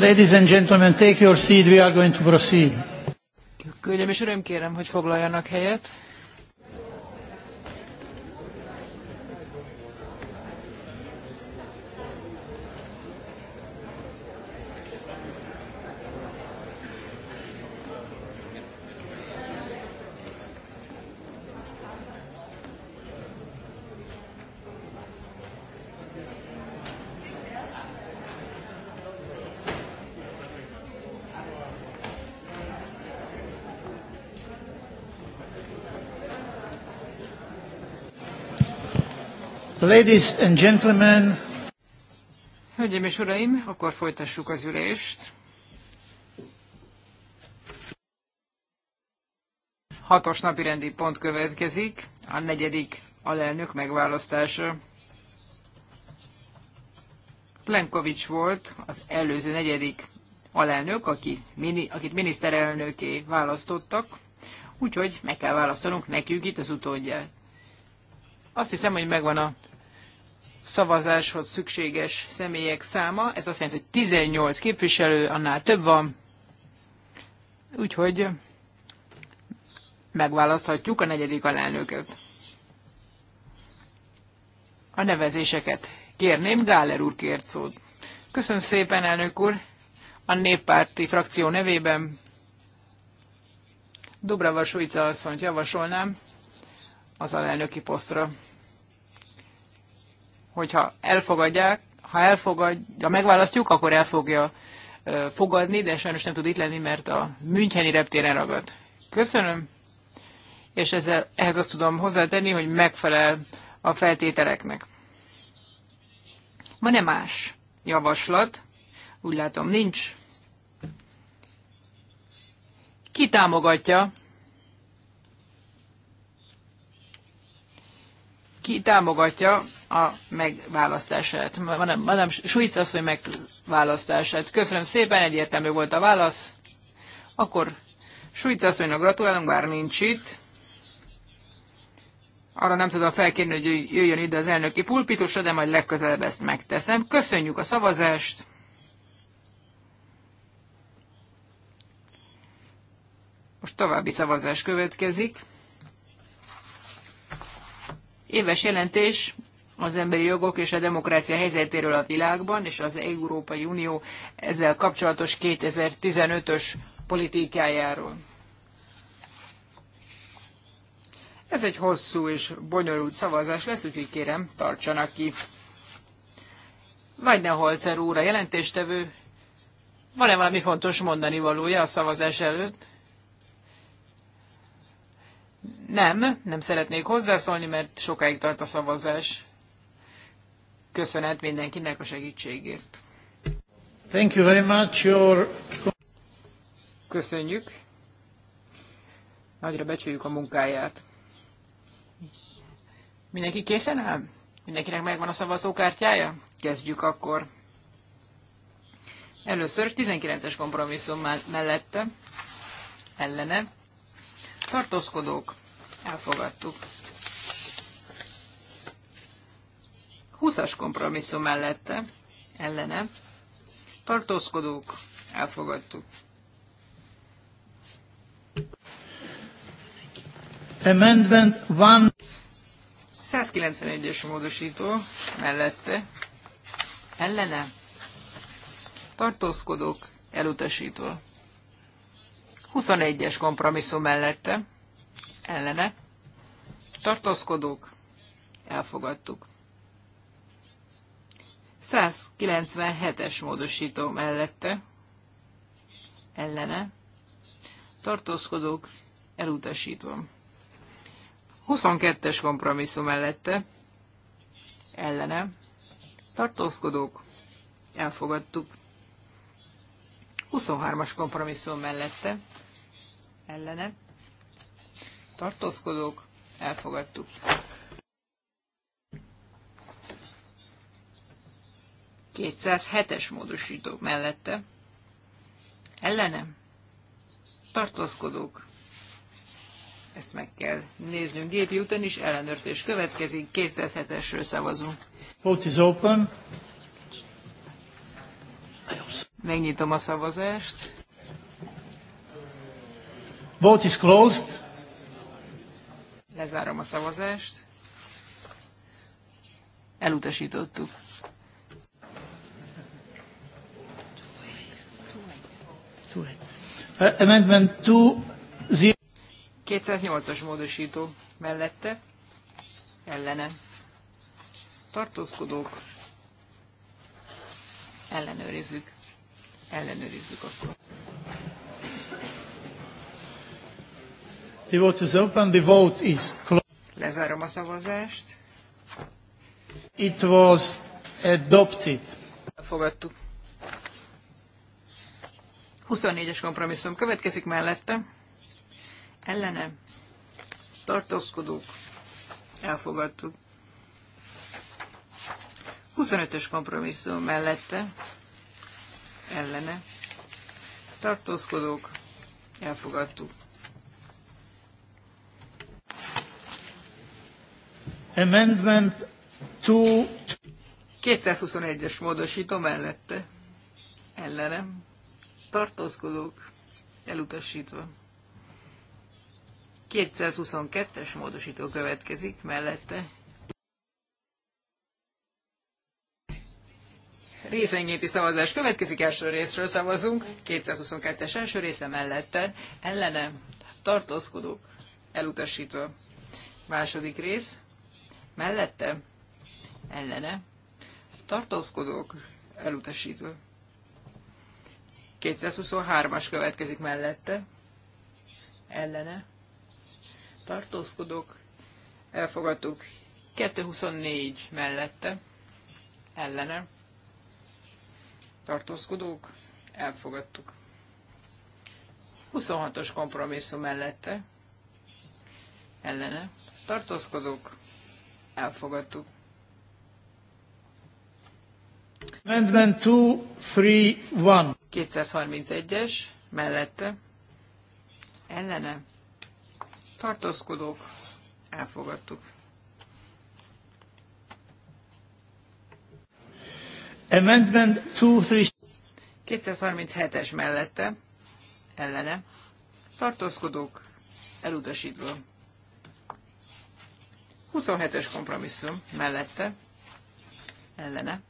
Ladies and gentlemen, take your seat, we are going to proceed. Hölgyeim és Uram, kérem, hogy foglaljanak helyet. Ladies and gentlemen. Hölgyeim és uraim, akkor folytassuk az ülést. Hatos napi rendi pont következik, a negyedik alelnök megválasztása. Plenkovics volt az előző negyedik alelnök, aki, akit miniszterelnöké választottak, úgyhogy meg kell választanunk nekünk itt az utódját. Azt hiszem, hogy megvan a szavazáshoz szükséges személyek száma. Ez azt jelenti, hogy 18 képviselő, annál több van. Úgyhogy megválaszthatjuk a negyedik alelnököt. A nevezéseket kérném, Gáler úr kért szót. Köszönöm szépen, elnök úr! A néppárti frakció nevében Dobrava Suica asszonyt javasolnám az alelnöki posztra hogyha elfogadják, ha elfogadja, megválasztjuk, akkor el fogja fogadni, de sajnos nem tud itt lenni, mert a Müncheni reptéren ragadt. Köszönöm, és ezzel, ehhez azt tudom hozzátenni, hogy megfelel a feltételeknek. Van-e más javaslat? Úgy látom, nincs. Ki támogatja? Ki támogatja a megválasztását, Madame Suic asszony megválasztását. Köszönöm szépen, egyértelmű volt a válasz. Akkor Suic asszonynak gratulálunk, bár nincs itt. Arra nem tudom felkérni, hogy jöjjön ide az elnöki pulpitusra, de majd legközelebb ezt megteszem. Köszönjük a szavazást! Most további szavazás következik. Éves jelentés az emberi jogok és a demokrácia helyzetéről a világban, és az Európai Unió ezzel kapcsolatos 2015-ös politikájáról. Ez egy hosszú és bonyolult szavazás lesz, úgyhogy kérem, tartsanak ki. Weidenholzer úr a jelentéstevő. Van-e valami fontos mondani valója a szavazás előtt? Nem, nem szeretnék hozzászólni, mert sokáig tart a szavazás. Köszönet mindenkinek a segítségért. Thank you very much. Your... Köszönjük. Nagyra becsüljük a munkáját. Mindenki készen áll? Mindenkinek megvan a szavazókártyája? Kezdjük akkor. Először 19-es kompromisszum mellette, ellene. Tartózkodók. Elfogadtuk. 20-as kompromisszum mellette ellene tartózkodók elfogadtuk. Amendment 1 191-es módosító mellette ellene tartózkodók elutasító. 21-es kompromisszum mellette ellene tartózkodók elfogadtuk. 197-es módosító mellette ellene tartózkodók elutasítva. 22-es kompromisszum mellette ellene tartózkodók elfogadtuk. 23-as kompromisszum mellette ellene tartózkodók elfogadtuk. 207-es módosítók mellette. Ellenem. Tartózkodók. Ezt meg kell néznünk gépi úton is, ellenőrzés következik, 207-esről szavazunk. Vote is open. Megnyitom a szavazást. Vote is closed. Lezárom a szavazást. Elutasítottuk. Amendment 208-as módosító mellette, ellene. Tartózkodók, ellenőrizzük. Ellenőrizzük akkor. The vote is open, the vote is closed. Lezárom a szavazást. It was adopted. Fogadtuk. 24-es kompromisszum következik mellette. Ellene tartózkodók elfogadtuk. 25-ös kompromisszum mellette. Ellene tartózkodók elfogadtuk. Amendment to 221-es módosító mellette. Ellenem tartózkodók elutasítva. 222-es módosító következik mellette. Részenyéti szavazás következik, első részről szavazunk, 222-es első része mellette, ellene tartózkodók elutasítva. Második rész, mellette, ellene tartózkodók elutasítva. 223-as következik mellette, ellene, Tartózkodok. elfogadtuk, 224 mellette, ellene, tartózkodók, elfogadtuk. 26-os kompromisszum mellette, ellene, tartózkodók, elfogadtuk. Amendment 231. 231-es, mellette, ellene, tartózkodók, elfogadtuk. Amendment 237-es mellette, ellene, tartózkodók, elutasítva. 27-es kompromisszum mellette, ellene,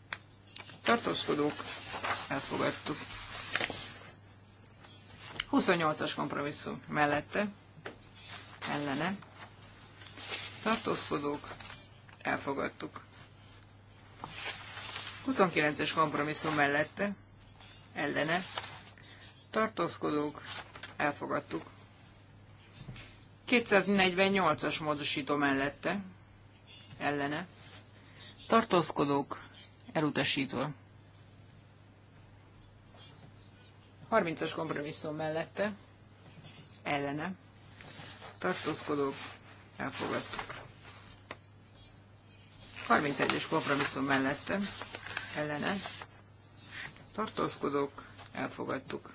tartózkodók, elfogadtuk. 28-as kompromisszum mellette, ellene, tartózkodók, elfogadtuk. 29-es kompromisszum mellette, ellene, tartózkodók, elfogadtuk. 248-as módosító mellette, ellene, tartózkodók, elutasítva. 30-as kompromisszum mellette, ellene, tartózkodók, elfogadtuk. 31-es kompromisszum mellette, ellene, tartózkodók, elfogadtuk.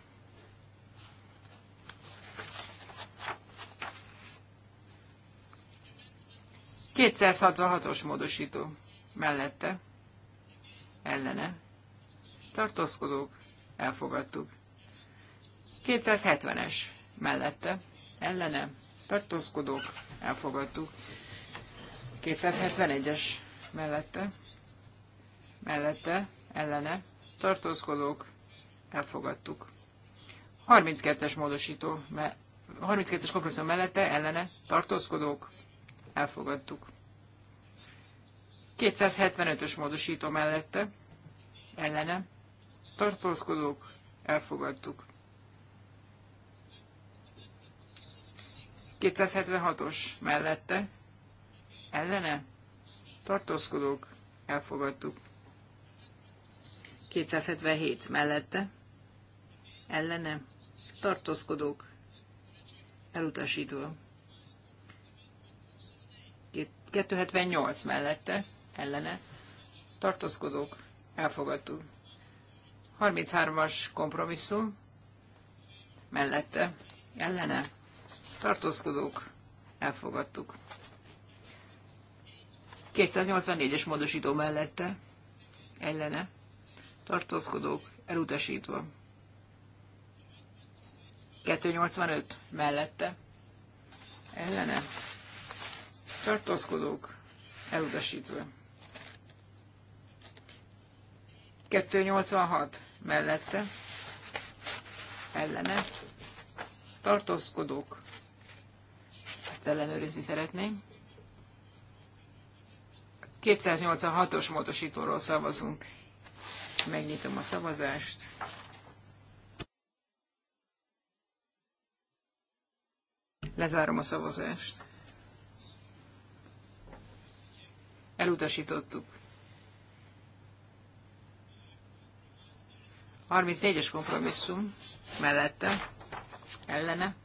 Kétszázhatvanhatos módosító mellette, ellene tartózkodók, elfogadtuk. 270-es mellette, ellene tartózkodók, elfogadtuk. 271-es mellette, mellette, ellene tartózkodók, elfogadtuk. 32-es módosító, 32-es kompresszió mellette, ellene tartózkodók, elfogadtuk. 275-ös módosító mellette, ellene, tartózkodók, elfogadtuk. 276-os mellette, ellene, tartózkodók, elfogadtuk. 277 mellette, ellene, tartózkodók, elutasítva. 278 mellette, ellene tartózkodók elfogadtuk. 33-as kompromisszum mellette ellene tartózkodók elfogadtuk. 284-es módosító mellette ellene tartózkodók elutasítva. 285 mellette ellene tartózkodók elutasítva. 286 mellette ellene tartózkodók. Ezt ellenőrizni szeretném. 286-os módosítóról szavazunk. Megnyitom a szavazást. Lezárom a szavazást. Elutasítottuk. 34-es kompromisszum mellette, ellene,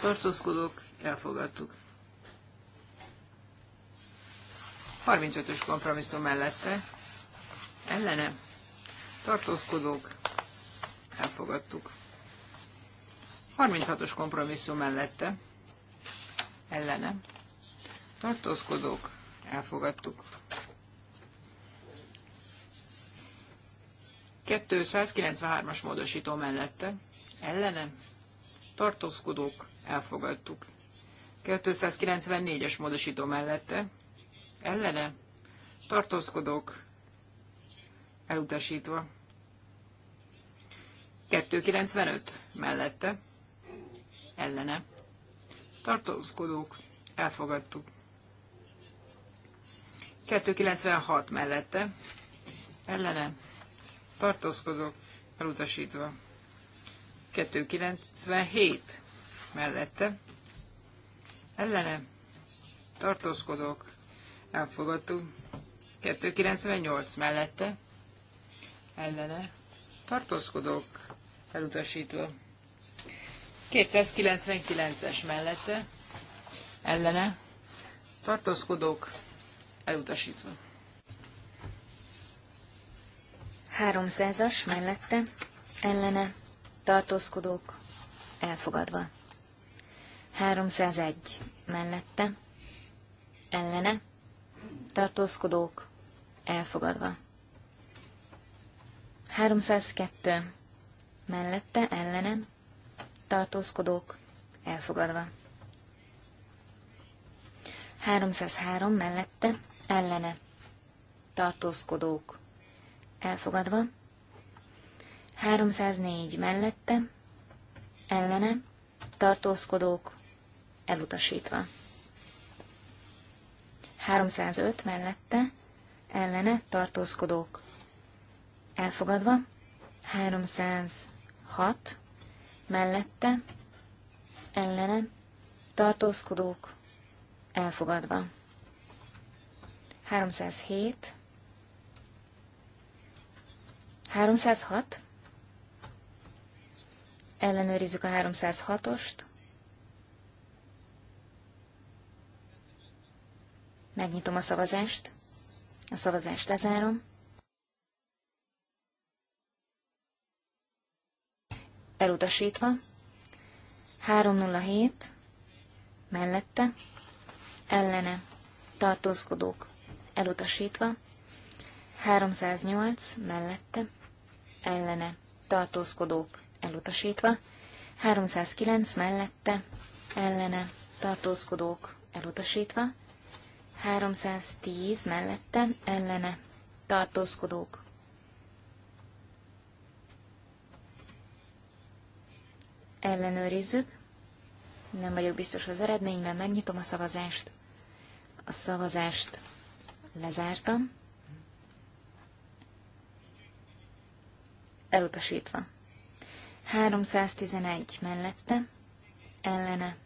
tartózkodók, elfogadtuk. 35-ös kompromisszum mellette, ellene, tartózkodók, elfogadtuk. 36-os kompromisszum mellette, ellene, tartózkodók, elfogadtuk. 293-as módosító mellette ellene tartózkodók elfogadtuk. 294-es módosító mellette ellene tartózkodók elutasítva. 295 mellette ellene tartózkodók elfogadtuk. 296 mellette ellene tartózkodók elutasítva. 297 mellette ellene tartózkodók elfogadtuk. 298 mellette ellene tartózkodók elutasítva. 299-es mellette ellene tartózkodók elutasítva. 300 mellette, ellene, tartózkodók, elfogadva. 301 mellette, ellene, tartózkodók, elfogadva. 302 mellette, ellene, tartózkodók, elfogadva. 303 mellette, ellene, tartózkodók, elfogadva. 304 mellette, ellene, tartózkodók, elutasítva. 305 mellette, ellene, tartózkodók, elfogadva. 306 mellette, ellene, tartózkodók, elfogadva. 307 306. Ellenőrizzük a 306-ost. Megnyitom a szavazást. A szavazást lezárom. Elutasítva. 307. Mellette. Ellene. Tartózkodók. Elutasítva. 308. Mellette ellene tartózkodók elutasítva, 309 mellette ellene tartózkodók elutasítva, 310 mellette ellene tartózkodók. Ellenőrizzük. Nem vagyok biztos az eredményben, megnyitom a szavazást. A szavazást lezártam. elutasítva. 311 mellette, ellene,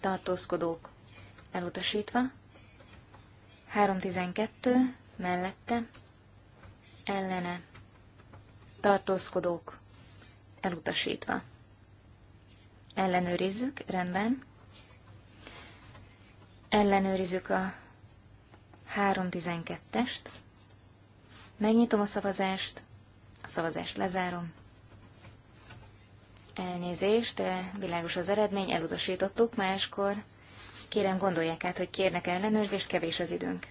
tartózkodók, elutasítva. 312 mellette, ellene, tartózkodók, elutasítva. Ellenőrizzük, rendben. Ellenőrizzük a 312-est. Megnyitom a szavazást. A szavazást lezárom. Elnézést, de világos az eredmény, elutasítottuk máskor. Kérem, gondolják át, hogy kérnek ellenőrzést, kevés az időnk.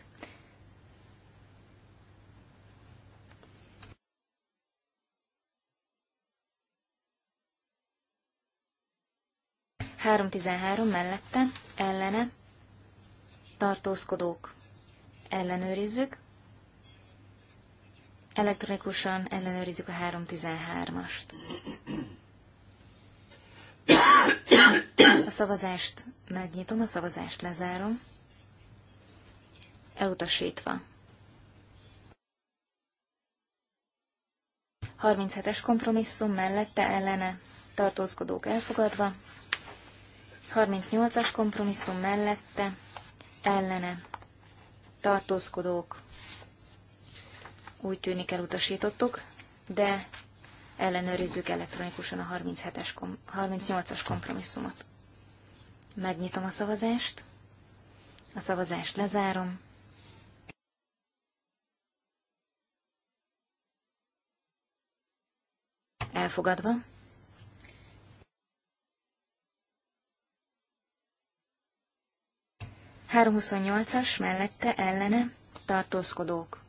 Három tizenhárom mellette, ellene, tartózkodók, ellenőrizzük. Elektronikusan ellenőrizzük a 313-ast. A szavazást megnyitom, a szavazást lezárom. Elutasítva. 37-es kompromisszum mellette ellene tartózkodók elfogadva. 38-as kompromisszum mellette ellene tartózkodók úgy tűnik elutasítottuk, de ellenőrizzük elektronikusan a 37-es kom 38-as kompromisszumot. Megnyitom a szavazást, a szavazást lezárom, elfogadva. 38-as mellette ellene tartózkodók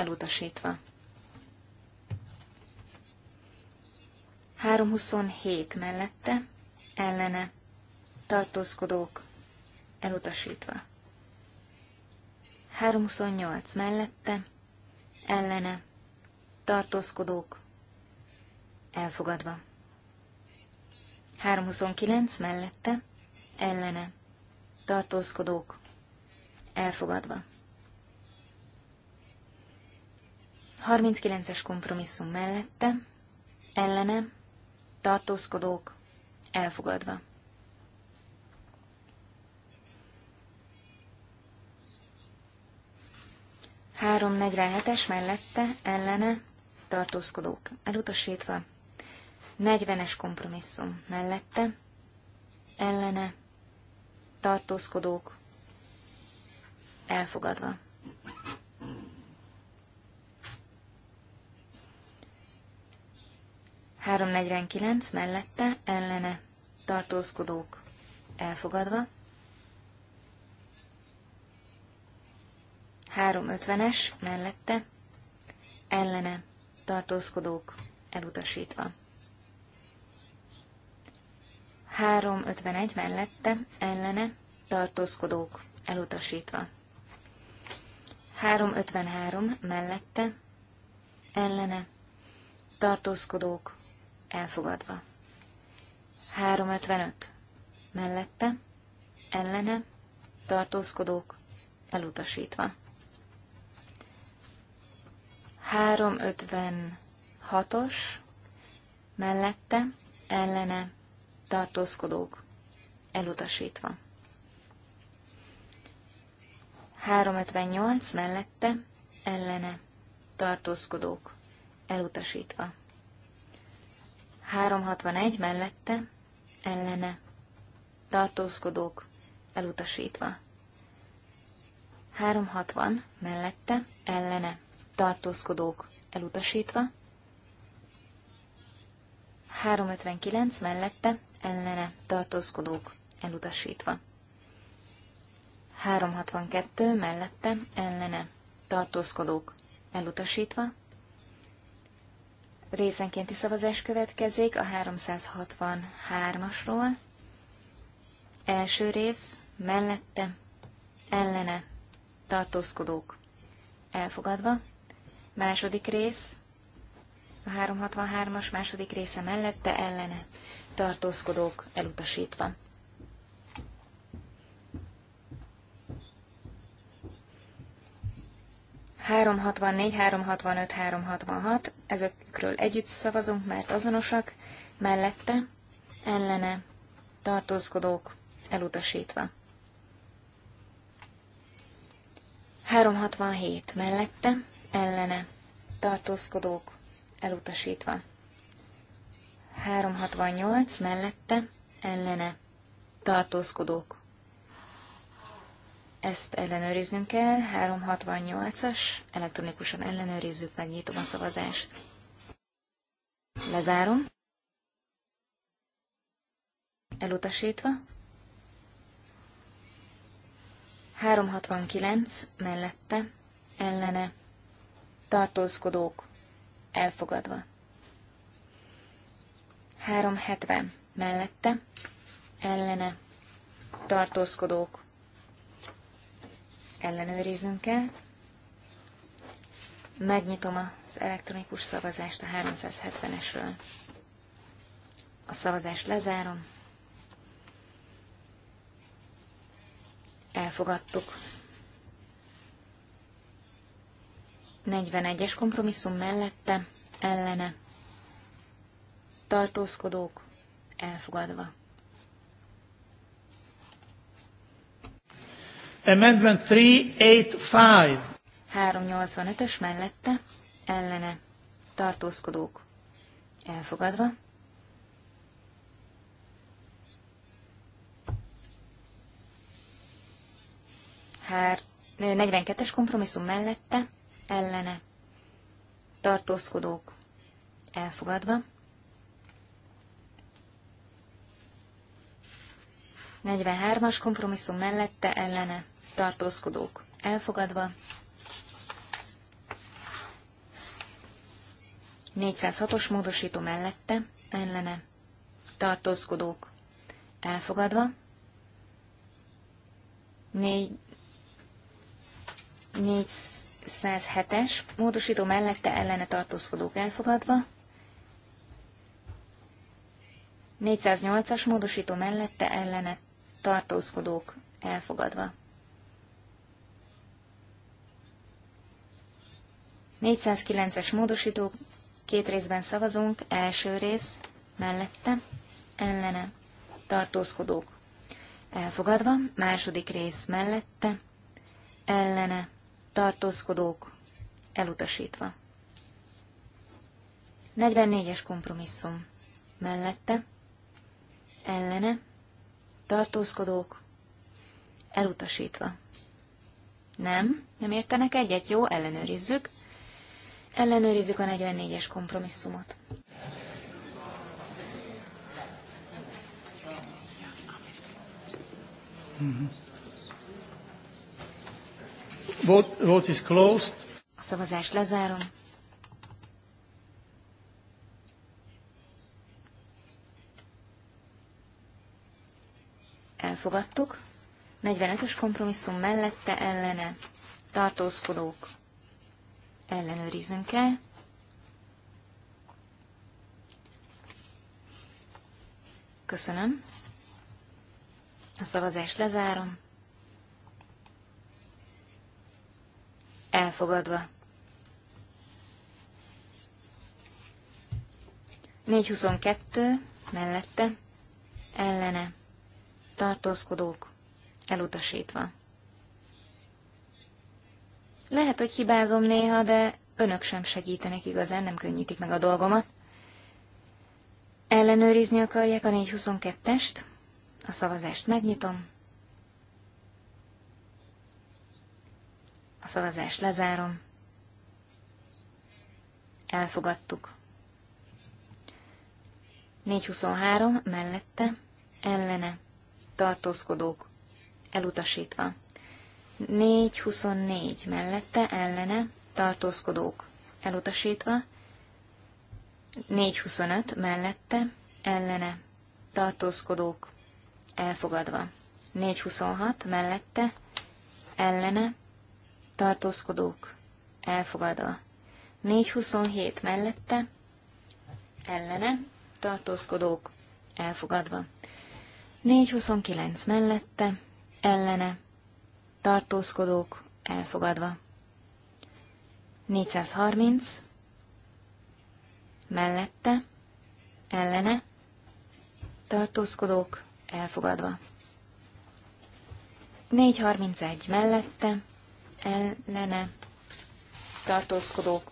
elutasítva. 327 mellette, ellene, tartózkodók, elutasítva. 328 mellette, ellene, tartózkodók, elfogadva. 329 mellette, ellene, tartózkodók, elfogadva. 39-es kompromisszum mellette, ellene, tartózkodók, elfogadva. Három negrehetes mellette, ellene, tartózkodók, elutasítva. 40-es kompromisszum mellette, ellene, tartózkodók, elfogadva. 349 mellette ellene tartózkodók elfogadva. 350-es mellette ellene tartózkodók elutasítva. 351 mellette ellene tartózkodók elutasítva. 353 mellette ellene tartózkodók elfogadva. 355 mellette, ellene, tartózkodók, elutasítva. 356-os, mellette, ellene, tartózkodók, elutasítva. 358 mellette, ellene, tartózkodók, elutasítva. 359- 361 mellette, ellene, tartózkodók, elutasítva. 360 mellette, ellene, tartózkodók, elutasítva. 359 mellette, ellene, tartózkodók, elutasítva. 362 mellette, ellene, tartózkodók, elutasítva. Részenkénti szavazás következik a 363-asról. Első rész, mellette, ellene, tartózkodók. Elfogadva. Második rész, a 363-as második része mellette, ellene, tartózkodók elutasítva. 364, 365, 366, ezekről együtt szavazunk, mert azonosak, mellette, ellene, tartózkodók, elutasítva. 367 mellette, ellene, tartózkodók, elutasítva. 368 mellette, ellene, tartózkodók, ezt ellenőriznünk kell. 368-as. Elektronikusan ellenőrizzük, megnyitom a szavazást. Lezárom. Elutasítva. 369 mellette, ellene, tartózkodók, elfogadva. 370 mellette, ellene, tartózkodók, ellenőrizünk-e. Megnyitom az elektronikus szavazást a 370-esről. A szavazást lezárom. Elfogadtuk. 41-es kompromisszum mellette, ellene. Tartózkodók elfogadva. Amendment 385. 385-ös mellette, ellene, tartózkodók, elfogadva. Hár, 42-es kompromisszum mellette, ellene, tartózkodók, elfogadva. 43-as kompromisszum mellette, ellene, tartózkodók elfogadva. 406-os módosító mellette, ellene, tartózkodók elfogadva. 407-es módosító mellette, ellene tartózkodók elfogadva. 408-as módosító mellette, ellene tartózkodók elfogadva. 409-es módosító, két részben szavazunk, első rész mellette, ellene, tartózkodók. Elfogadva, második rész mellette, ellene, tartózkodók, elutasítva. 44-es kompromisszum. Mellette, ellene, tartózkodók, elutasítva. Nem, nem értenek egyet, jó, ellenőrizzük. Ellenőrizzük a 44-es kompromisszumot. Vote, vote is closed. A szavazást lezárom. Elfogadtuk. 45-ös kompromisszum mellette ellene tartózkodók ellenőriznünk kell. Köszönöm. A szavazást lezárom. Elfogadva. 422 mellette, ellene, tartózkodók, elutasítva. Lehet, hogy hibázom néha, de önök sem segítenek igazán, nem könnyítik meg a dolgomat. Ellenőrizni akarják a 422-est, a szavazást megnyitom, a szavazást lezárom, elfogadtuk. 423 mellette, ellene, tartózkodók, elutasítva. 424 mellette ellene tartózkodók elutasítva, 425 mellette ellene tartózkodók elfogadva, 426 mellette ellene tartózkodók elfogadva, 427 mellette ellene tartózkodók elfogadva, 429 mellette ellene tartózkodók elfogadva. 430 mellette, ellene, tartózkodók elfogadva. 431 mellette, ellene, tartózkodók.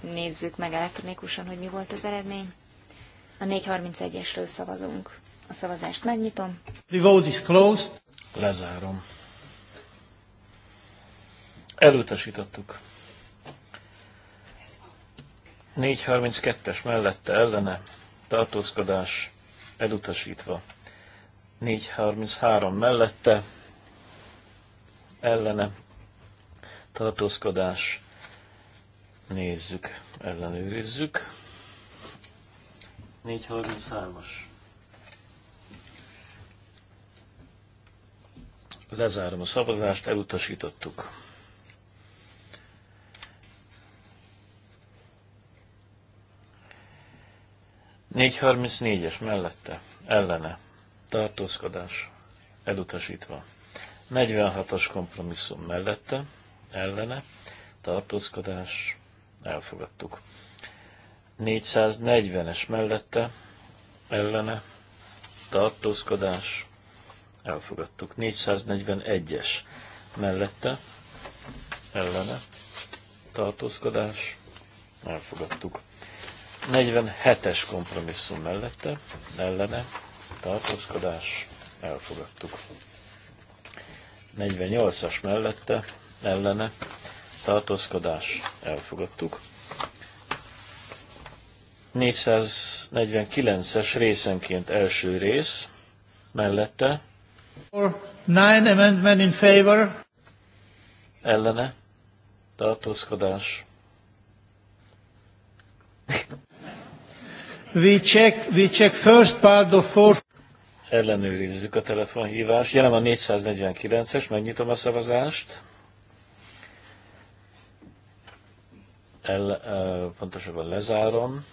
Nézzük meg elektronikusan, hogy mi volt az eredmény. A 431-esről szavazunk. A szavazást megnyitom. The vote is closed. Lezárom. Elutasítottuk. 432-es mellette ellene tartózkodás elutasítva. 433 mellette ellene tartózkodás nézzük, ellenőrizzük. 433-as. Lezárom a szavazást, elutasítottuk. Négy harminc négyes mellette, ellene, tartózkodás, elutasítva. 46-as kompromisszum mellette, ellene, tartózkodás, elfogadtuk. 440-es mellette, ellene, tartózkodás, elfogadtuk. 441-es mellette, ellene, tartózkodás, elfogadtuk. 47-es kompromisszum mellette, ellene, tartózkodás, elfogadtuk. 48-as mellette, ellene, tartózkodás, elfogadtuk. 449-es részenként első rész, mellette, Nine amendment in favor. Ellene. Tartózkodás. we check, we check first part of four. Ellenőrizzük a telefonhívást. Jelen a 449-es, megnyitom a szavazást. El, pontosabban lezárom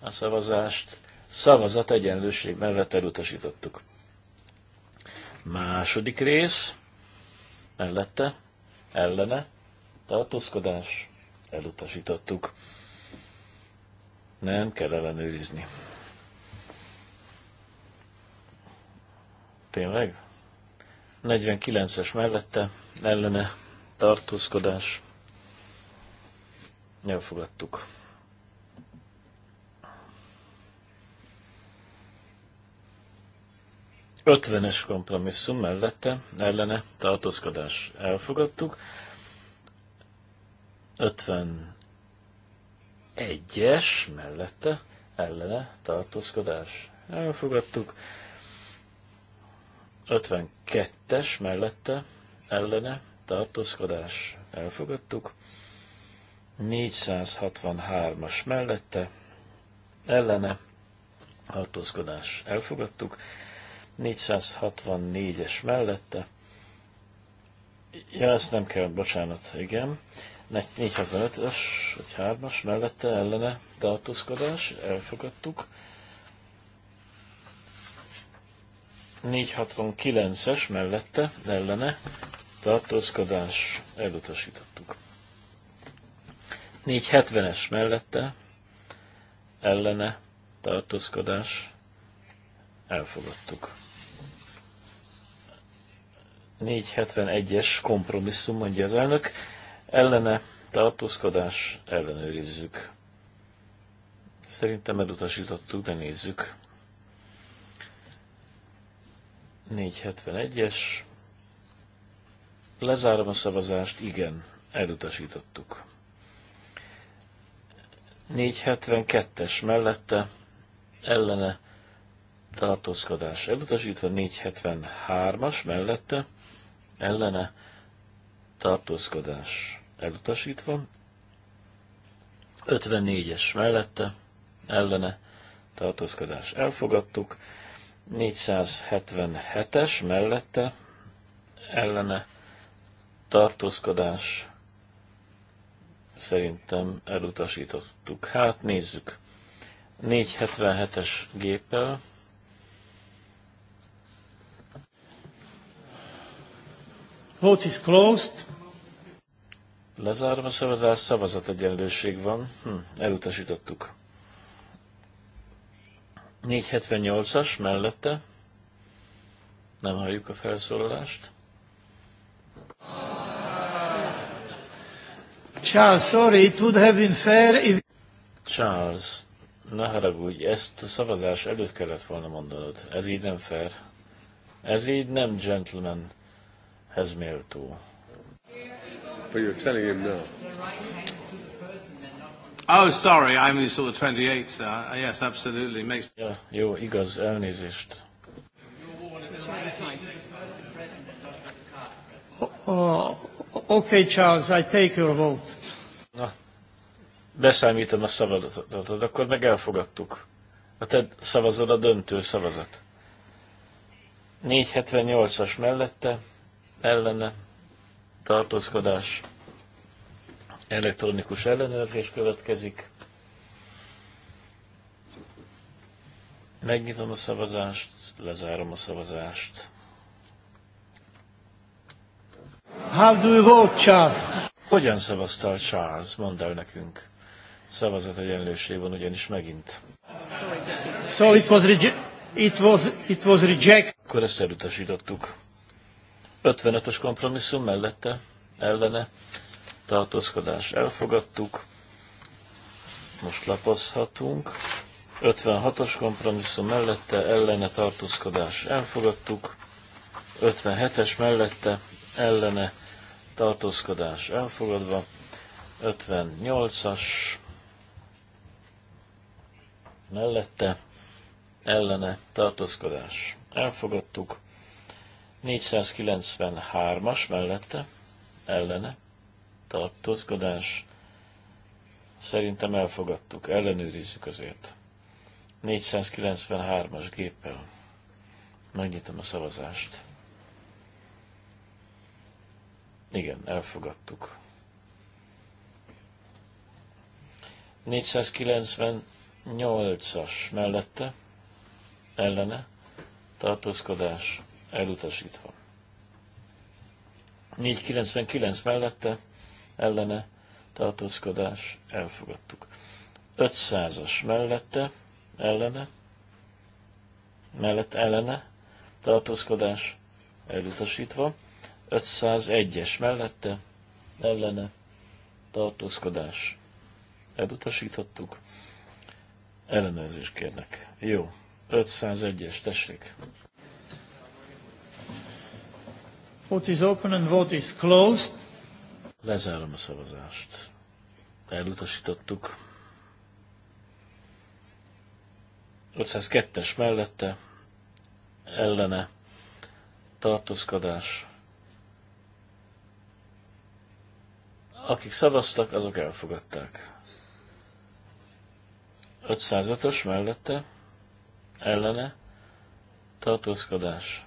a szavazást. Szavazat egyenlőség mellett elutasítottuk. Második rész, mellette, ellene, tartózkodás, elutasítottuk. Nem kell ellenőrizni. Tényleg? 49-es mellette, ellene, tartózkodás, elfogadtuk. 50-es kompromisszum mellette, ellene tartózkodás elfogadtuk. 51-es mellette, ellene tartózkodás elfogadtuk. 52-es mellette, ellene tartózkodás elfogadtuk. 463-as mellette, ellene tartózkodás elfogadtuk. 464-es mellette. Ja, ezt nem kell, bocsánat, igen. 465-ös, vagy 3-as mellette ellene tartózkodás, elfogadtuk. 469-es mellette ellene tartózkodás, elutasítottuk. 470-es mellette ellene tartózkodás, elfogadtuk. 471-es kompromisszum, mondja az elnök, ellene tartózkodás ellenőrizzük. Szerintem elutasítottuk, de nézzük. 471-es. Lezárom a szavazást, igen, elutasítottuk. 472-es mellette ellene tartózkodás elutasítva, 473-as mellette ellene tartózkodás elutasítva, 54-es mellette ellene tartózkodás elfogadtuk, 477-es mellette ellene tartózkodás szerintem elutasítottuk. Hát nézzük. 477-es géppel Vote is closed. Lezárom a szavazat egyenlőség van. Hm, elutasítottuk. 478-as mellette. Nem halljuk a felszólalást. Charles, sorry, it would have been fair if... Charles, ne haragudj, ezt a szavazás előtt kellett volna mondanod. Ez így nem fair. Ez így nem gentleman ez méltó. But you're telling him Oh, sorry, I mean sort of 28, sir. Uh, yes, absolutely. Makes... Ja, jó, igaz, elnézést. Oh, oh, okay, Charles, I take your vote. Na, beszámítom a szavazatot, akkor meg elfogadtuk. A te szavazod a döntő szavazat. 478-as mellette, ellene tartózkodás elektronikus ellenőrzés következik. Megnyitom a szavazást, lezárom a szavazást. How do you vote, Charles? Hogyan szavaztál, Charles? Mondd el nekünk. Szavazat egyenlőség van ugyanis megint. So it was, it was, it was reject. Akkor ezt elutasítottuk. 55-ös kompromisszum mellette ellene tartózkodás elfogadtuk. Most lapozhatunk. 56-os kompromisszum mellette ellene tartózkodás elfogadtuk. 57-es mellette ellene tartózkodás elfogadva. 58-as mellette ellene tartózkodás elfogadtuk. 493-as mellette ellene tartózkodás. Szerintem elfogadtuk, ellenőrizzük azért. 493-as géppel. Megnyitom a szavazást. Igen, elfogadtuk. 498-as mellette, ellene, tartózkodás, elutasítva. 499 mellette ellene tartózkodás elfogadtuk. 500-as mellette ellene mellett ellene tartózkodás elutasítva. 501-es mellette ellene tartózkodás elutasítottuk. Ellenőrzést kérnek. Jó. 501-es, tessék is open and is closed. Lezárom a szavazást. Elutasítottuk. 502-es mellette ellene tartózkodás. Akik szavaztak, azok elfogadták. 505-ös mellette ellene tartózkodás.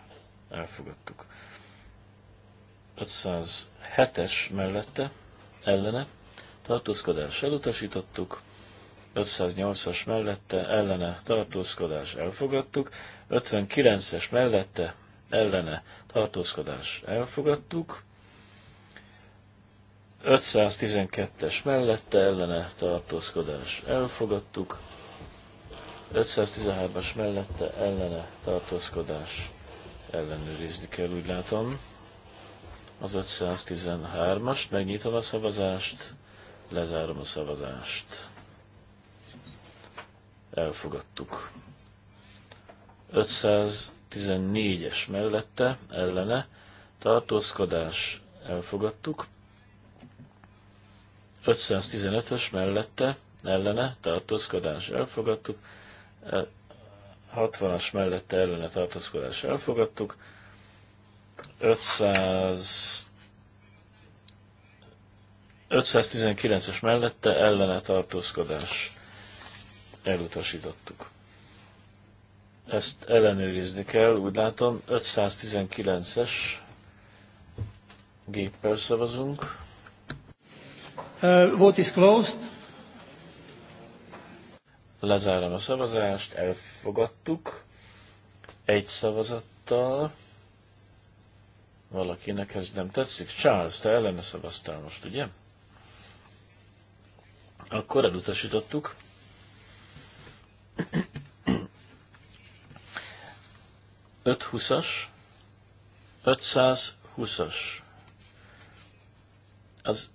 Elfogadtuk. 507-es mellette ellene tartózkodás elutasítottuk, 508-as mellette ellene tartózkodás elfogadtuk, 59-es mellette ellene tartózkodás elfogadtuk, 512-es mellette ellene tartózkodás elfogadtuk, 513-as mellette ellene tartózkodás ellenőrizni kell, úgy látom az 513-ast, megnyitom a szavazást, lezárom a szavazást. Elfogadtuk. 514-es mellette, ellene, tartózkodás, elfogadtuk. 515-ös mellette, ellene, tartózkodás, elfogadtuk. 60-as mellette, ellene, tartózkodás, elfogadtuk. 500 519-es mellette ellene tartózkodás elutasítottuk. Ezt ellenőrizni kell, úgy látom, 519-es géppel szavazunk. Uh, vote is closed. Lezárom a szavazást, elfogadtuk. Egy szavazattal valakinek ez nem tetszik. Charles, te ellene szavaztál most, ugye? Akkor elutasítottuk. Öt huszas, 520-as. Az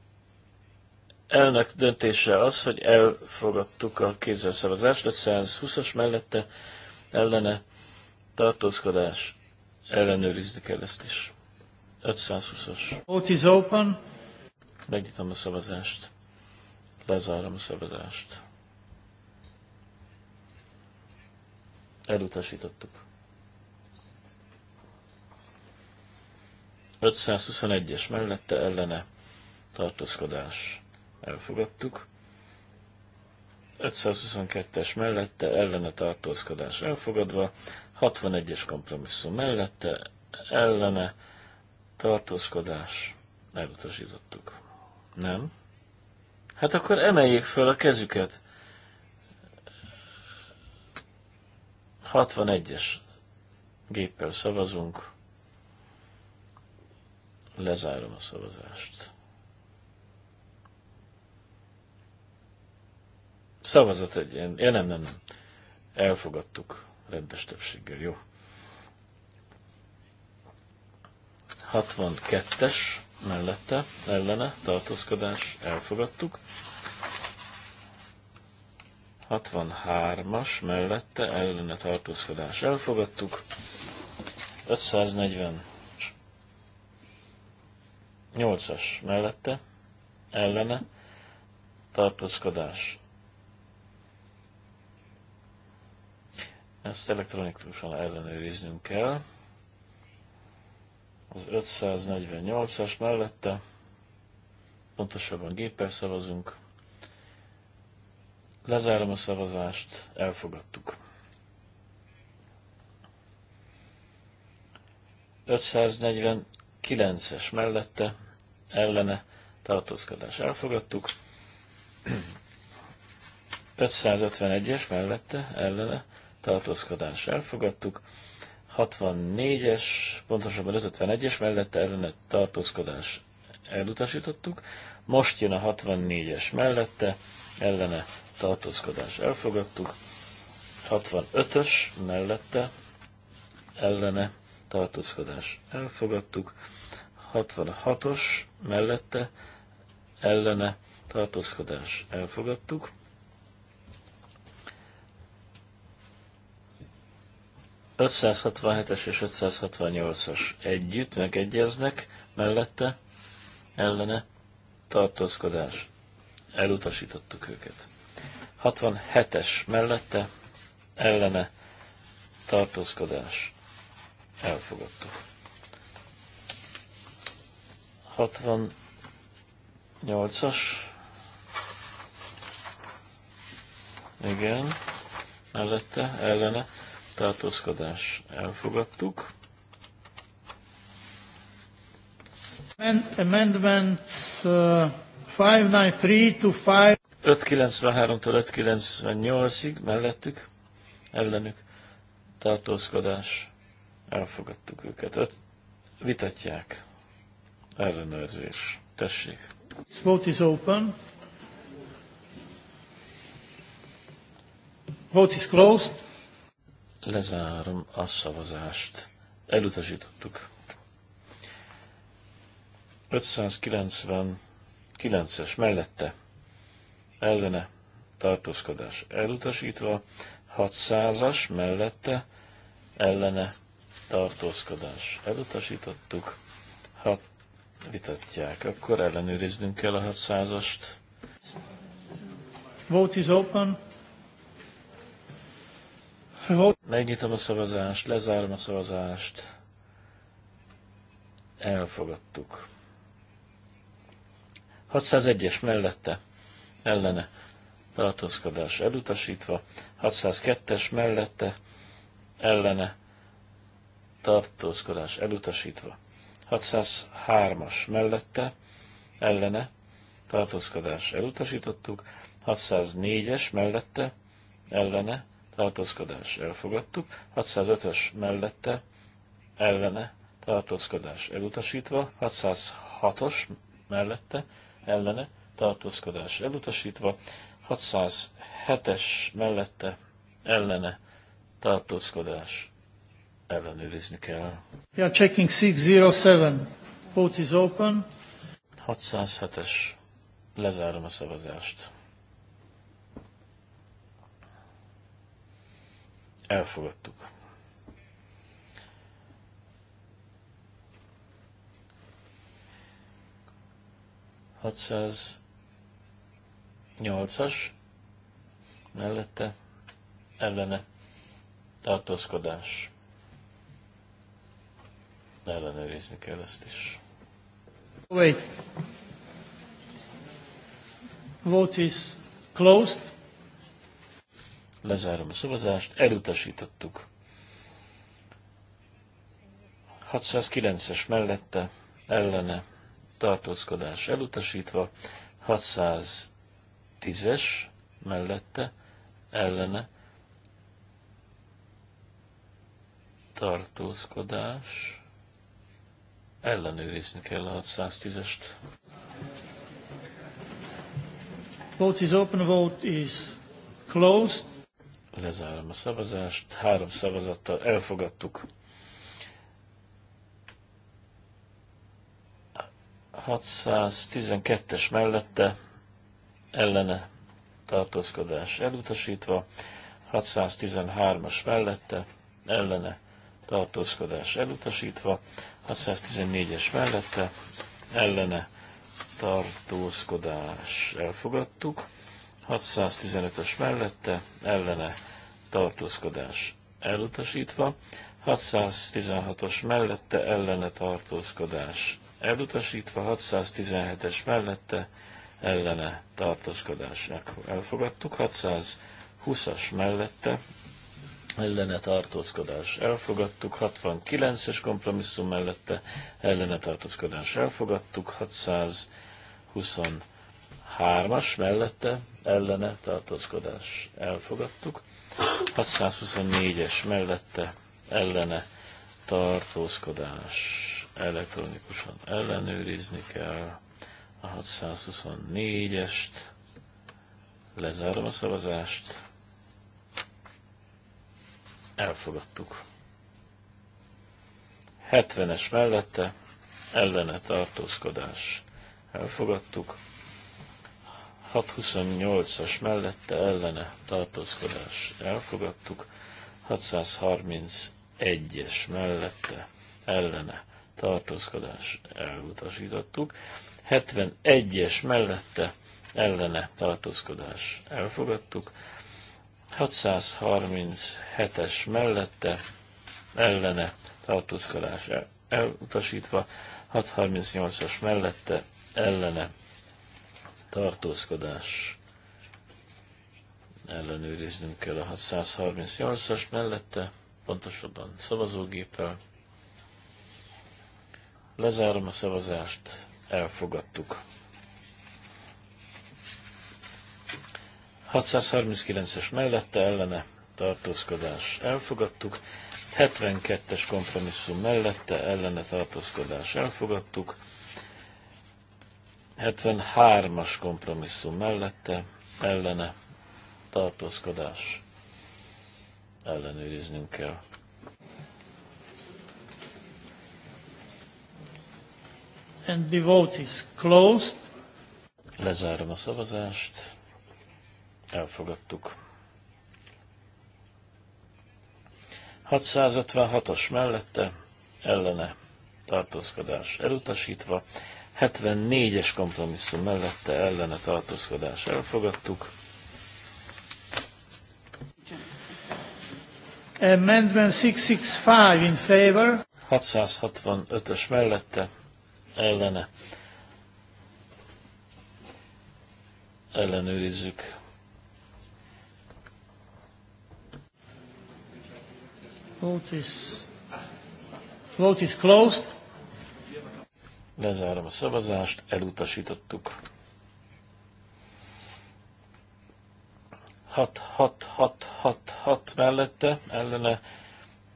elnök döntése az, hogy elfogadtuk a kézzel szavazást, 520-as mellette ellene tartózkodás ellenőrizni kell ezt is. 520-as. Vote is open. Megnyitom a szavazást. Lezárom a szavazást. Elutasítottuk. 521-es mellette ellene tartózkodás. Elfogadtuk. 522-es mellette ellene tartózkodás elfogadva, 61-es kompromisszum mellette ellene tartózkodás. Elutasítottuk. Nem? Hát akkor emeljék fel a kezüket. 61-es géppel szavazunk. Lezárom a szavazást. Szavazat egy ilyen. Ja, nem, nem, nem. Elfogadtuk rendes többséggel. Jó. 62-es mellette, ellene, tartózkodás, elfogadtuk. 63-as mellette, ellene, tartózkodás, elfogadtuk. 540 8-as mellette, ellene, tartózkodás. Ezt elektronikusan ellenőriznünk kell az 548-as mellette, pontosabban géppel szavazunk. Lezárom a szavazást, elfogadtuk. 549-es mellette, ellene tartózkodás elfogadtuk. 551-es mellette, ellene tartózkodás elfogadtuk. 64-es, pontosabban 551-es mellette ellene tartózkodás elutasítottuk. Most jön a 64-es mellette, ellene tartózkodás elfogadtuk. 65-ös mellette, ellene tartózkodás elfogadtuk. 66-os mellette, ellene tartózkodás elfogadtuk. 567-es és 568-as együtt megegyeznek, mellette ellene tartózkodás. Elutasítottuk őket. 67-es mellette ellene tartózkodás. Elfogadtuk. 68-as. Igen. Mellette, ellene tartózkodás elfogadtuk. Amendments 593 uh, to 5 593-től 598-ig mellettük, ellenük tartózkodás, elfogadtuk őket. Öt, vitatják, ellenőrzés, tessék. This vote is open. Vote is closed. Lezárom a szavazást. Elutasítottuk. 599-es mellette ellene tartózkodás elutasítva, 600-as mellette ellene tartózkodás elutasítottuk, ha vitatják, akkor ellenőriznünk kell a 600-ast. Vote is open. Megnyitom a szavazást, lezárom a szavazást. Elfogadtuk. 601-es mellette, ellene, tartózkodás elutasítva. 602-es mellette, ellene, tartózkodás elutasítva. 603-as mellette, ellene, tartózkodás elutasítottuk. 604-es mellette, ellene, tartózkodás elfogadtuk, 605-ös mellette ellene tartózkodás elutasítva, 606-os mellette ellene tartózkodás elutasítva, 607-es mellette ellene tartózkodás ellenőrizni kell. We are checking 607. Vote is open. 607-es. Lezárom a szavazást. Elfogadtuk. Hatszáz mellette ellene tartózkodás. Ellenőrizni kell ezt is. Wait. Vote is closed. Lezárom a szavazást, elutasítottuk. 609-es mellette, ellene, tartózkodás elutasítva, 610-es mellette, ellene, tartózkodás, ellenőrizni kell a 610-est. Vote is open, vote is closed. Lezárom a szavazást. Három szavazattal elfogadtuk. 612-es mellette ellene tartózkodás elutasítva, 613-as mellette ellene tartózkodás elutasítva, 614-es mellette ellene tartózkodás elfogadtuk, 615-ös mellette ellene tartózkodás elutasítva, 616-os mellette ellene tartózkodás elutasítva, 617-es mellette ellene tartózkodás elfogadtuk, 620-as mellette ellene tartózkodás elfogadtuk, 69-es kompromisszum mellette ellene tartózkodás elfogadtuk, 623-as mellette ellene tartózkodás elfogadtuk. 624-es mellette ellene tartózkodás elektronikusan ellenőrizni kell. A 624-est lezárom a szavazást. Elfogadtuk. 70-es mellette ellene tartózkodás elfogadtuk. 628-as mellette ellene tartózkodás elfogadtuk, 631-es mellette ellene tartózkodás elutasítottuk, 71-es mellette ellene tartózkodás elfogadtuk, 637-es mellette ellene tartózkodás elutasítva, 638-as mellette ellene tartózkodás. Ellenőriznünk kell a 638 as mellette, pontosabban szavazógéppel. Lezárom a szavazást, elfogadtuk. 639-es mellette ellene tartózkodás elfogadtuk, 72-es kompromisszum mellette ellene tartózkodás elfogadtuk, 73-as kompromisszum mellette ellene tartózkodás ellenőriznünk kell. And the vote is closed. Lezárom a szavazást. Elfogadtuk. 656 as mellette ellene tartózkodás elutasítva, 74-es kompromisszum mellette ellene tartózkodás elfogadtuk. Amendment 665 in favor. 665-ös mellette ellene ellenőrizzük. Vote is, vote is closed. Lezárom a szavazást, elutasítottuk. 6-6-6-6 6 mellette ellene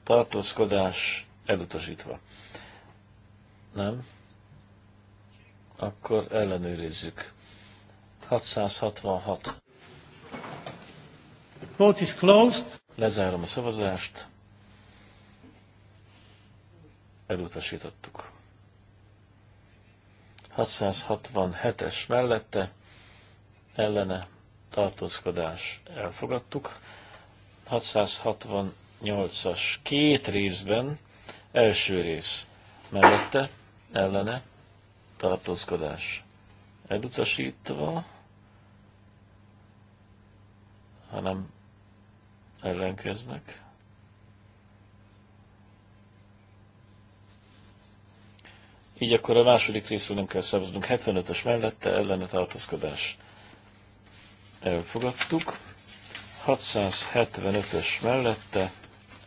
tartózkodás elutasítva. Nem? Akkor ellenőrizzük. 666. Vote is closed. Lezárom a szavazást. Elutasítottuk. 667-es mellette ellene tartózkodás elfogadtuk. 668-as két részben első rész mellette ellene tartózkodás elutasítva, hanem ellenkeznek. Így akkor a második részről nem kell szavaznunk. 75-ös mellette ellene tartózkodás. Elfogadtuk. 675-ös mellette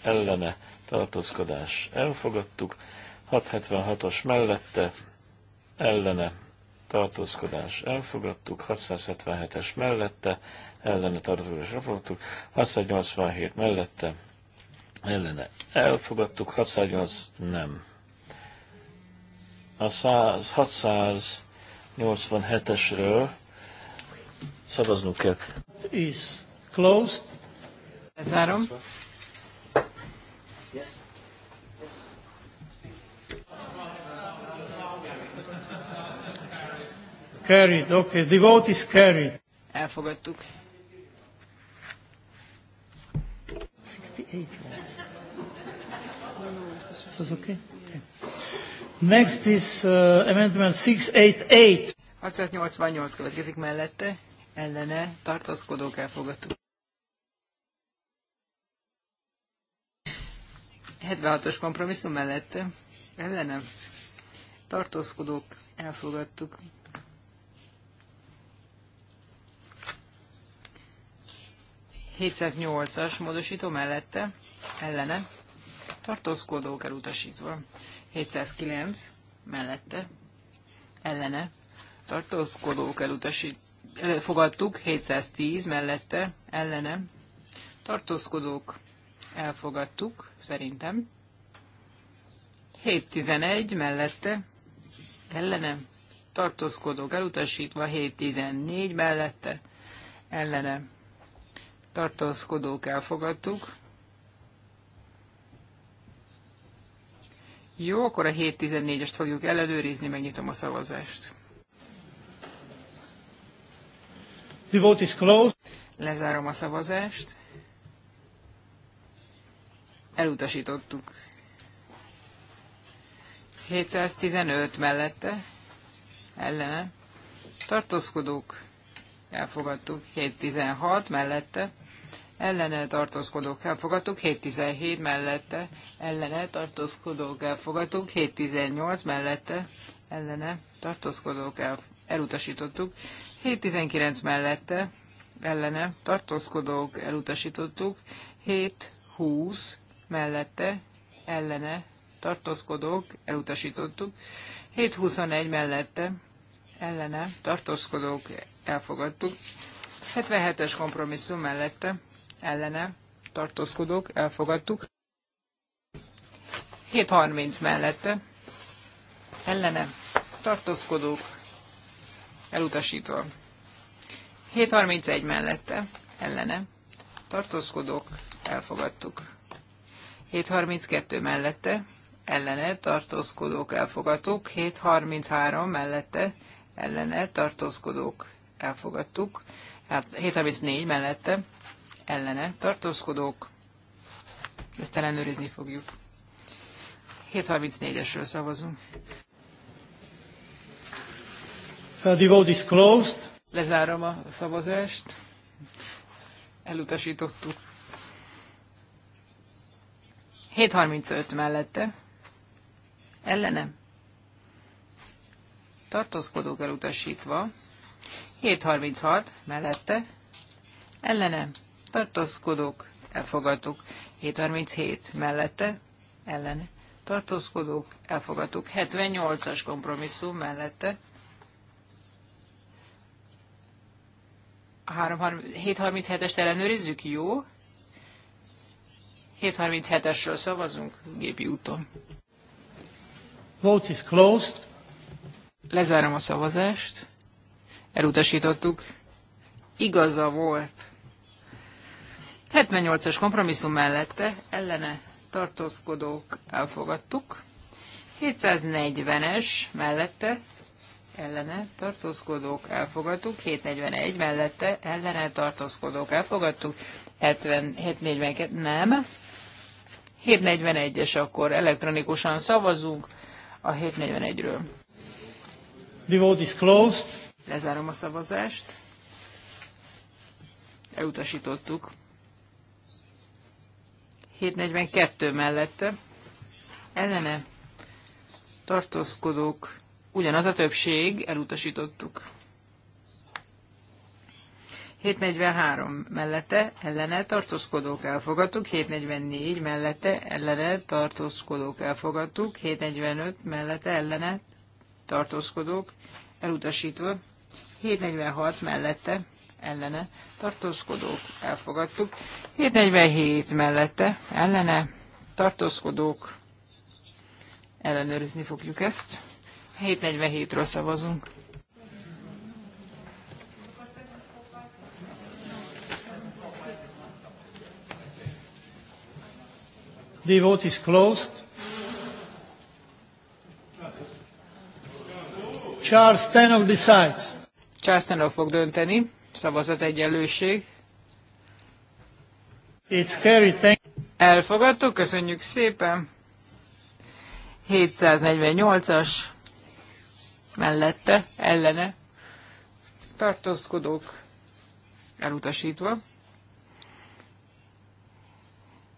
ellene tartózkodás. Elfogadtuk. 676-os mellette ellene tartózkodás. Elfogadtuk. 677-es mellette ellene tartózkodás. Elfogadtuk. 687 mellette ellene. Elfogadtuk. 608 nem a 687-esről szavaznunk kell. Is closed. Lezárom. Carried, okay, the vote is carried. Elfogadtuk. 68 votes. So it's okay. Next is uh, amendment 688. 688 következik mellette, ellene tartózkodók elfogadtuk. 76-os kompromisszum mellette, ellene tartózkodók elfogadtuk. as módosító mellette, ellene tartózkodók elutasítva. 709 mellette ellene tartózkodók elutasít, elfogadtuk, 710 mellette ellene tartózkodók elfogadtuk, szerintem. 711 mellette ellene tartózkodók elutasítva, 714 mellette ellene tartózkodók elfogadtuk, Jó, akkor a 7.14-est fogjuk ellenőrizni, megnyitom a szavazást. The vote is closed. Lezárom a szavazást. Elutasítottuk. 715 mellette, ellene, tartózkodók, elfogadtuk, 716 mellette, ellene tartózkodók elfogadtuk, 717 mellette ellene tartózkodók elfogadtuk, 718 mellette ellene tartózkodók el, elutasítottuk, 719 mellette ellene tartózkodók elutasítottuk, 720 mellette ellene tartózkodók elutasítottuk, 721 mellette ellene tartózkodók elfogadtuk, 77-es kompromisszum mellette ellene tartózkodók, elfogadtuk. 7.30 mellette ellene tartózkodók, elutasítva. 7.31 mellette ellene tartózkodók, elfogadtuk. 7.32 mellette ellene tartózkodók, elfogadtuk. 7.33 mellette ellene tartózkodók, elfogadtuk. 7.34 hát, mellette ellene tartózkodók, ezt ellenőrizni fogjuk. 734-esről szavazunk. Uh, the vote is closed. Lezárom a szavazást. Elutasítottuk. 735 mellette. Ellene. Tartózkodók elutasítva. 736 mellette. Ellene tartózkodók, elfogadtuk. 737 mellette, ellene, tartózkodók, elfogadtuk. 78-as kompromisszum mellette, 737-est ellenőrizzük, jó? 737-esről szavazunk gépi úton. Vote is closed. Lezárom a szavazást. Elutasítottuk. Igaza volt 78-as kompromisszum mellette ellene tartózkodók elfogadtuk. 740-es mellette ellene tartózkodók elfogadtuk, 741 mellette ellene tartózkodók elfogadtuk, 742 nem. 741-es akkor elektronikusan szavazunk a 741-ről. The vote is closed. Lezárom a szavazást. Elutasítottuk. 742 mellette ellene tartózkodók ugyanaz a többség, elutasítottuk. 743 mellette ellene tartózkodók elfogadtuk, 744 mellette ellene tartózkodók elfogadtuk, 745 mellette ellene tartózkodók elutasítva, 746 mellette ellene tartózkodók elfogadtuk, 747 mellette ellene tartózkodók ellenőrizni fogjuk ezt. 747-ről szavazunk. The vote is closed. Charles Tannock decides. Charles Tannock fog dönteni. Szavazat It's scary, thank Elfogadtuk, köszönjük szépen. 748-as mellette, ellene tartózkodók elutasítva.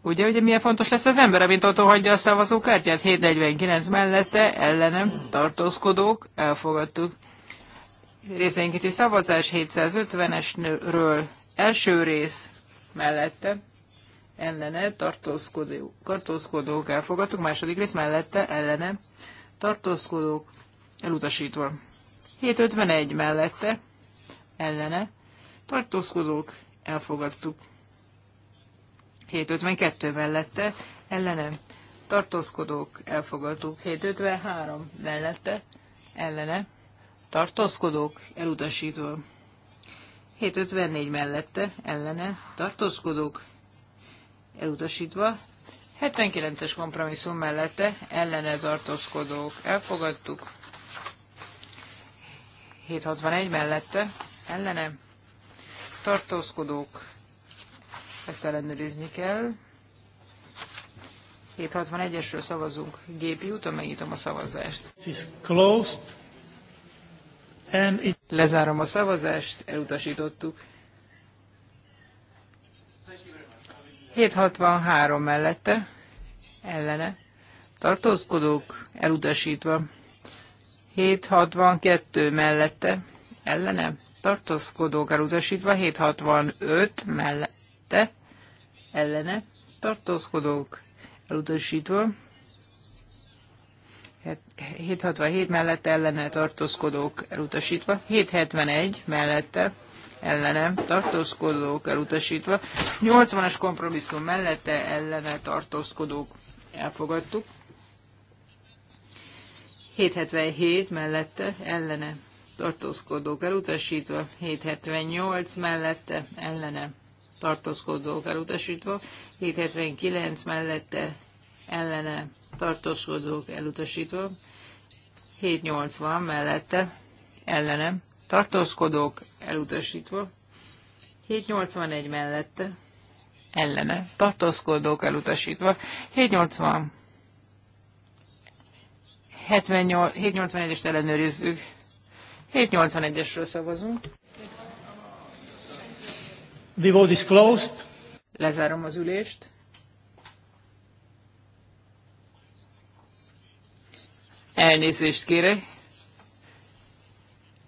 Ugye, ugye milyen fontos lesz az ember, amint otthon hagyja a szavazókártyát? 749 mellette, ellenem, tartózkodók, elfogadtuk részénkéti szavazás 750-esről első rész mellette ellene tartózkodók, tartózkodók elfogadtuk, második rész mellette ellene tartózkodók elutasítva. 751 mellette ellene tartózkodók elfogadtuk. 752 mellette ellene tartózkodók elfogadtuk. 753 mellette ellene tartózkodók elutasítva. 754 mellette ellene tartózkodók elutasítva. 79-es kompromisszum mellette ellene tartózkodók elfogadtuk. 761 mellette ellene tartózkodók ezt ellenőrizni kell. 761-esről szavazunk gépi úton, megnyitom a szavazást. It is closed. Lezárom a szavazást, elutasítottuk. 763 mellette, ellene. Tartózkodók, elutasítva. 762 mellette, ellene. Tartózkodók, elutasítva. 765 mellette, ellene. Tartózkodók, elutasítva. 767 mellette ellene tartózkodók elutasítva, 771 mellette ellene tartózkodók elutasítva, 80-as kompromisszum mellette ellene tartózkodók elfogadtuk, 777 mellette ellene tartózkodók elutasítva, 778 mellette ellene tartózkodók elutasítva, 779 mellette ellene tartózkodók elutasítva, 780 mellette ellenem, tartózkodók elutasítva, 781 mellette ellene, tartózkodók elutasítva, 780 781-est ellenőrizzük. 781-esről szavazunk. The vote is closed. Lezárom az ülést. Elnézést kérek.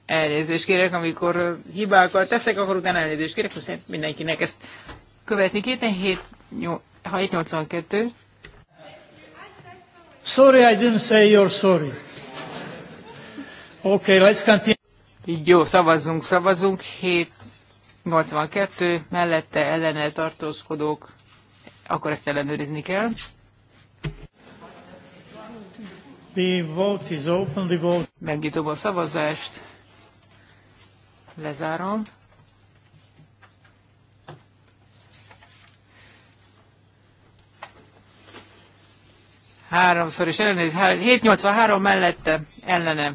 Elnézést kérek, amikor hibákat teszek, akkor utána elnézést kérek, most mindenkinek ezt követni. 782. Sorry, I didn't say you're sorry. Okay, let's continue. Jó, szavazzunk, szavazzunk. 782 mellette ellene tartózkodók, akkor ezt ellenőrizni kell. The vote is open, the vote. Megnyitom a szavazást. Lezárom. Háromszor is ellenőriz. 783 mellette ellene.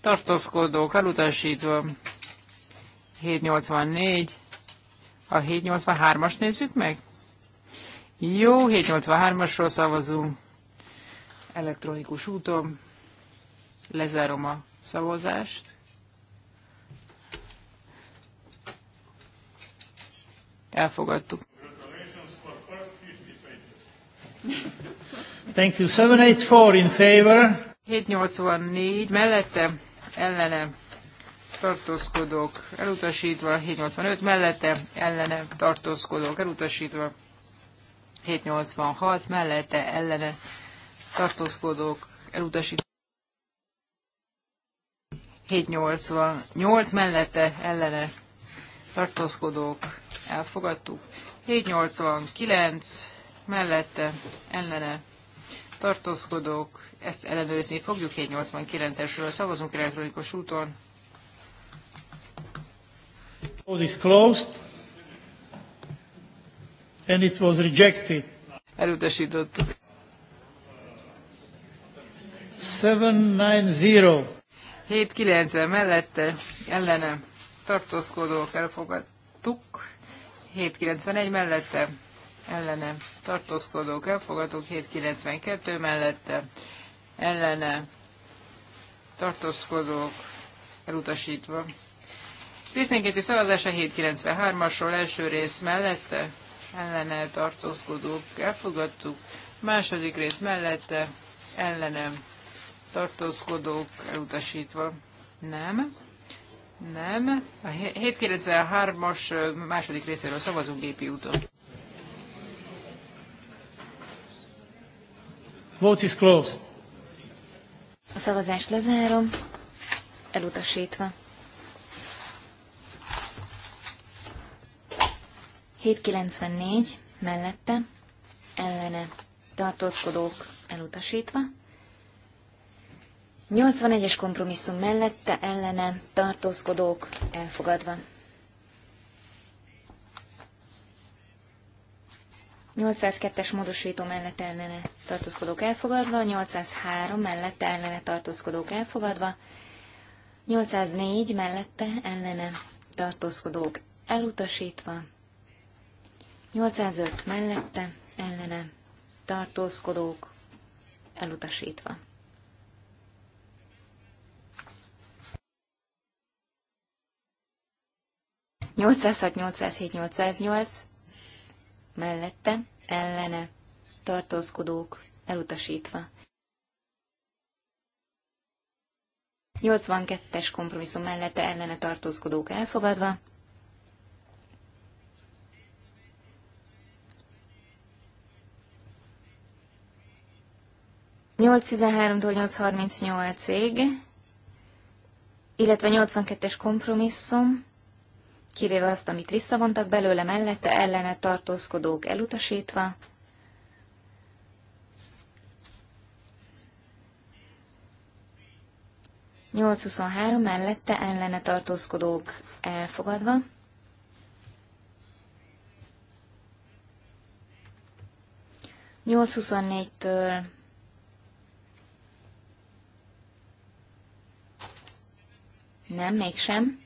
Tartózkodók elutasítva. 784. A 783-as nézzük meg? Jó, 783-asról szavazunk elektronikus úton. Lezárom a szavazást. Elfogadtuk. Thank you. 784 in favor. 784 mellette ellene tartózkodók elutasítva, 785 mellette ellene tartózkodók elutasítva, 786 mellette ellene tartózkodók elutasítva. 788 mellette ellene tartózkodók elfogadtuk. 789 mellette ellene tartózkodók, ezt ellenőrizni fogjuk, 789-esről szavazunk elektronikus úton. is closed and it was rejected. Elutasítottuk. 790. mellette ellene tartózkodók elfogadtuk. 791 mellette ellene tartózkodók elfogadtuk. 792 mellette ellene tartózkodók elutasítva. Részénkéti szavazása 793-asról első rész mellette ellene tartózkodók elfogadtuk, második rész mellette ellenem tartózkodók elutasítva. Nem. Nem. A 793-as második részéről szavazunk gépi úton. Vote is closed. A szavazást lezárom, elutasítva. 794 mellette, ellene tartózkodók elutasítva. 81-es kompromisszum mellette ellene tartózkodók elfogadva. 802-es módosító mellett ellene tartózkodók elfogadva, 803 mellette ellene tartózkodók elfogadva, 804 mellette ellene tartózkodók elutasítva, 805 mellette ellene tartózkodók elutasítva. 806, 807, 808 mellette ellene tartózkodók elutasítva. 82-es kompromisszum mellette ellene tartózkodók elfogadva. Nyolc 8.38-ig, illetve 82-es kompromisszum kivéve azt, amit visszavontak belőle, mellette ellene tartózkodók elutasítva. ...823 mellette ellene tartózkodók elfogadva. 824-től nem, mégsem.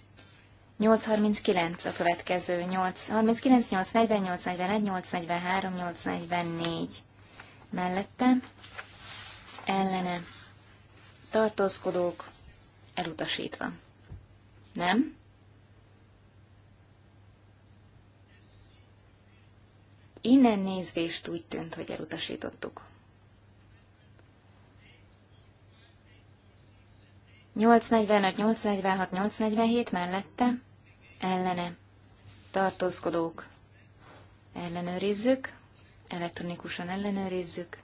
839 a következő, 839, 840, 841, 843, 844 mellette, ellene, tartózkodók, elutasítva. Nem? Innen nézvést úgy tűnt, hogy elutasítottuk. 845, 846, 847 mellette, ellene tartózkodók ellenőrizzük, elektronikusan ellenőrizzük.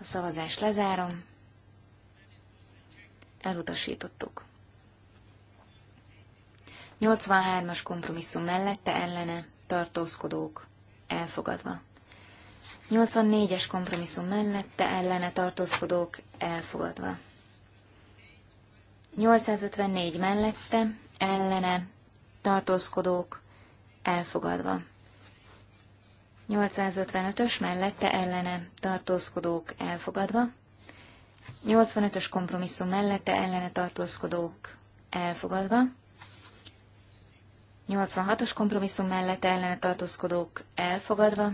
A szavazást lezárom. Elutasítottuk. 83-as kompromisszum mellette ellene tartózkodók elfogadva. 84-es kompromisszum mellette ellene tartózkodók elfogadva. 854 mellette, ellene, tartózkodók, elfogadva. 855-ös mellette, ellene, tartózkodók, elfogadva. 85-ös kompromisszum mellette, ellene, tartózkodók, elfogadva. 86-os kompromisszum mellette, ellene tartózkodók elfogadva,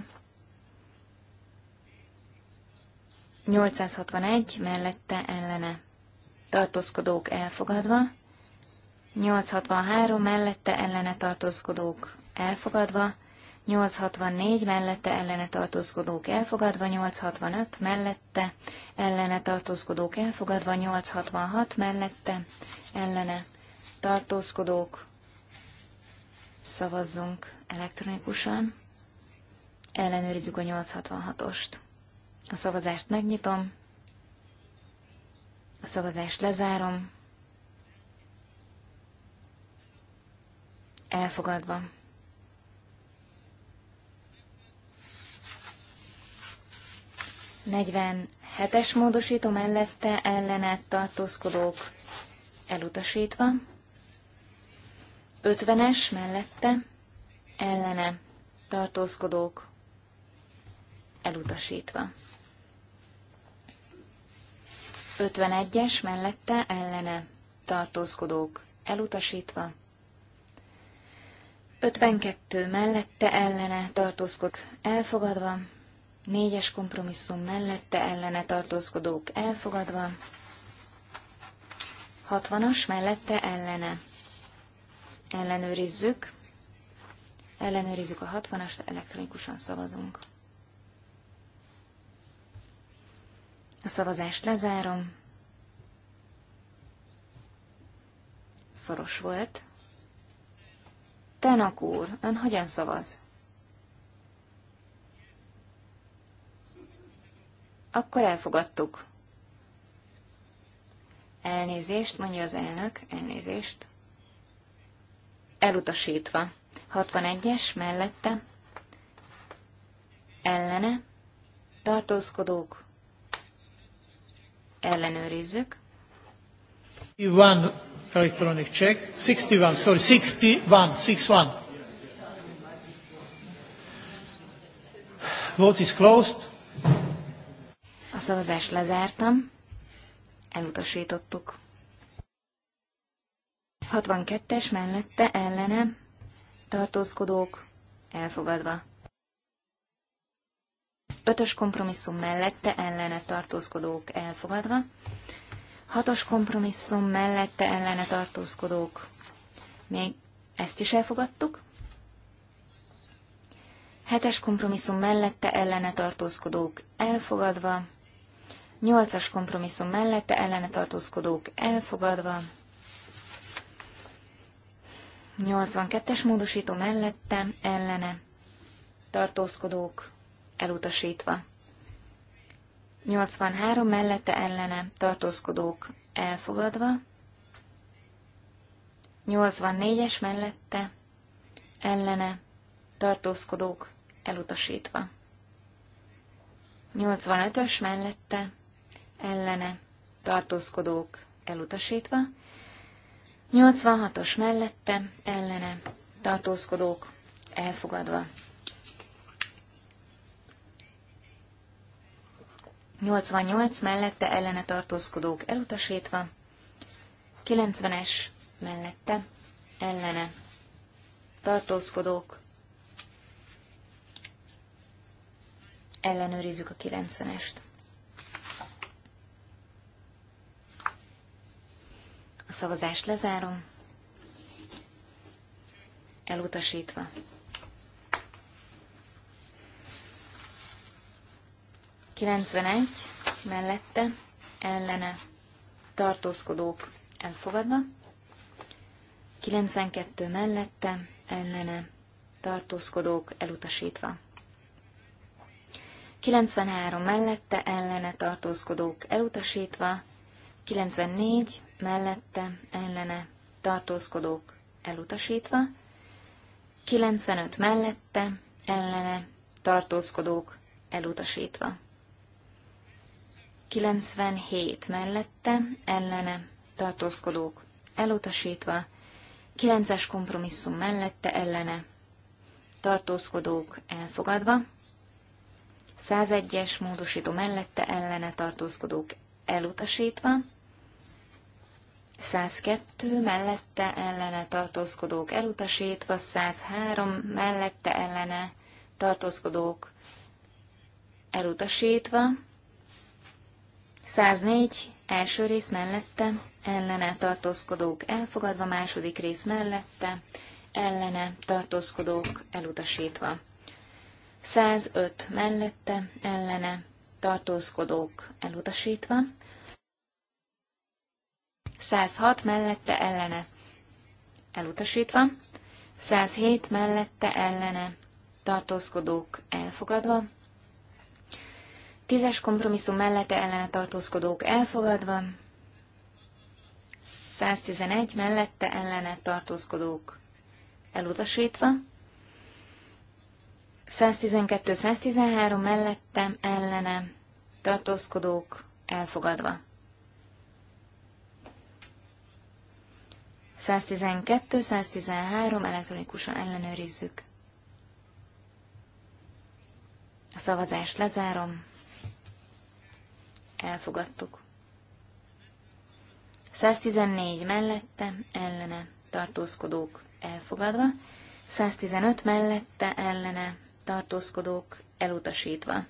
861 mellette ellene tartózkodók elfogadva, 863 mellette ellene tartózkodók elfogadva, 864 mellette ellene tartózkodók elfogadva, 865 mellette ellene tartózkodók elfogadva, 866 mellette ellene tartózkodók szavazzunk elektronikusan, ellenőrizzük a 866-ost. A szavazást megnyitom. A szavazást lezárom. Elfogadva. Negyven hetes módosító mellette ellenet tartózkodók elutasítva. Ötvenes mellette ellene tartózkodók elutasítva. 51-es mellette ellene tartózkodók elutasítva. 52 mellette ellene tartózkodók elfogadva. 4-es kompromisszum mellette ellene tartózkodók elfogadva. 60-as mellette ellene. Ellenőrizzük. Ellenőrizzük a 60-ast, elektronikusan szavazunk. A szavazást lezárom. Szoros volt. Tenak úr, ön hogyan szavaz? Akkor elfogadtuk. Elnézést, mondja az elnök, elnézést. Elutasítva. 61-es, mellette. Ellene. Tartózkodók ellenőrizzük. 61 electronic check, 61, sorry, 61, 61. Vote is closed. A szavazást lezártam, elutasítottuk. 62-es mellette ellene tartózkodók elfogadva. Ötös kompromisszum mellette ellene tartózkodók elfogadva. Hatos kompromisszum mellette ellene tartózkodók. Még ezt is elfogadtuk. Hetes kompromisszum mellette ellene tartózkodók elfogadva. Nyolcas kompromisszum mellette ellene tartózkodók elfogadva. 82-es módosító mellette ellene tartózkodók elutasítva. 83 mellette ellene tartózkodók elfogadva, 84-es mellette ellene tartózkodók elutasítva. 85-ös mellette ellene tartózkodók elutasítva, 86-os mellette ellene tartózkodók elfogadva. 88 mellette ellene tartózkodók elutasítva, 90-es mellette ellene tartózkodók ellenőrizzük a 90-est. A szavazást lezárom. Elutasítva. 91 mellette ellene tartózkodók elfogadva, 92 mellette ellene tartózkodók elutasítva. 93 mellette ellene tartózkodók elutasítva, 94 mellette ellene tartózkodók elutasítva, 95 mellette ellene tartózkodók elutasítva. 97 mellette, ellene, tartózkodók elutasítva, 9-es kompromisszum mellette, ellene, tartózkodók elfogadva, 101-es módosító mellette, ellene, tartózkodók elutasítva, 102 mellette ellene tartózkodók elutasítva, 103 mellette ellene tartózkodók elutasítva, 104 első rész mellette, ellene tartózkodók elfogadva, második rész mellette, ellene tartózkodók elutasítva. 105 mellette, ellene tartózkodók elutasítva. 106 mellette, ellene elutasítva. 107 mellette, ellene tartózkodók elfogadva. Tízes kompromisszum mellette ellene tartózkodók elfogadva. 111 mellette ellene tartózkodók elutasítva. 112-113 mellettem ellene tartózkodók elfogadva. 112-113 elektronikusan ellenőrizzük. A szavazást lezárom elfogadtuk. 114 mellette, ellene, tartózkodók elfogadva, 115 mellette, ellene, tartózkodók elutasítva,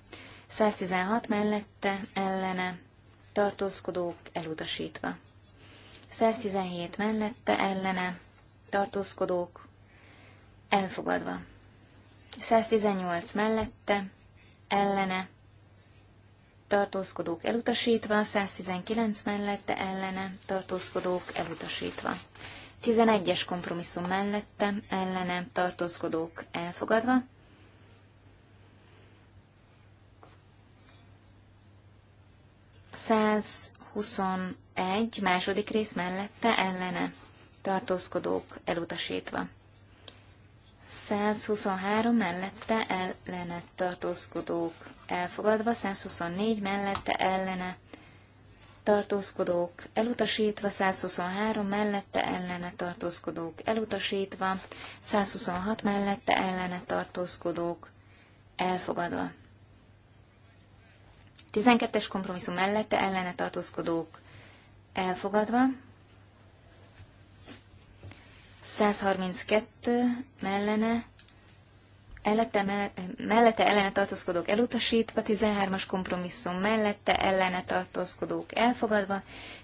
116 mellette, ellene, tartózkodók elutasítva, 117 mellette, ellene, tartózkodók elfogadva, 118 mellette, ellene, tartózkodók elutasítva, 119 mellette ellene, tartózkodók elutasítva. 11-es kompromisszum mellette ellene, tartózkodók elfogadva. Száz 21 második rész mellette ellene, tartózkodók elutasítva. 123 mellette ellene tartózkodók elfogadva, 124 mellette ellene tartózkodók elutasítva, 123 mellette ellene tartózkodók elutasítva, 126 mellette ellene tartózkodók elfogadva. 12-es kompromisszum mellette ellene tartózkodók elfogadva, 132 mellene Ellette, mellette ellene tartózkodók elutasítva, 13-as kompromisszum mellette ellene tartózkodók elfogadva,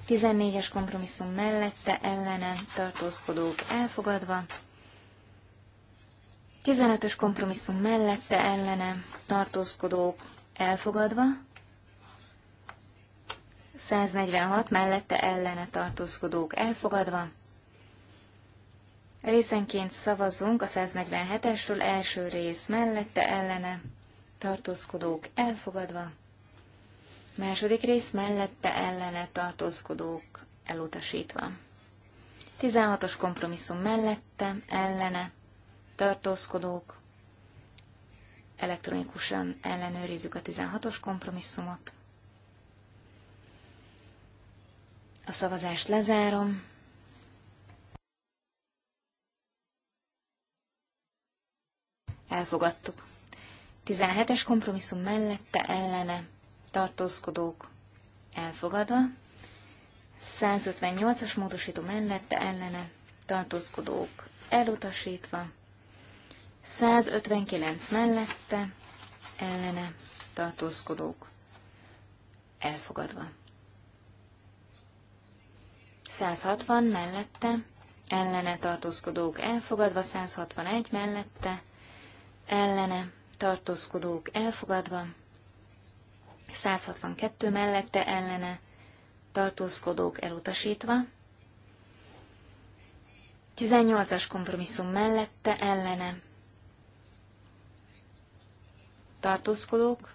14-es kompromisszum mellette ellene tartózkodók elfogadva, 15-ös kompromisszum mellette ellene tartózkodók elfogadva, 146 mellette ellene tartózkodók elfogadva, Részenként szavazunk a 147-esről első rész mellette ellene tartózkodók elfogadva, második rész mellette ellene tartózkodók elutasítva. 16-os kompromisszum mellette ellene tartózkodók elektronikusan ellenőrizzük a 16-os kompromisszumot. A szavazást lezárom. elfogadtuk. 17-es kompromisszum mellette ellene tartózkodók elfogadva, 158-as módosító mellette ellene tartózkodók elutasítva, 159 mellette ellene tartózkodók elfogadva. 160 mellette ellene tartózkodók elfogadva, 161 mellette ellene tartózkodók elfogadva, 162 mellette ellene tartózkodók elutasítva, 18-as kompromisszum mellette ellene tartózkodók,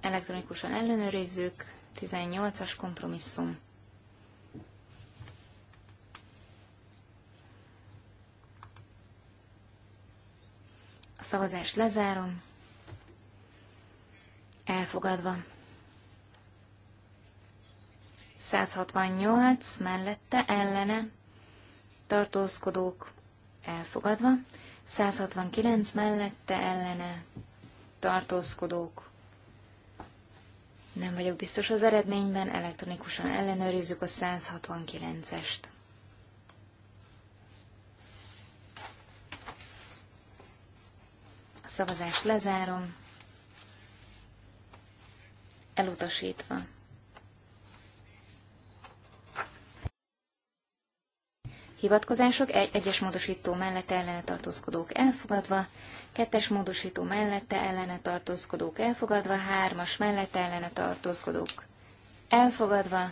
elektronikusan ellenőrizzük, 18-as kompromisszum. szavazást lezárom. Elfogadva. 168 mellette ellene tartózkodók elfogadva, 169 mellette ellene tartózkodók. Nem vagyok biztos az eredményben, elektronikusan ellenőrizzük a 169-est. szavazást lezárom. Elutasítva. Hivatkozások egy egyes módosító mellette ellene tartózkodók elfogadva, kettes módosító mellette ellene tartózkodók elfogadva, hármas mellette ellene tartózkodók elfogadva,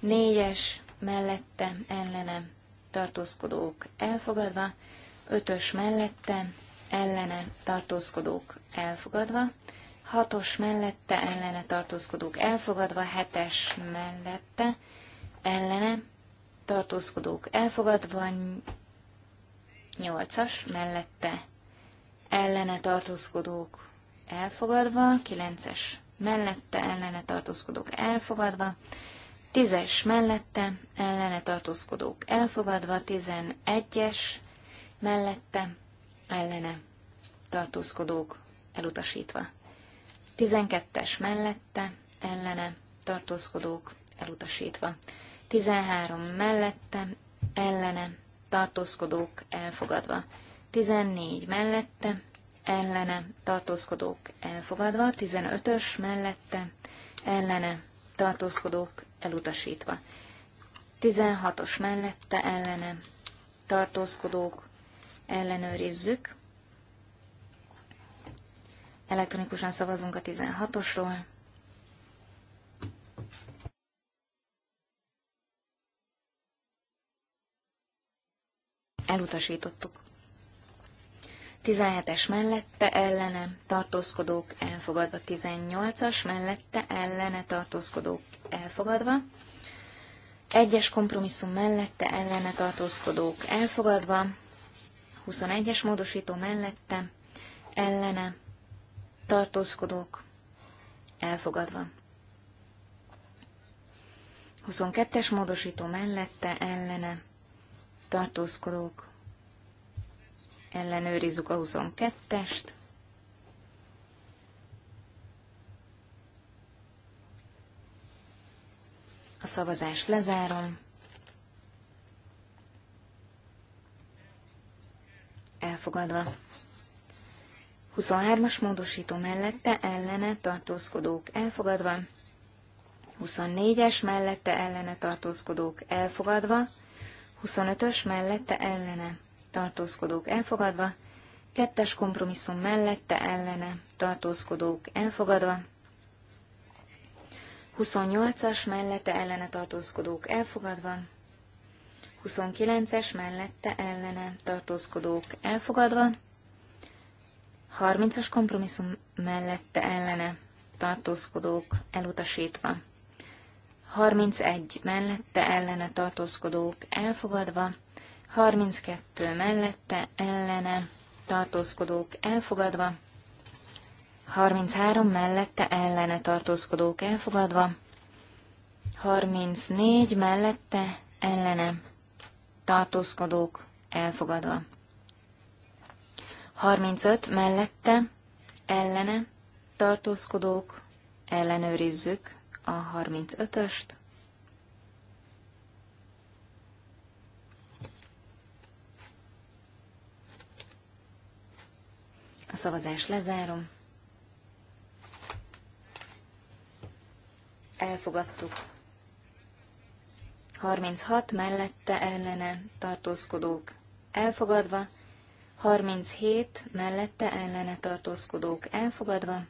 négyes mellette ellene tartózkodók elfogadva, ötös mellette ellene tartózkodók elfogadva, hatos mellette ellene tartózkodók elfogadva, hetes mellette ellene tartózkodók elfogadva, nyolcas mellette ellene tartózkodók elfogadva, kilences mellette ellene tartózkodók elfogadva, tízes mellette ellene tartózkodók elfogadva, tizenegyes mellette ellene tartózkodók elutasítva. 12-es mellette ellene tartózkodók elutasítva. 13 mellette ellene tartózkodók elfogadva. 14 mellette ellene tartózkodók elfogadva. 15-ös mellette ellene tartózkodók elutasítva. 16-os mellette ellene tartózkodók ellenőrizzük. Elektronikusan szavazunk a 16-osról. Elutasítottuk. 17-es mellette ellene tartózkodók elfogadva, 18-as mellette ellene tartózkodók elfogadva, 1-es kompromisszum mellette ellene tartózkodók elfogadva, 21-es módosító mellette, ellene, tartózkodók, elfogadva. 22-es módosító mellette, ellene, tartózkodók, ellenőrizzük a 22-est, a szavazást lezárom, elfogadva. 23-as módosító mellette ellene tartózkodók elfogadva, 24-es mellette ellene tartózkodók elfogadva, 25-ös mellette ellene tartózkodók elfogadva, 2-es kompromisszum mellette ellene tartózkodók elfogadva, 28-as mellette ellene tartózkodók elfogadva, 29-es mellette ellene tartózkodók elfogadva, 30-as kompromisszum mellette ellene tartózkodók elutasítva, 31 mellette ellene tartózkodók elfogadva, 32 mellette ellene tartózkodók elfogadva, 33 mellette ellene tartózkodók elfogadva, 34 mellette ellene tartózkodók elfogadva. 35 mellette, ellene, tartózkodók, ellenőrizzük a 35-öst. A szavazást lezárom. Elfogadtuk. 36 mellette ellene tartózkodók elfogadva, 37 mellette ellene tartózkodók elfogadva,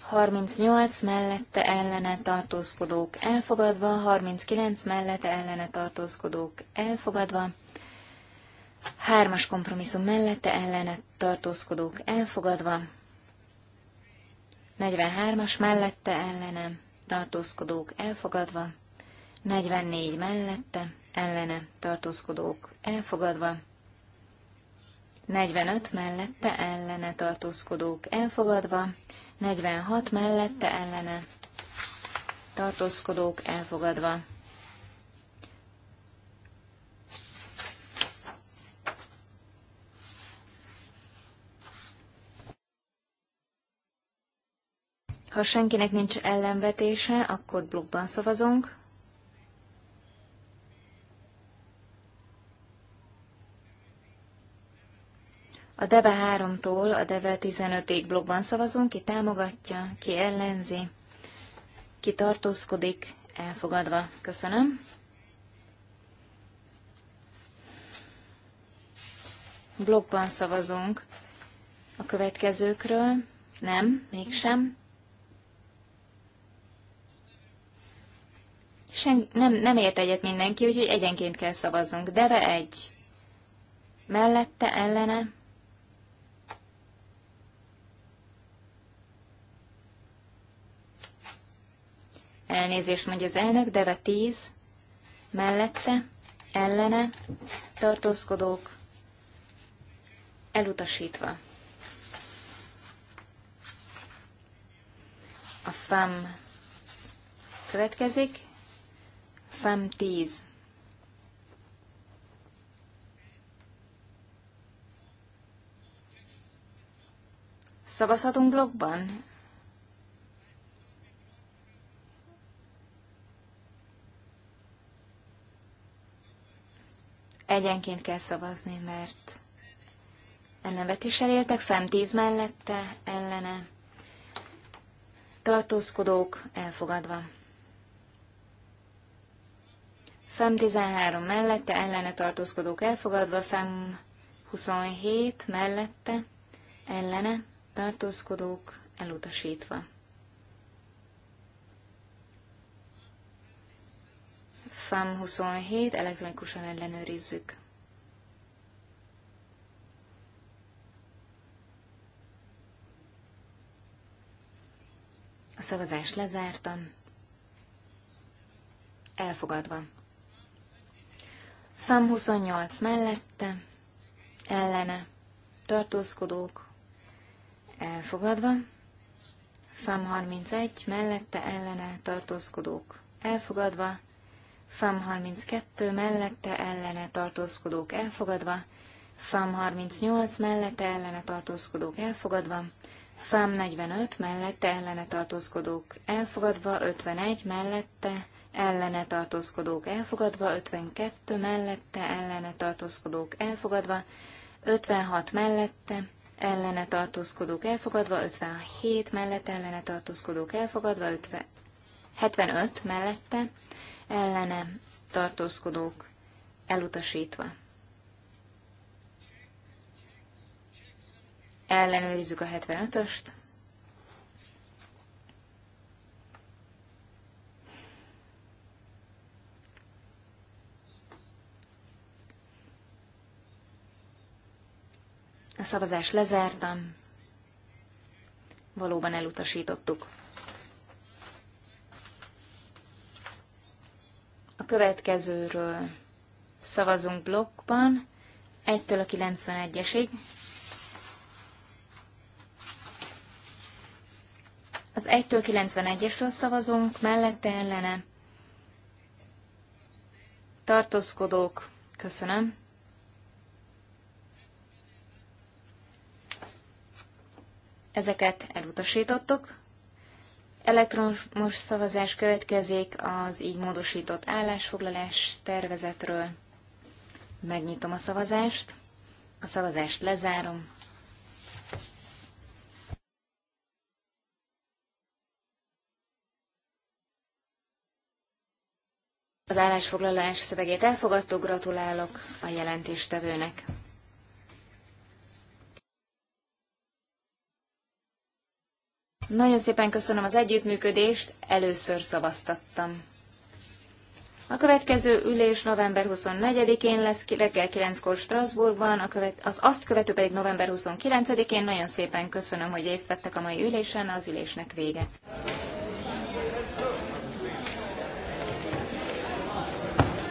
38 mellette ellene tartózkodók elfogadva, 39 mellette ellene tartózkodók elfogadva, 3-as kompromisszum mellette ellene tartózkodók elfogadva, 43-as mellette ellene tartózkodók elfogadva, 44 mellette, ellene tartózkodók elfogadva, 45 mellette ellene tartózkodók elfogadva, 46 mellette ellene tartózkodók elfogadva. Ha senkinek nincs ellenvetése, akkor blokkban szavazunk. A DEBE 3-tól a DEBE 15-ig blogban szavazunk, ki támogatja, ki ellenzi, ki tartózkodik, elfogadva. Köszönöm. Blogban szavazunk a következőkről. Nem, mégsem. Sen, nem, nem ért egyet mindenki, úgyhogy egyenként kell szavaznunk. Deve egy. Mellette, ellene elnézést mondja az elnök, deve 10, mellette, ellene, tartózkodók, elutasítva. A FAM következik, FAM 10. Szavazhatunk blogban? Egyenként kell szavazni, mert ellenvetéssel éltek, fem tíz mellette, ellene. Tartózkodók elfogadva. FEM 13 mellette, ellene tartózkodók elfogadva, FEM 27 mellette, ellene tartózkodók elutasítva. FAM 27, elektronikusan ellenőrizzük. A szavazást lezártam. Elfogadva. FAM 28 mellette, ellene, tartózkodók, elfogadva. FAM 31 mellette, ellene, tartózkodók, elfogadva. FAM 32 mellette ellene tartózkodók elfogadva, FAM 38 mellette ellene tartózkodók elfogadva, FAM 45 mellette ellene tartózkodók elfogadva, 51 mellette ellene tartózkodók elfogadva, 52 mellette ellene tartózkodók elfogadva, 56 mellette ellene tartózkodók elfogadva, 57 mellette ellene tartózkodók elfogadva, 50, 75 mellette ellene tartózkodók elutasítva. Ellenőrizzük a 75-öst. A szavazást lezártam. Valóban elutasítottuk. következőről szavazunk blokkban, 1-től a 91-esig. Az 1-től 91-esről szavazunk, mellette ellene. Tartózkodók, köszönöm. Ezeket elutasítottuk. Elektromos szavazás következik az így módosított állásfoglalás tervezetről. Megnyitom a szavazást, a szavazást lezárom. Az állásfoglalás szövegét elfogadtuk, gratulálok a jelentéstevőnek. Nagyon szépen köszönöm az együttműködést, először szavaztattam. A következő ülés november 24-én lesz, reggel 9-kor Strasbourgban, a követ, az azt követő pedig november 29-én. Nagyon szépen köszönöm, hogy részt vettek a mai ülésen, az ülésnek vége.